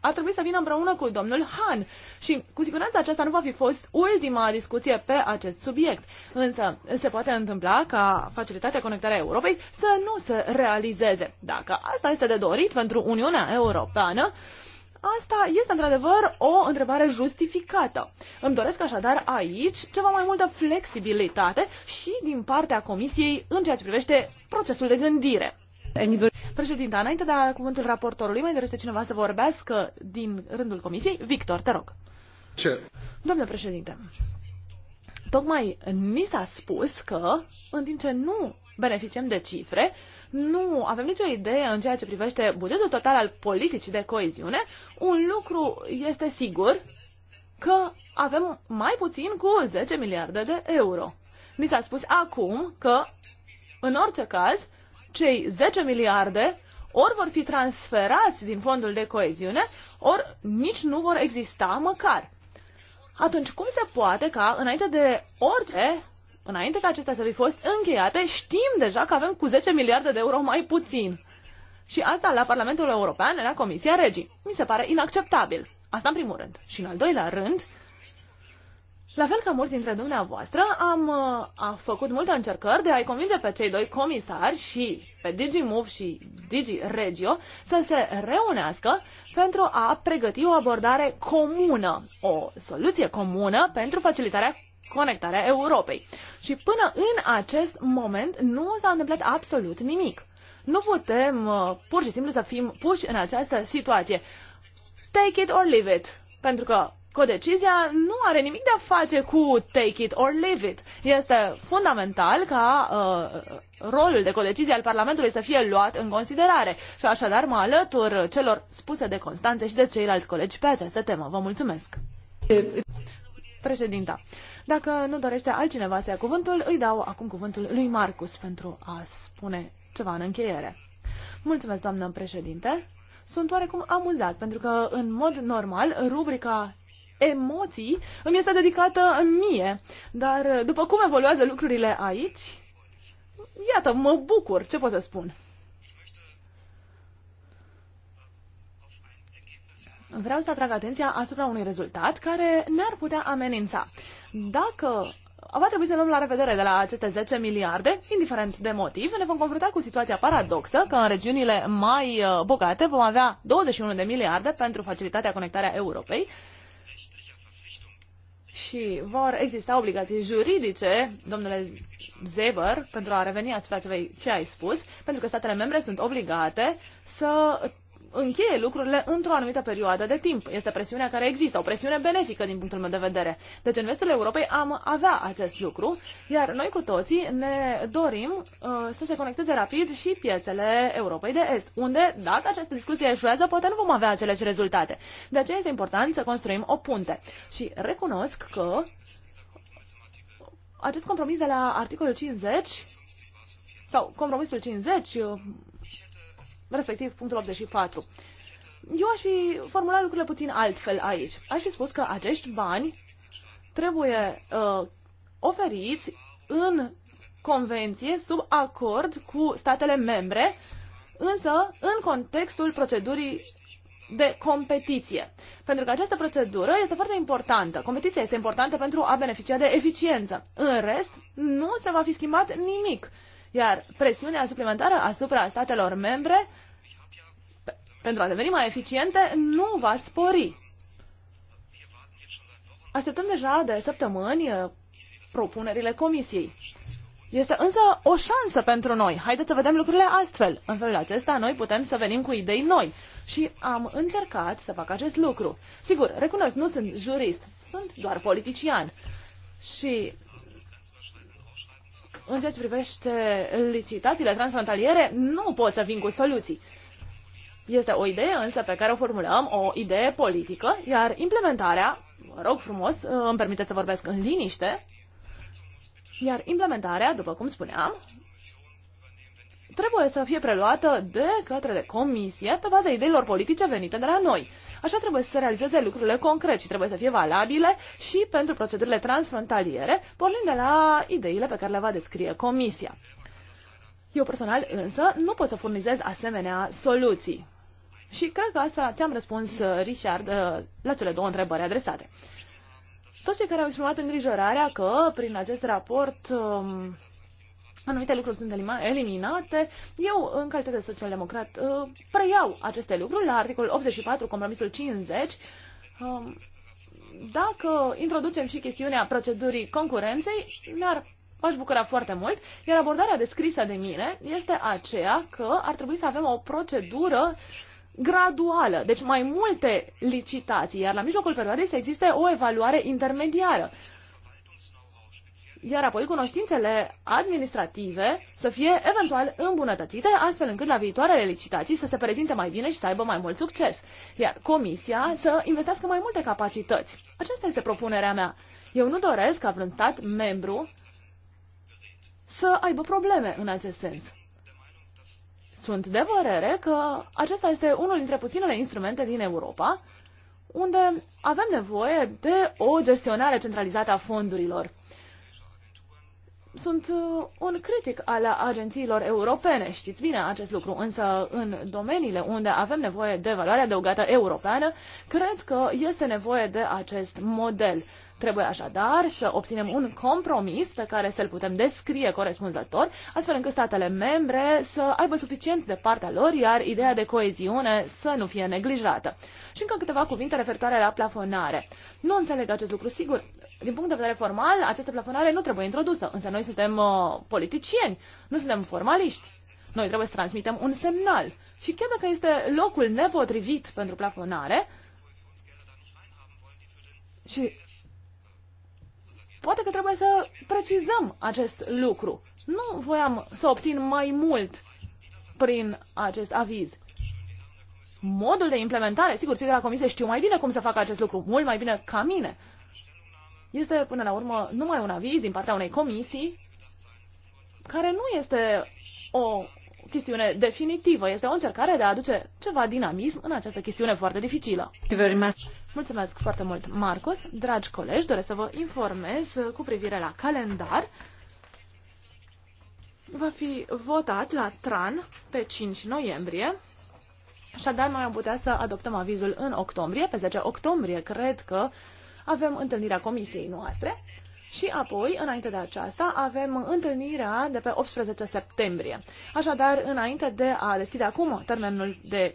a trebuit să vină împreună cu domnul Han. Și cu siguranță aceasta nu va fi fost ultima discuție pe acest subiect. Însă se poate întâmpla ca facilitatea conectarea Europei să nu se realizeze. Dacă asta este de dorit pentru Uniunea Europeană, Asta este într-adevăr o întrebare justificată. Îmi doresc așadar aici ceva mai multă flexibilitate și din partea Comisiei în ceea ce privește procesul de gândire. Președinte, înainte de a da cuvântul raportorului, mai dorește cineva să vorbească din rândul comisiei? Victor, te rog. Ce? Domnule președinte, tocmai ni s-a spus că, în timp ce nu beneficiem de cifre, nu avem nicio idee în ceea ce privește bugetul total al politicii de coeziune, un lucru este sigur că avem mai puțin cu 10 miliarde de euro. Ni s-a spus acum că, în orice caz, cei 10 miliarde ori vor fi transferați din fondul de coeziune, ori nici nu vor exista măcar. Atunci, cum se poate ca, înainte de orice, înainte ca acestea să fi fost încheiate, știm deja că avem cu 10 miliarde de euro mai puțin? Și asta la Parlamentul European, la Comisia Regii. Mi se pare inacceptabil. Asta în primul rând. Și în al doilea rând, la fel ca mulți dintre dumneavoastră, am uh, a făcut multe încercări de a-i convinge pe cei doi comisari și pe DigiMove și DigiRegio să se reunească pentru a pregăti o abordare comună, o soluție comună pentru facilitarea conectarea Europei. Și până în acest moment nu s-a întâmplat absolut nimic. Nu putem uh, pur și simplu să fim puși în această situație. Take it or leave it. Pentru că codecizia nu are nimic de a face cu take it or leave it. Este fundamental ca uh, rolul de codecizie al Parlamentului să fie luat în considerare și așadar mă alătur celor spuse de Constanțe și de ceilalți colegi pe această temă. Vă mulțumesc! Președinta, dacă nu dorește altcineva să ia cuvântul, îi dau acum cuvântul lui Marcus pentru a spune ceva în încheiere. Mulțumesc, doamnă președinte! Sunt oarecum amuzat, pentru că, în mod normal, rubrica emoții îmi este dedicată mie. Dar după cum evoluează lucrurile aici, iată, mă bucur, ce pot să spun. Vreau să atrag atenția asupra unui rezultat care ne-ar putea amenința. Dacă va trebui să luăm la revedere de la aceste 10 miliarde, indiferent de motiv, ne vom confrunta cu situația paradoxă că în regiunile mai uh, bogate vom avea 21 de miliarde pentru facilitatea conectarea Europei și vor exista obligații juridice, domnule Zeber, pentru a reveni asupra ce ai spus, pentru că statele membre sunt obligate să încheie lucrurile într-o anumită perioadă de timp. Este presiunea care există, o presiune benefică din punctul meu de vedere. Deci în vestul Europei am avea acest lucru, iar noi cu toții ne dorim uh, să se conecteze rapid și piețele Europei de Est, unde, dacă această discuție eșuează, poate nu vom avea aceleași rezultate. De aceea este important să construim o punte. Și recunosc că acest compromis de la articolul 50 sau compromisul 50 respectiv punctul 84. Eu aș fi formulat lucrurile puțin altfel aici. Aș fi spus că acești bani trebuie uh, oferiți în convenție, sub acord cu statele membre, însă în contextul procedurii de competiție. Pentru că această procedură este foarte importantă. Competiția este importantă pentru a beneficia de eficiență. În rest, nu se va fi schimbat nimic. Iar presiunea suplimentară asupra statelor membre pentru a deveni mai eficiente nu va spori. Așteptăm deja de săptămâni uh, propunerile comisiei. Este însă o șansă pentru noi. Haideți să vedem lucrurile astfel. În felul acesta noi putem să venim cu idei noi. Și am încercat să fac acest lucru. Sigur, recunosc, nu sunt jurist, sunt doar politician. Și în ceea ce privește licitațiile transfrontaliere, nu pot să vin cu soluții. Este o idee însă pe care o formulăm, o idee politică, iar implementarea, vă rog frumos, îmi permiteți să vorbesc în liniște, iar implementarea, după cum spuneam, trebuie să fie preluată de către comisie pe baza ideilor politice venite de la noi. Așa trebuie să se realizeze lucrurile concret și trebuie să fie valabile și pentru procedurile transfrontaliere, pornind de la ideile pe care le va descrie comisia. Eu personal însă nu pot să furnizez asemenea soluții. Și cred că asta ți-am răspuns, Richard, la cele două întrebări adresate. Toți cei care au exprimat îngrijorarea că prin acest raport um, anumite lucruri sunt eliminate, eu, în calitate de social-democrat, uh, preiau aceste lucruri la articolul 84, compromisul 50. Um, dacă introducem și chestiunea procedurii concurenței, mi-ar m-aș bucura foarte mult, iar abordarea descrisă de mine este aceea că ar trebui să avem o procedură graduală, deci mai multe licitații, iar la mijlocul perioadei să existe o evaluare intermediară iar apoi cunoștințele administrative să fie eventual îmbunătățite, astfel încât la viitoarele licitații să se prezinte mai bine și să aibă mai mult succes, iar comisia să investească mai multe capacități. Aceasta este propunerea mea. Eu nu doresc ca vreun stat membru să aibă probleme în acest sens. Sunt de părere că acesta este unul dintre puținele instrumente din Europa unde avem nevoie de o gestionare centralizată a fondurilor sunt uh, un critic al agențiilor europene, știți bine acest lucru, însă în domeniile unde avem nevoie de valoare adăugată europeană, cred că este nevoie de acest model. Trebuie așadar să obținem un compromis pe care să-l putem descrie corespunzător, astfel încât statele membre să aibă suficient de partea lor, iar ideea de coeziune să nu fie neglijată. Și încă câteva cuvinte referitoare la plafonare. Nu înțeleg acest lucru, sigur, din punct de vedere formal, această plafonare nu trebuie introdusă, însă noi suntem uh, politicieni, nu suntem formaliști. Noi trebuie să transmitem un semnal. Și chiar dacă este locul nepotrivit pentru plafonare, și poate că trebuie să precizăm acest lucru. Nu voiam să obțin mai mult prin acest aviz. Modul de implementare, sigur, cei de la comisie știu mai bine cum să facă acest lucru, mult mai bine ca mine este până la urmă numai un aviz din partea unei comisii care nu este o chestiune definitivă, este o încercare de a aduce ceva dinamism în această chestiune foarte dificilă. Mulțumesc foarte mult, Marcos. Dragi colegi, doresc să vă informez cu privire la calendar. Va fi votat la TRAN pe 5 noiembrie. Așadar, noi am putea să adoptăm avizul în octombrie. Pe 10 octombrie, cred că uh, avem întâlnirea comisiei noastre și apoi, înainte de aceasta, avem întâlnirea de pe 18 septembrie. Așadar, înainte de a deschide acum termenul de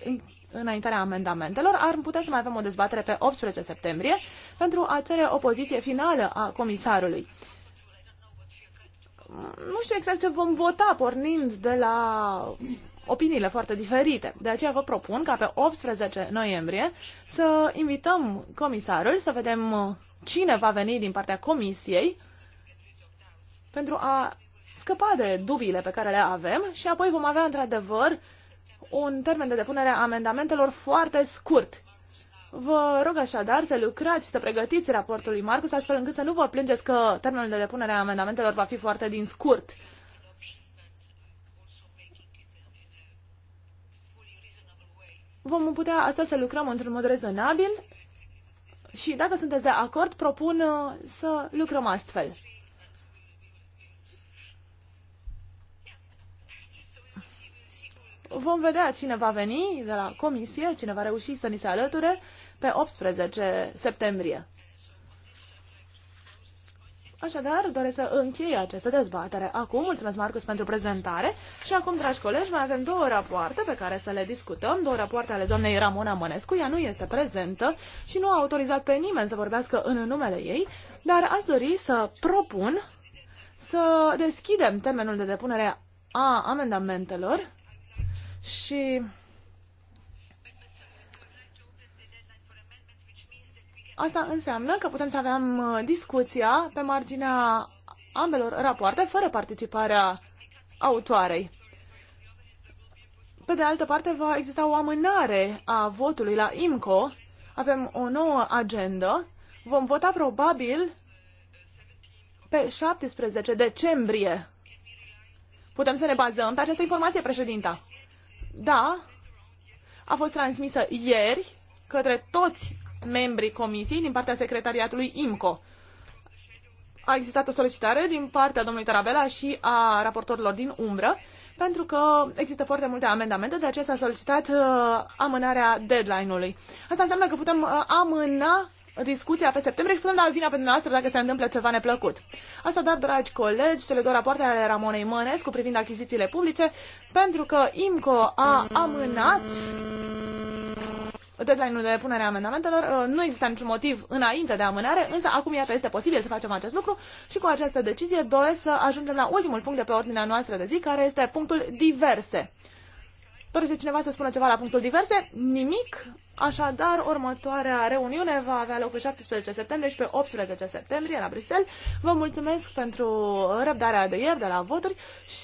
înaintarea amendamentelor, ar putea să mai avem o dezbatere pe 18 septembrie pentru a cere o poziție finală a comisarului. Nu știu exact ce vom vota pornind de la opiniile foarte diferite. De aceea vă propun ca pe 18 noiembrie să invităm comisarul să vedem uh, cine va veni din partea comisiei pentru a scăpa de dubiile pe care le avem și apoi vom avea într-adevăr un termen de depunere a amendamentelor foarte scurt. Vă rog așadar să lucrați, să pregătiți raportul lui Marcus, astfel încât să nu vă plângeți că termenul de depunere a amendamentelor va fi foarte din scurt. vom putea astfel să lucrăm într-un mod rezonabil și dacă sunteți de acord, propun uh, să lucrăm astfel. Vom vedea cine va veni de la comisie, cine va reuși să ni se alăture pe 18 septembrie. Așadar, doresc să închei această dezbatere. Acum, mulțumesc, Marcus, pentru prezentare. Și acum, dragi colegi, mai avem două rapoarte pe care să le discutăm. Două rapoarte ale doamnei Ramona Mănescu. Ea nu este prezentă și nu a autorizat pe nimeni să vorbească în numele ei, dar aș dori să propun să deschidem termenul de depunere a amendamentelor și Asta înseamnă că putem să avem uh, discuția pe marginea ambelor rapoarte fără participarea autoarei. Pe de altă parte, va exista o amânare a votului la IMCO. Avem o nouă agendă. Vom vota probabil pe 17 decembrie. Putem să ne bazăm pe această informație, președinta? Da, a fost transmisă ieri către toți membrii comisiei din partea secretariatului IMCO. A existat o solicitare din partea domnului Tarabela și a raportorilor din umbră, pentru că există foarte multe amendamente, de aceea s-a solicitat uh, amânarea deadline-ului. Asta înseamnă că putem uh, amâna discuția pe septembrie și putem da vina pe dumneavoastră dacă se întâmplă ceva neplăcut. Așadar, dragi colegi, cele două rapoarte ale Ramonei Mănescu privind achizițiile publice, pentru că IMCO a amânat deadline-ul de punere a amendamentelor. Uh, nu există niciun motiv înainte de amânare, însă acum iată este posibil să facem acest lucru și cu această decizie doresc să ajungem la ultimul punct de pe ordinea noastră de zi, care este punctul diverse. Dorește cineva să spună ceva la punctul diverse? Nimic. Așadar, următoarea reuniune va avea loc pe 17 septembrie și pe 18 septembrie la Bruxelles. Vă mulțumesc pentru răbdarea de ieri de la voturi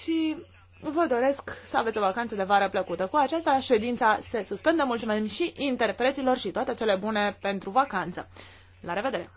și vă doresc să aveți o vacanță de vară plăcută. Cu aceasta ședința se suspendă. Mulțumim și interpreților și toate cele bune pentru vacanță. La revedere!